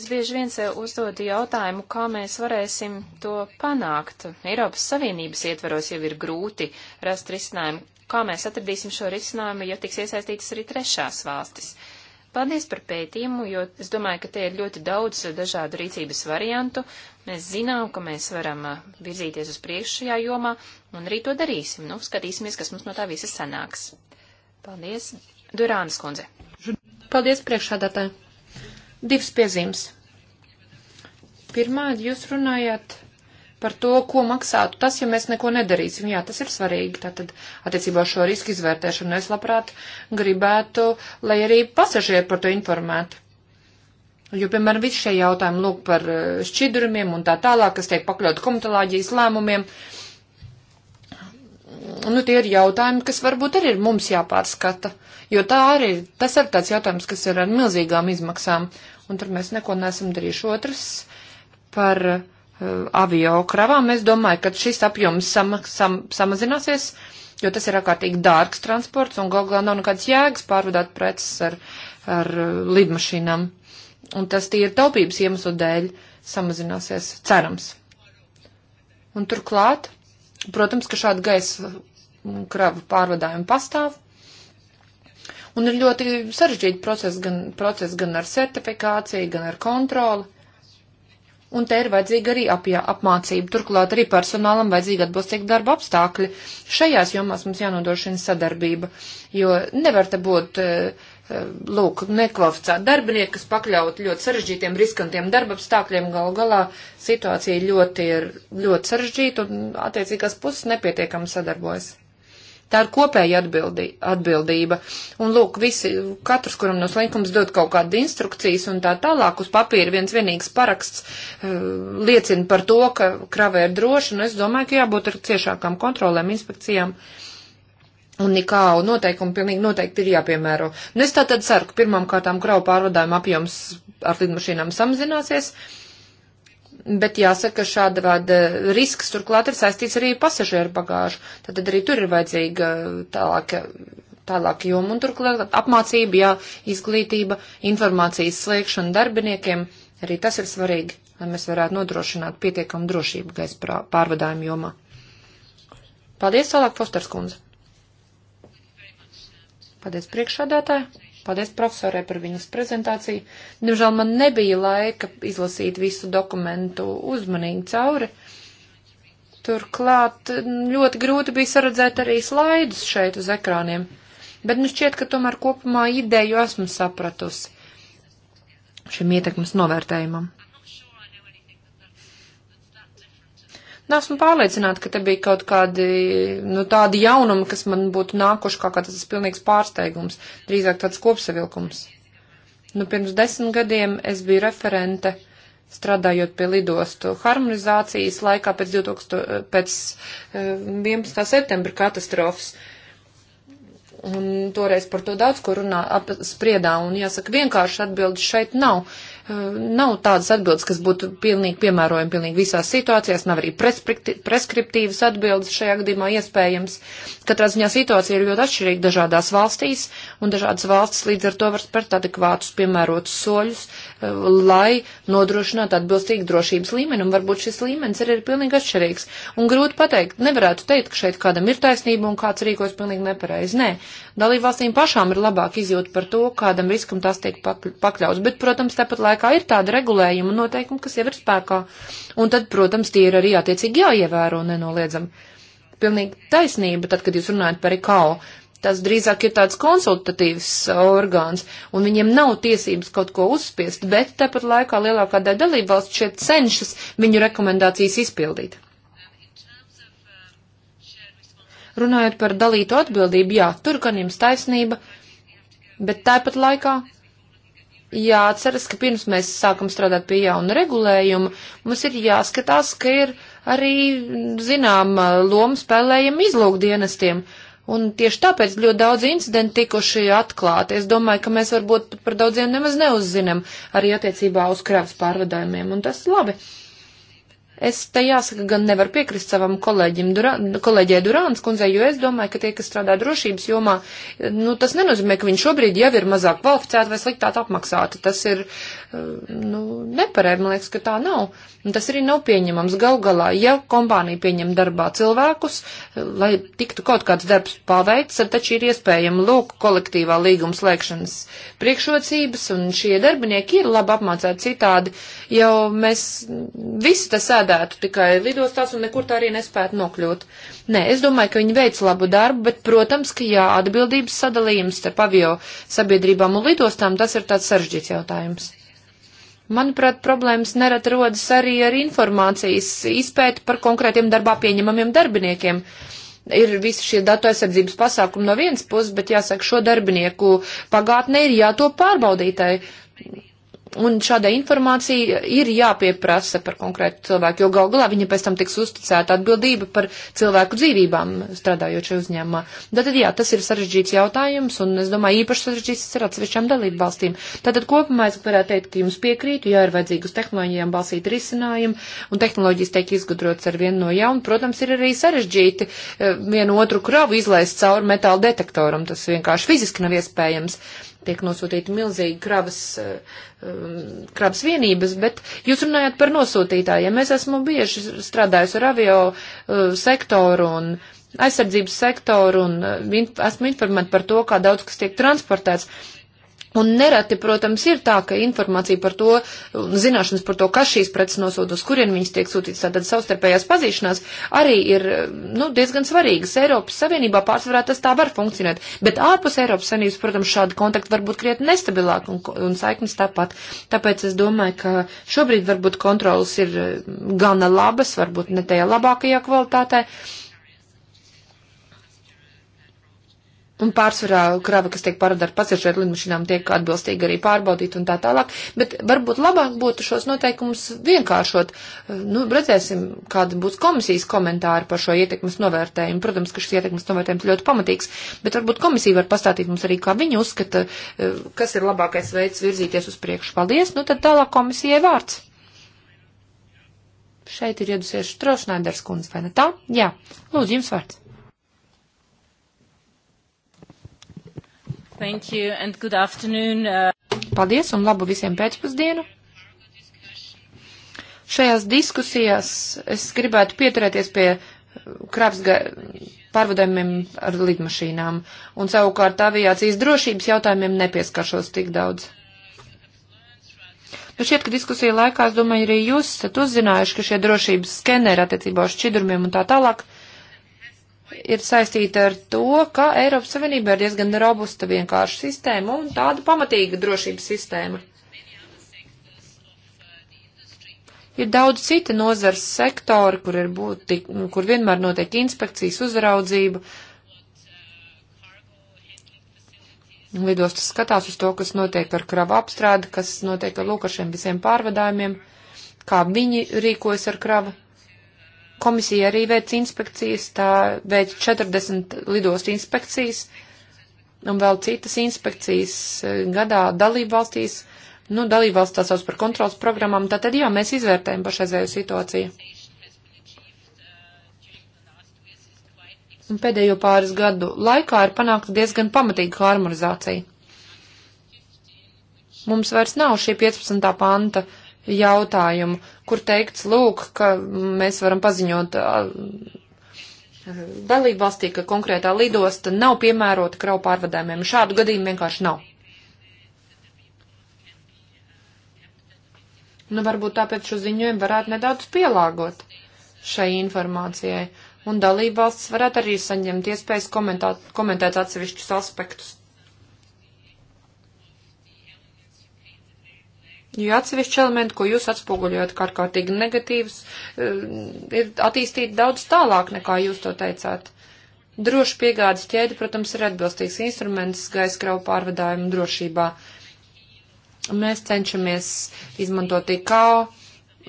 Es bieži vien sev uzdodu jautājumu, kā mēs varēsim to panākt. Eiropas Savienības ietvaros jau ir grūti rast risinājumu, kā mēs atradīsim šo risinājumu, jo tiks iesaistītas arī trešās valstis. Paldies par pētījumu, jo es domāju, ka te ir ļoti daudz dažādu rīcības variantu. Mēs zinām, ka mēs varam uh, virzīties uz priekšu šajā jomā, un arī to darīsim. Nu, skatīsimies, kas mums no tā visa sanāks. Paldies, Durānas kundze. Paldies, priekšādātāji. Divas piezīmes. Pirmā, jūs runājāt par to, ko maksātu tas, ja mēs neko nedarīsim. Jā, tas ir svarīgi. Tātad, attiecībā uz šo risku izvērtēšanu es labprāt gribētu, lai arī pasažieri par to informētu. Jo, piemēram, visi šie jautājumi lūk par eh, šķidrumiem un tā tālāk, kas tiek pakļaut komitoloģijas lēmumiem. Nu, tie ir jautājumi, kas varbūt arī ir mums jāpārskata, jo tā arī, tas ir tāds jautājums, kas ir ar milzīgām izmaksām, un tur mēs neko nesam darījuši. Otrs par uh, Eh, avio kravām. Es domāju, ka šis apjoms sama, sam, samazināsies, jo tas ir ārkārtīgi dārgs transports un galvā nav nekāds jēgas pārvadāt preces ar, ar eh, lidmašīnām. Un tas tie ir taupības iemeslu dēļ samazināsies, cerams. Un turklāt, protams, ka šāda gaisa kravu pārvadājuma pastāv. Un ir ļoti sarežģīti procesi gan, proces gan ar certifikāciju, gan ar kontroli. Un te ir vajadzīga arī apjā, apmācība, turklāt arī personālam vajadzīga atbilstīga darba apstākļi. Šajās jomās mums jānodrošina sadarbība, jo nevar te būt, eh, eh, lūk, nekvalificēti darbinieki, kas pakļaut ļoti sarežģītiem, riskantiem darba apstākļiem. Gal galā situācija ļoti ir ļoti sarežģīta un attiecīgās puses nepietiekami sadarbojas. Tā ir kopēja atbildi, atbildība. Un lūk, visi, katrs, kuram no slinkums dod kaut kādu instrukcijas un tā tālāk uz papīra viens vienīgs paraksts uh, liecina par to, ka kravē ir droši, un es domāju, ka jābūt ar ciešākām kontrolēm, inspekcijām. Un nikālu noteikumu pilnīgi noteikti ir jāpiemēro. Un nu, es tātad ceru, ka pirmām kārtām kravu pārvadājuma apjoms ar lidmašīnām samazināsies. Uh, bet jāsaka, ka šāda vada risks turklāt ir saistīts arī pasažieru bagāžu. Tad arī tur ir vajadzīga tālāka, tālāka joma un turklāt apmācība, jā, izglītība, informācijas sliekšana darbiniekiem. Arī tas ir svarīgi, lai mēs varētu nodrošināt pietiekamu drošību gaisa pārvadājumu jomā. Paldies, tālāk, Fosters kundze. Paldies, priekšādātāji. Paldies profesorai par viņas prezentāciju. Diemžēl man nebija laika izlasīt visu dokumentu uzmanīgi cauri. Turklāt ļoti grūti bija saredzēt arī slaidus šeit uz ekrāniem, bet nu šķiet, ka tomēr kopumā ideju esmu sapratusi šim ietekmes novērtējumam. Nesmu pārliecināta, ka te bija kaut kādi, nu, tādi jaunumi, kas man būtu nākuši kā, kā tas pilnīgs pārsteigums, drīzāk tāds kopsavilkums. Nu, pirms desmit gadiem es biju referente strādājot pie lidostu harmonizācijas laikā pēc, 2000, pēc 11. Eh, septembra katastrofas. Un toreiz par to daudz ko runā, apspriedā, un jāsaka, vienkārši atbildi šeit nav. Uh, Eh, nav tādas atbildes, kas būtu pilnīgi piemērojami pilnīgi visās situācijās, nav arī preskriptīvas atbildes šajā gadījumā iespējams. Katrā ziņā situācija ir ļoti atšķirīga dažādās valstīs, un dažādas valstis līdz ar to var spērt adekvātus piemērotus soļus, eh, lai nodrošinātu atbilstīgu drošības līmeni, un varbūt šis līmenis arī ir pilnīgi atšķirīgs. Un grūti pateikt, nevarētu teikt, ka šeit kādam ir taisnība un kāds rīkojas pilnīgi nepareizi. Nē, dalībvalstīm pašām ir labāk izjūta par to, kādam riskam tas tiek pakļauts, bet, protams, tāpat laikā spēkā ir tāda regulējuma noteikuma, kas jau ir spēkā. Un tad, protams, tie ir arī attiecīgi jāievēro nenoliedzami. Pilnīgi taisnība, tad, kad jūs runājat par IKO, tas drīzāk ir tāds konsultatīvs orgāns, un viņiem nav tiesības kaut ko uzspiest, bet tāpat laikā lielākā daļa dalībvalsts šeit cenšas viņu rekomendācijas izpildīt. Runājot par dalītu atbildību, jā, tur gan jums taisnība, bet tāpat laikā jāatceras, ka pirms mēs sākam strādāt pie jauna regulējuma, mums ir jāskatās, ka ir arī, zinām, loma spēlējama izlūkdienestiem. Un tieši tāpēc ļoti daudz incidentu tikuši atklāti. Es domāju, ka mēs varbūt par daudziem nemaz neuzzinām arī attiecībā uz kravas pārvadājumiem, un tas labi. Uh, Es te jāsaka, gan nevaru piekrist savam kolēģim, Duran, kolēģē Durāns kundzei, jo es domāju, ka tie, kas strādā drošības jomā, nu, tas nenozīmē, ka viņi šobrīd jau ir mazāk kvalificēti vai sliktāk apmaksāti. Tas ir Eh, nu, nepareizi. Man liekas, ka tā nav. Un tas arī nav pieņemams. Gal galā, ja kompānija pieņem darbā cilvēkus, eh, lai tiktu kaut kāds darbs paveikts, tad taču ir iespējama lūk kolektīvā līguma slēgšanas priekšrocības, un šie darbinieki ir labi apmācēti citādi, jo mēs visi tas sēdētu tikai lidostās un nekur tā arī nespētu nokļūt. Nē, es domāju, ka viņi veic labu darbu, bet, protams, ka jā, atbildības sadalījums starp avio sabiedrībām un lidostām, tas ir tāds saržģīts jautājums. Manuprāt, problēmas nerad rodas arī ar informācijas izpēti par konkrētiem darbā pieņemamiem darbiniekiem. Ir visi šie datu aizsardzības pasākumi no vienas puses, bet jāsaka, šo darbinieku pagātne ir jāto pārbaudītai. Un šādai informācija ir jāpieprasa par konkrētu cilvēku, jo gal galā viņa pēc tam tiks uzticēta atbildība par cilvēku dzīvībām strādājot šajā uzņēmumā. Tātad, jā, tas ir sarežģīts jautājums, un es domāju, īpaši sarežģīts tas ir atsevišķām dalību valstīm. Tātad kopumā es varētu teikt, ka jums piekrītu, jā, ir vajadzīgi uz tehnoloģijām balsīt risinājumu, un tehnoloģijas tiek izgudrotas ar vienu no jaunu. Protams, ir arī sarežģīti eh, vienu otru kravu izlaist cauri metāla detektoram, tas vienkārši fiziski nav iespējams tiek nosūtīti milzīgi kravas, eh, um, kravas vienības, bet jūs runājat par nosūtītājiem. Es esmu bieži strādājusi ar avio eh, sektoru un aizsardzības sektoru un eh, esmu informēta par to, kā daudz kas tiek transportēts. Un nereti, protams, ir tā, ka informācija par to, zināšanas par to, kas šīs preces nosūta, uz kurien viņas tiek sūtītas, tātad savstarpējās pazīšanās, arī ir, nu, diezgan svarīgas. Eiropas Savienībā pārsvarā tas tā var funkcionēt, bet ārpus Eiropas Savienības, protams, šādi kontakti var būt krietni nestabilāk un, un saiknes tāpat. Tāpēc es domāju, ka šobrīd varbūt kontrolas ir eh, gana labas, varbūt ne tajā labākajā kvalitātē. Uh, Un pārsvarā krava, kas tiek parada ar pasažieru lidmašīnām, tiek atbilstīgi arī pārbaudīt un tā tālāk. Bet varbūt labāk būtu šos noteikumus vienkāršot. Nu, redzēsim, kāda būs komisijas komentāri par šo ietekmes novērtējumu. Protams, ka šis ietekmes novērtējums ļoti pamatīgs, bet varbūt komisija var pastāstīt mums arī, kā viņa uzskata, kas ir labākais veids virzīties uz priekšu. Paldies! Nu, tad tālāk komisijai vārds. Šeit ir iedusies Trošnaiders kundze, vai ne tā? Jā, lūdzu, jums vārds. Thank you and good afternoon. Uh, Paldies un labu visiem pēcpusdienu. Šajās diskusijās es gribētu pieturēties pie kraps pārvadājumiem ar lidmašīnām, un savukārt aviācijas drošības jautājumiem nepieskaršos tik daudz. Nu šķiet, ka diskusija laikā, es domāju, arī jūs esat uzzinājuši, ka šie drošības skeneri attiecībā uz šķidrumiem un tā tālāk ir saistīta ar to, ka Eiropas Savienība ir diezgan robusta vienkārša sistēma un tāda pamatīga drošības sistēma. Ir daudz cita nozars sektori, kur, ir būti, kur vienmēr notiek inspekcijas uzraudzība. Lidostas skatās uz to, kas notiek ar kravu apstrādi, kas notiek ar lūk ar šiem visiem pārvadājumiem, kā viņi rīkojas ar kravu. Komisija arī veic inspekcijas, tā veic 40 lidostu inspekcijas un vēl citas inspekcijas e, gadā dalību valstīs. Nu, dalību valsts tā sauc par kontrols programmām, tātad jā, mēs izvērtējam pašreizēju situāciju. un pēdējo pāris gadu laikā ir panākta diezgan pamatīga harmonizācija. Mums vairs nav šī 15. panta jautājumu, kur teikts, lūk, ka mēs varam paziņot dalībvalstī, ka konkrētā lidosta nav piemērota kravu pārvadājumiem. Šādu gadījumu vienkārši nav. Nu, varbūt tāpēc šo ziņojumu varētu nedaudz pielāgot šai informācijai, un dalībvalsts varētu arī saņemt iespējas komentāt, komentēt atsevišķus aspektus. Jo atsevišķi elementi, ko jūs atspoguļojat kā ārkārtīgi negatīvs, eh, ir attīstīti daudz tālāk nekā jūs to teicāt. Droši piegādes ķēde, protams, ir atbilstīgs instruments gaiskrauju pārvadājumu drošībā. Mēs cenšamies izmantot IKO,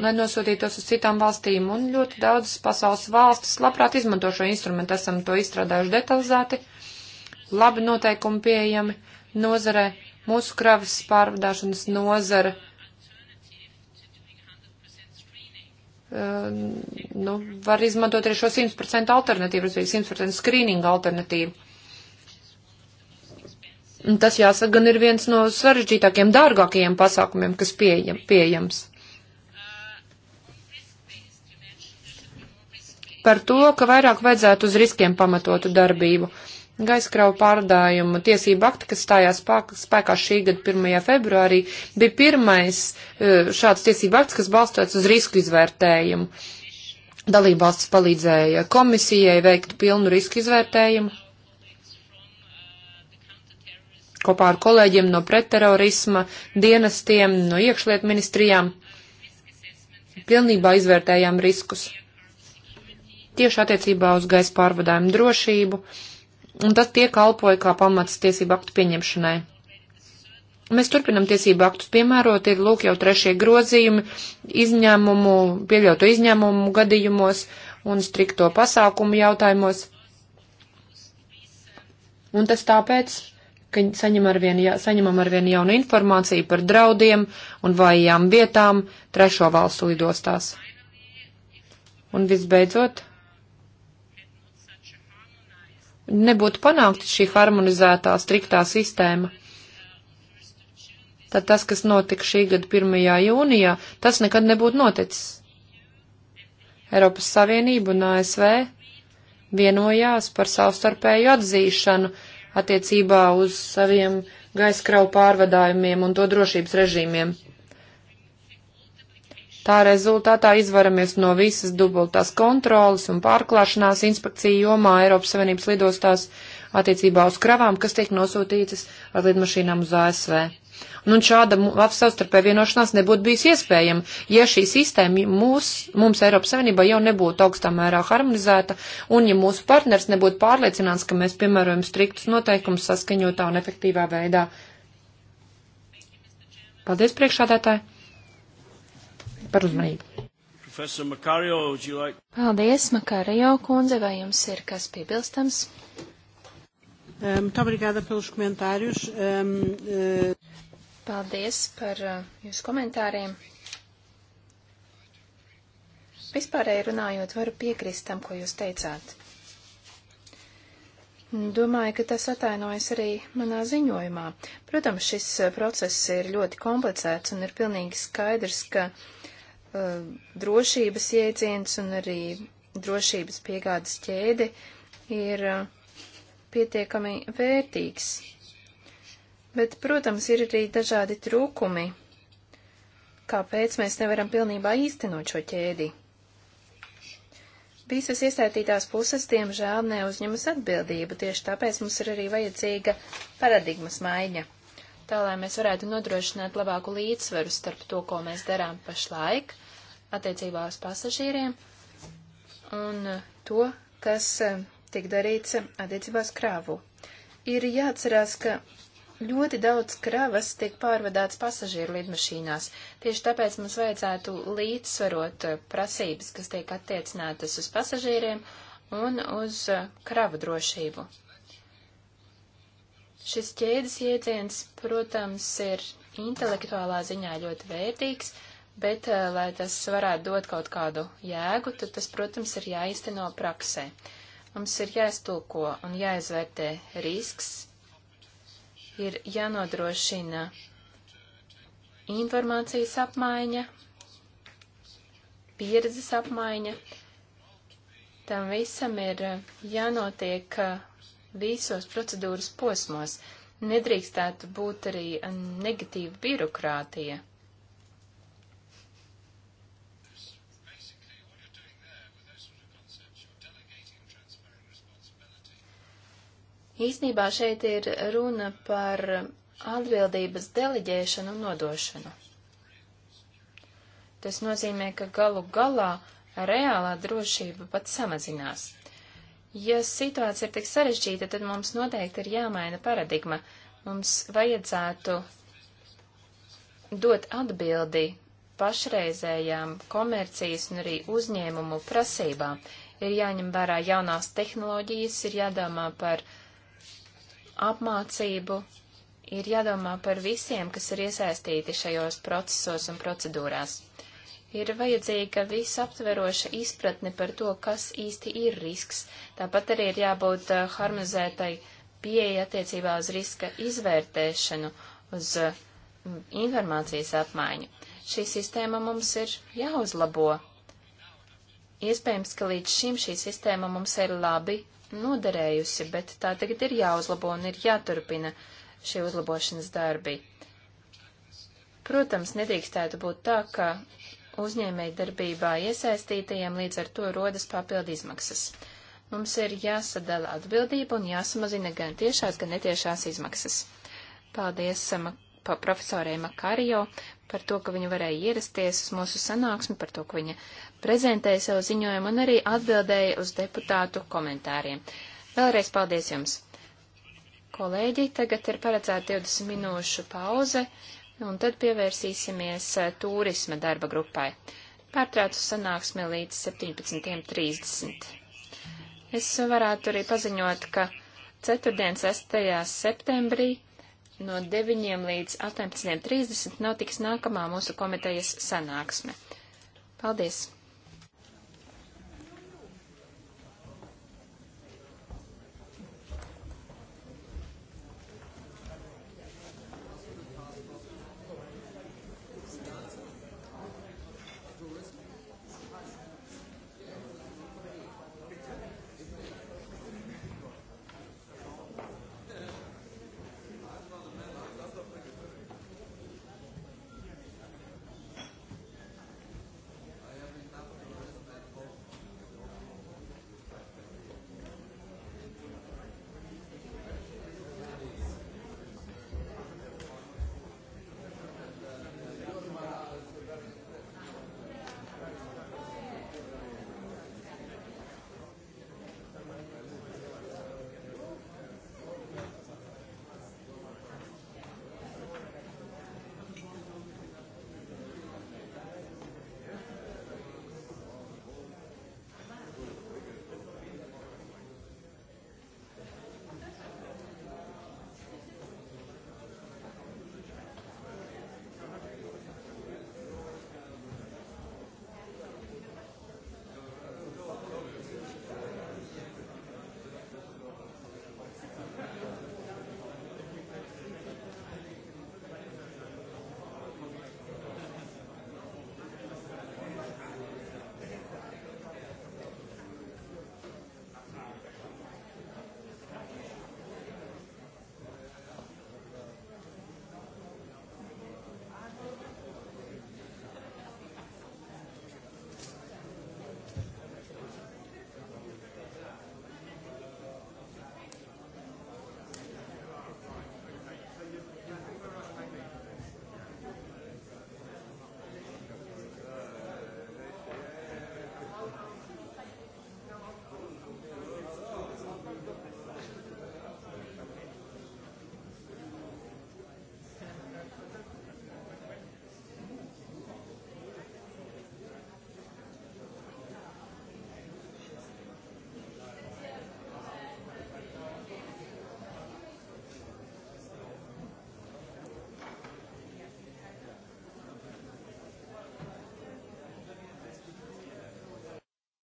lai nosūtītos uz citām valstīm, un ļoti daudzas pasaules valstis labprāt izmanto šo instrumentu. Esam to izstrādājuši detalizēti, labi noteikumi pieejami nozarē, mūsu kravas pārvadāšanas nozare Eh, nu, var izmantot arī šo 100% alternatīvu, vai 100% skrīningu alternatīvu. Un tas, jāsaka, gan ir viens no sarežģītākiem, dārgākajiem pasākumiem, kas pieejam, pieejams. Par to, ka vairāk vajadzētu uz riskiem pamatotu darbību. Uh, Gaiskrauju pārdājumu tiesību akti, kas stājās spēkā šī gada 1. februārī, bija pirmais e, šāds tiesību akts, kas balstots uz risku izvērtējumu. Dalībvalsts palīdzēja komisijai veikt pilnu risku izvērtējumu kopā ar kolēģiem no pretterorisma dienestiem, no iekšlietu ministrijām. Pilnībā izvērtējām riskus. Tieši attiecībā uz gaisa pārvadājumu drošību un tas tie kalpoja kā pamats tiesību aktu pieņemšanai. Mēs turpinam tiesību aktus piemērot, ir lūk jau trešie grozījumi izņēmumu, pieļautu izņēmumu gadījumos un strikto pasākumu jautājumos. Un tas tāpēc, ka saņem arvien, ja, saņemam arvien jaunu informāciju par draudiem un vājām vietām trešo valstu lidostās. Un visbeidzot, nebūtu panākta šī harmonizētā, striktā sistēma. Tad tas, kas notika šī gada 1. jūnijā, tas nekad nebūtu noticis. Eiropas Savienība un ASV vienojās par savstarpēju atzīšanu attiecībā uz saviem gaisa kravu pārvadājumiem un to drošības režīmiem. Tā rezultātā izvaramies no visas dubultās kontrolas un pārklāšanās inspekciju jomā Eiropas Savienības lidostās attiecībā uz kravām, kas tiek nosūtītas ar lidmašīnām uz ASV. Un, un šāda savstarpē vienošanās nebūtu bijis iespējama, ja šī sistēma mūs, mums Eiropas Savienībā jau nebūtu augstā mērā harmonizēta, un ja mūsu partners nebūtu pārliecināts, ka mēs piemērojam striktus noteikumus saskaņotā un efektīvā veidā. Paldies, priekšādātāji! par uzmanību. Makario, like... Paldies, Makarijo kundze, vai jums ir kas piebilstams? Ehm, muito obrigada pelos comentários. Um, uh... Paldies par uh, jūsu komentāriem. Vispārēji runājot, varu piekrist tam, ko jūs teicāt. Domāju, ka tas atainojas arī manā ziņojumā. Protams, šis eh, process ir ļoti komplicēts un ir pilnīgi skaidrs, ka uh, uh, drošības jēdziens un arī drošības piegādes ķēde ir uh, pietiekami vērtīgs. Bet, protams, ir arī dažādi trūkumi, kāpēc mēs nevaram pilnībā īstenot šo ķēdi. Visas iesaistītās puses, diemžēl, neuzņemas atbildību, tieši tāpēc mums ir arī vajadzīga paradigmas maiņa tā lai mēs varētu nodrošināt labāku līdzsvaru starp to, ko mēs darām pašlaik attiecībā uz pasažīriem un eh, to, kas eh, tiek darīts eh, attiecībā uz kravu. Ir jāatcerās, ka ļoti daudz kravas tiek pārvadāts pasažīru lidmašīnās. Tieši tāpēc mums vajadzētu līdzsvarot prasības, kas tiek attiecinātas uz pasažīriem un uz kravu drošību. Šis ķēdes jēdziens, protams, ir intelektuālā ziņā ļoti vērtīgs, bet, eh, lai tas varētu dot kaut kādu jēgu, tad tas, protams, ir jāizteno praksē. Mums ir jāiztulko un jāizvērtē risks, ir jānodrošina informācijas apmaiņa, pieredzes apmaiņa. Tam visam ir eh, jānotiek eh, visos procedūras posmos. Nedrīkstētu būt arī eh, negatīva birokrātija. Īsnībā šeit ir runa par atbildības deleģēšanu un nodošanu. Tas nozīmē, ka galu galā reālā drošība pat samazinās. Ja situācija ir tik sarežģīta, tad mums noteikti ir jāmaina paradigma. Mums vajadzētu dot atbildi pašreizējām komercijas un arī uzņēmumu prasībām. Ir jāņem vērā jaunās tehnoloģijas, ir jādomā par apmācību, ir jādomā par visiem, kas ir iesaistīti šajos procesos un procedūrās. Ir vajadzīga visaptveroša izpratne par to, kas īsti ir risks. Tāpat arī ir jābūt eh, harmonizētai pieeja attiecībā uz riska izvērtēšanu, uz mm, informācijas apmaiņu. Šī sistēma mums ir jāuzlabo. Iespējams, ka līdz šim šī sistēma mums ir labi noderējusi, bet tā tagad ir jāuzlabo un ir jāturpina šie uzlabošanas darbi. Protams, nedrīkstētu būt tā, ka uzņēmēju darbībā iesaistītajiem, līdz ar to rodas papildu izmaksas. Mums ir jāsadala atbildība un jāsamazina gan tiešās, gan netiešās izmaksas. Paldies sama, um, pa profesorei Makarijo par to, ka viņa varēja ierasties uz mūsu sanāksmi, par to, ka viņa prezentēja savu ziņojumu un arī atbildēja uz deputātu komentāriem. Vēlreiz paldies jums! Kolēģi, tagad ir paredzēta 20 minūšu pauze un tad pievērsīsimies e, turisma darba grupai. Pārtraucu sanāksmi līdz 17.30. Es varētu arī paziņot, ka ceturtdien 6. septembrī no 9 līdz 18.30 notiks nākamā mūsu komitejas sanāksme. Paldies!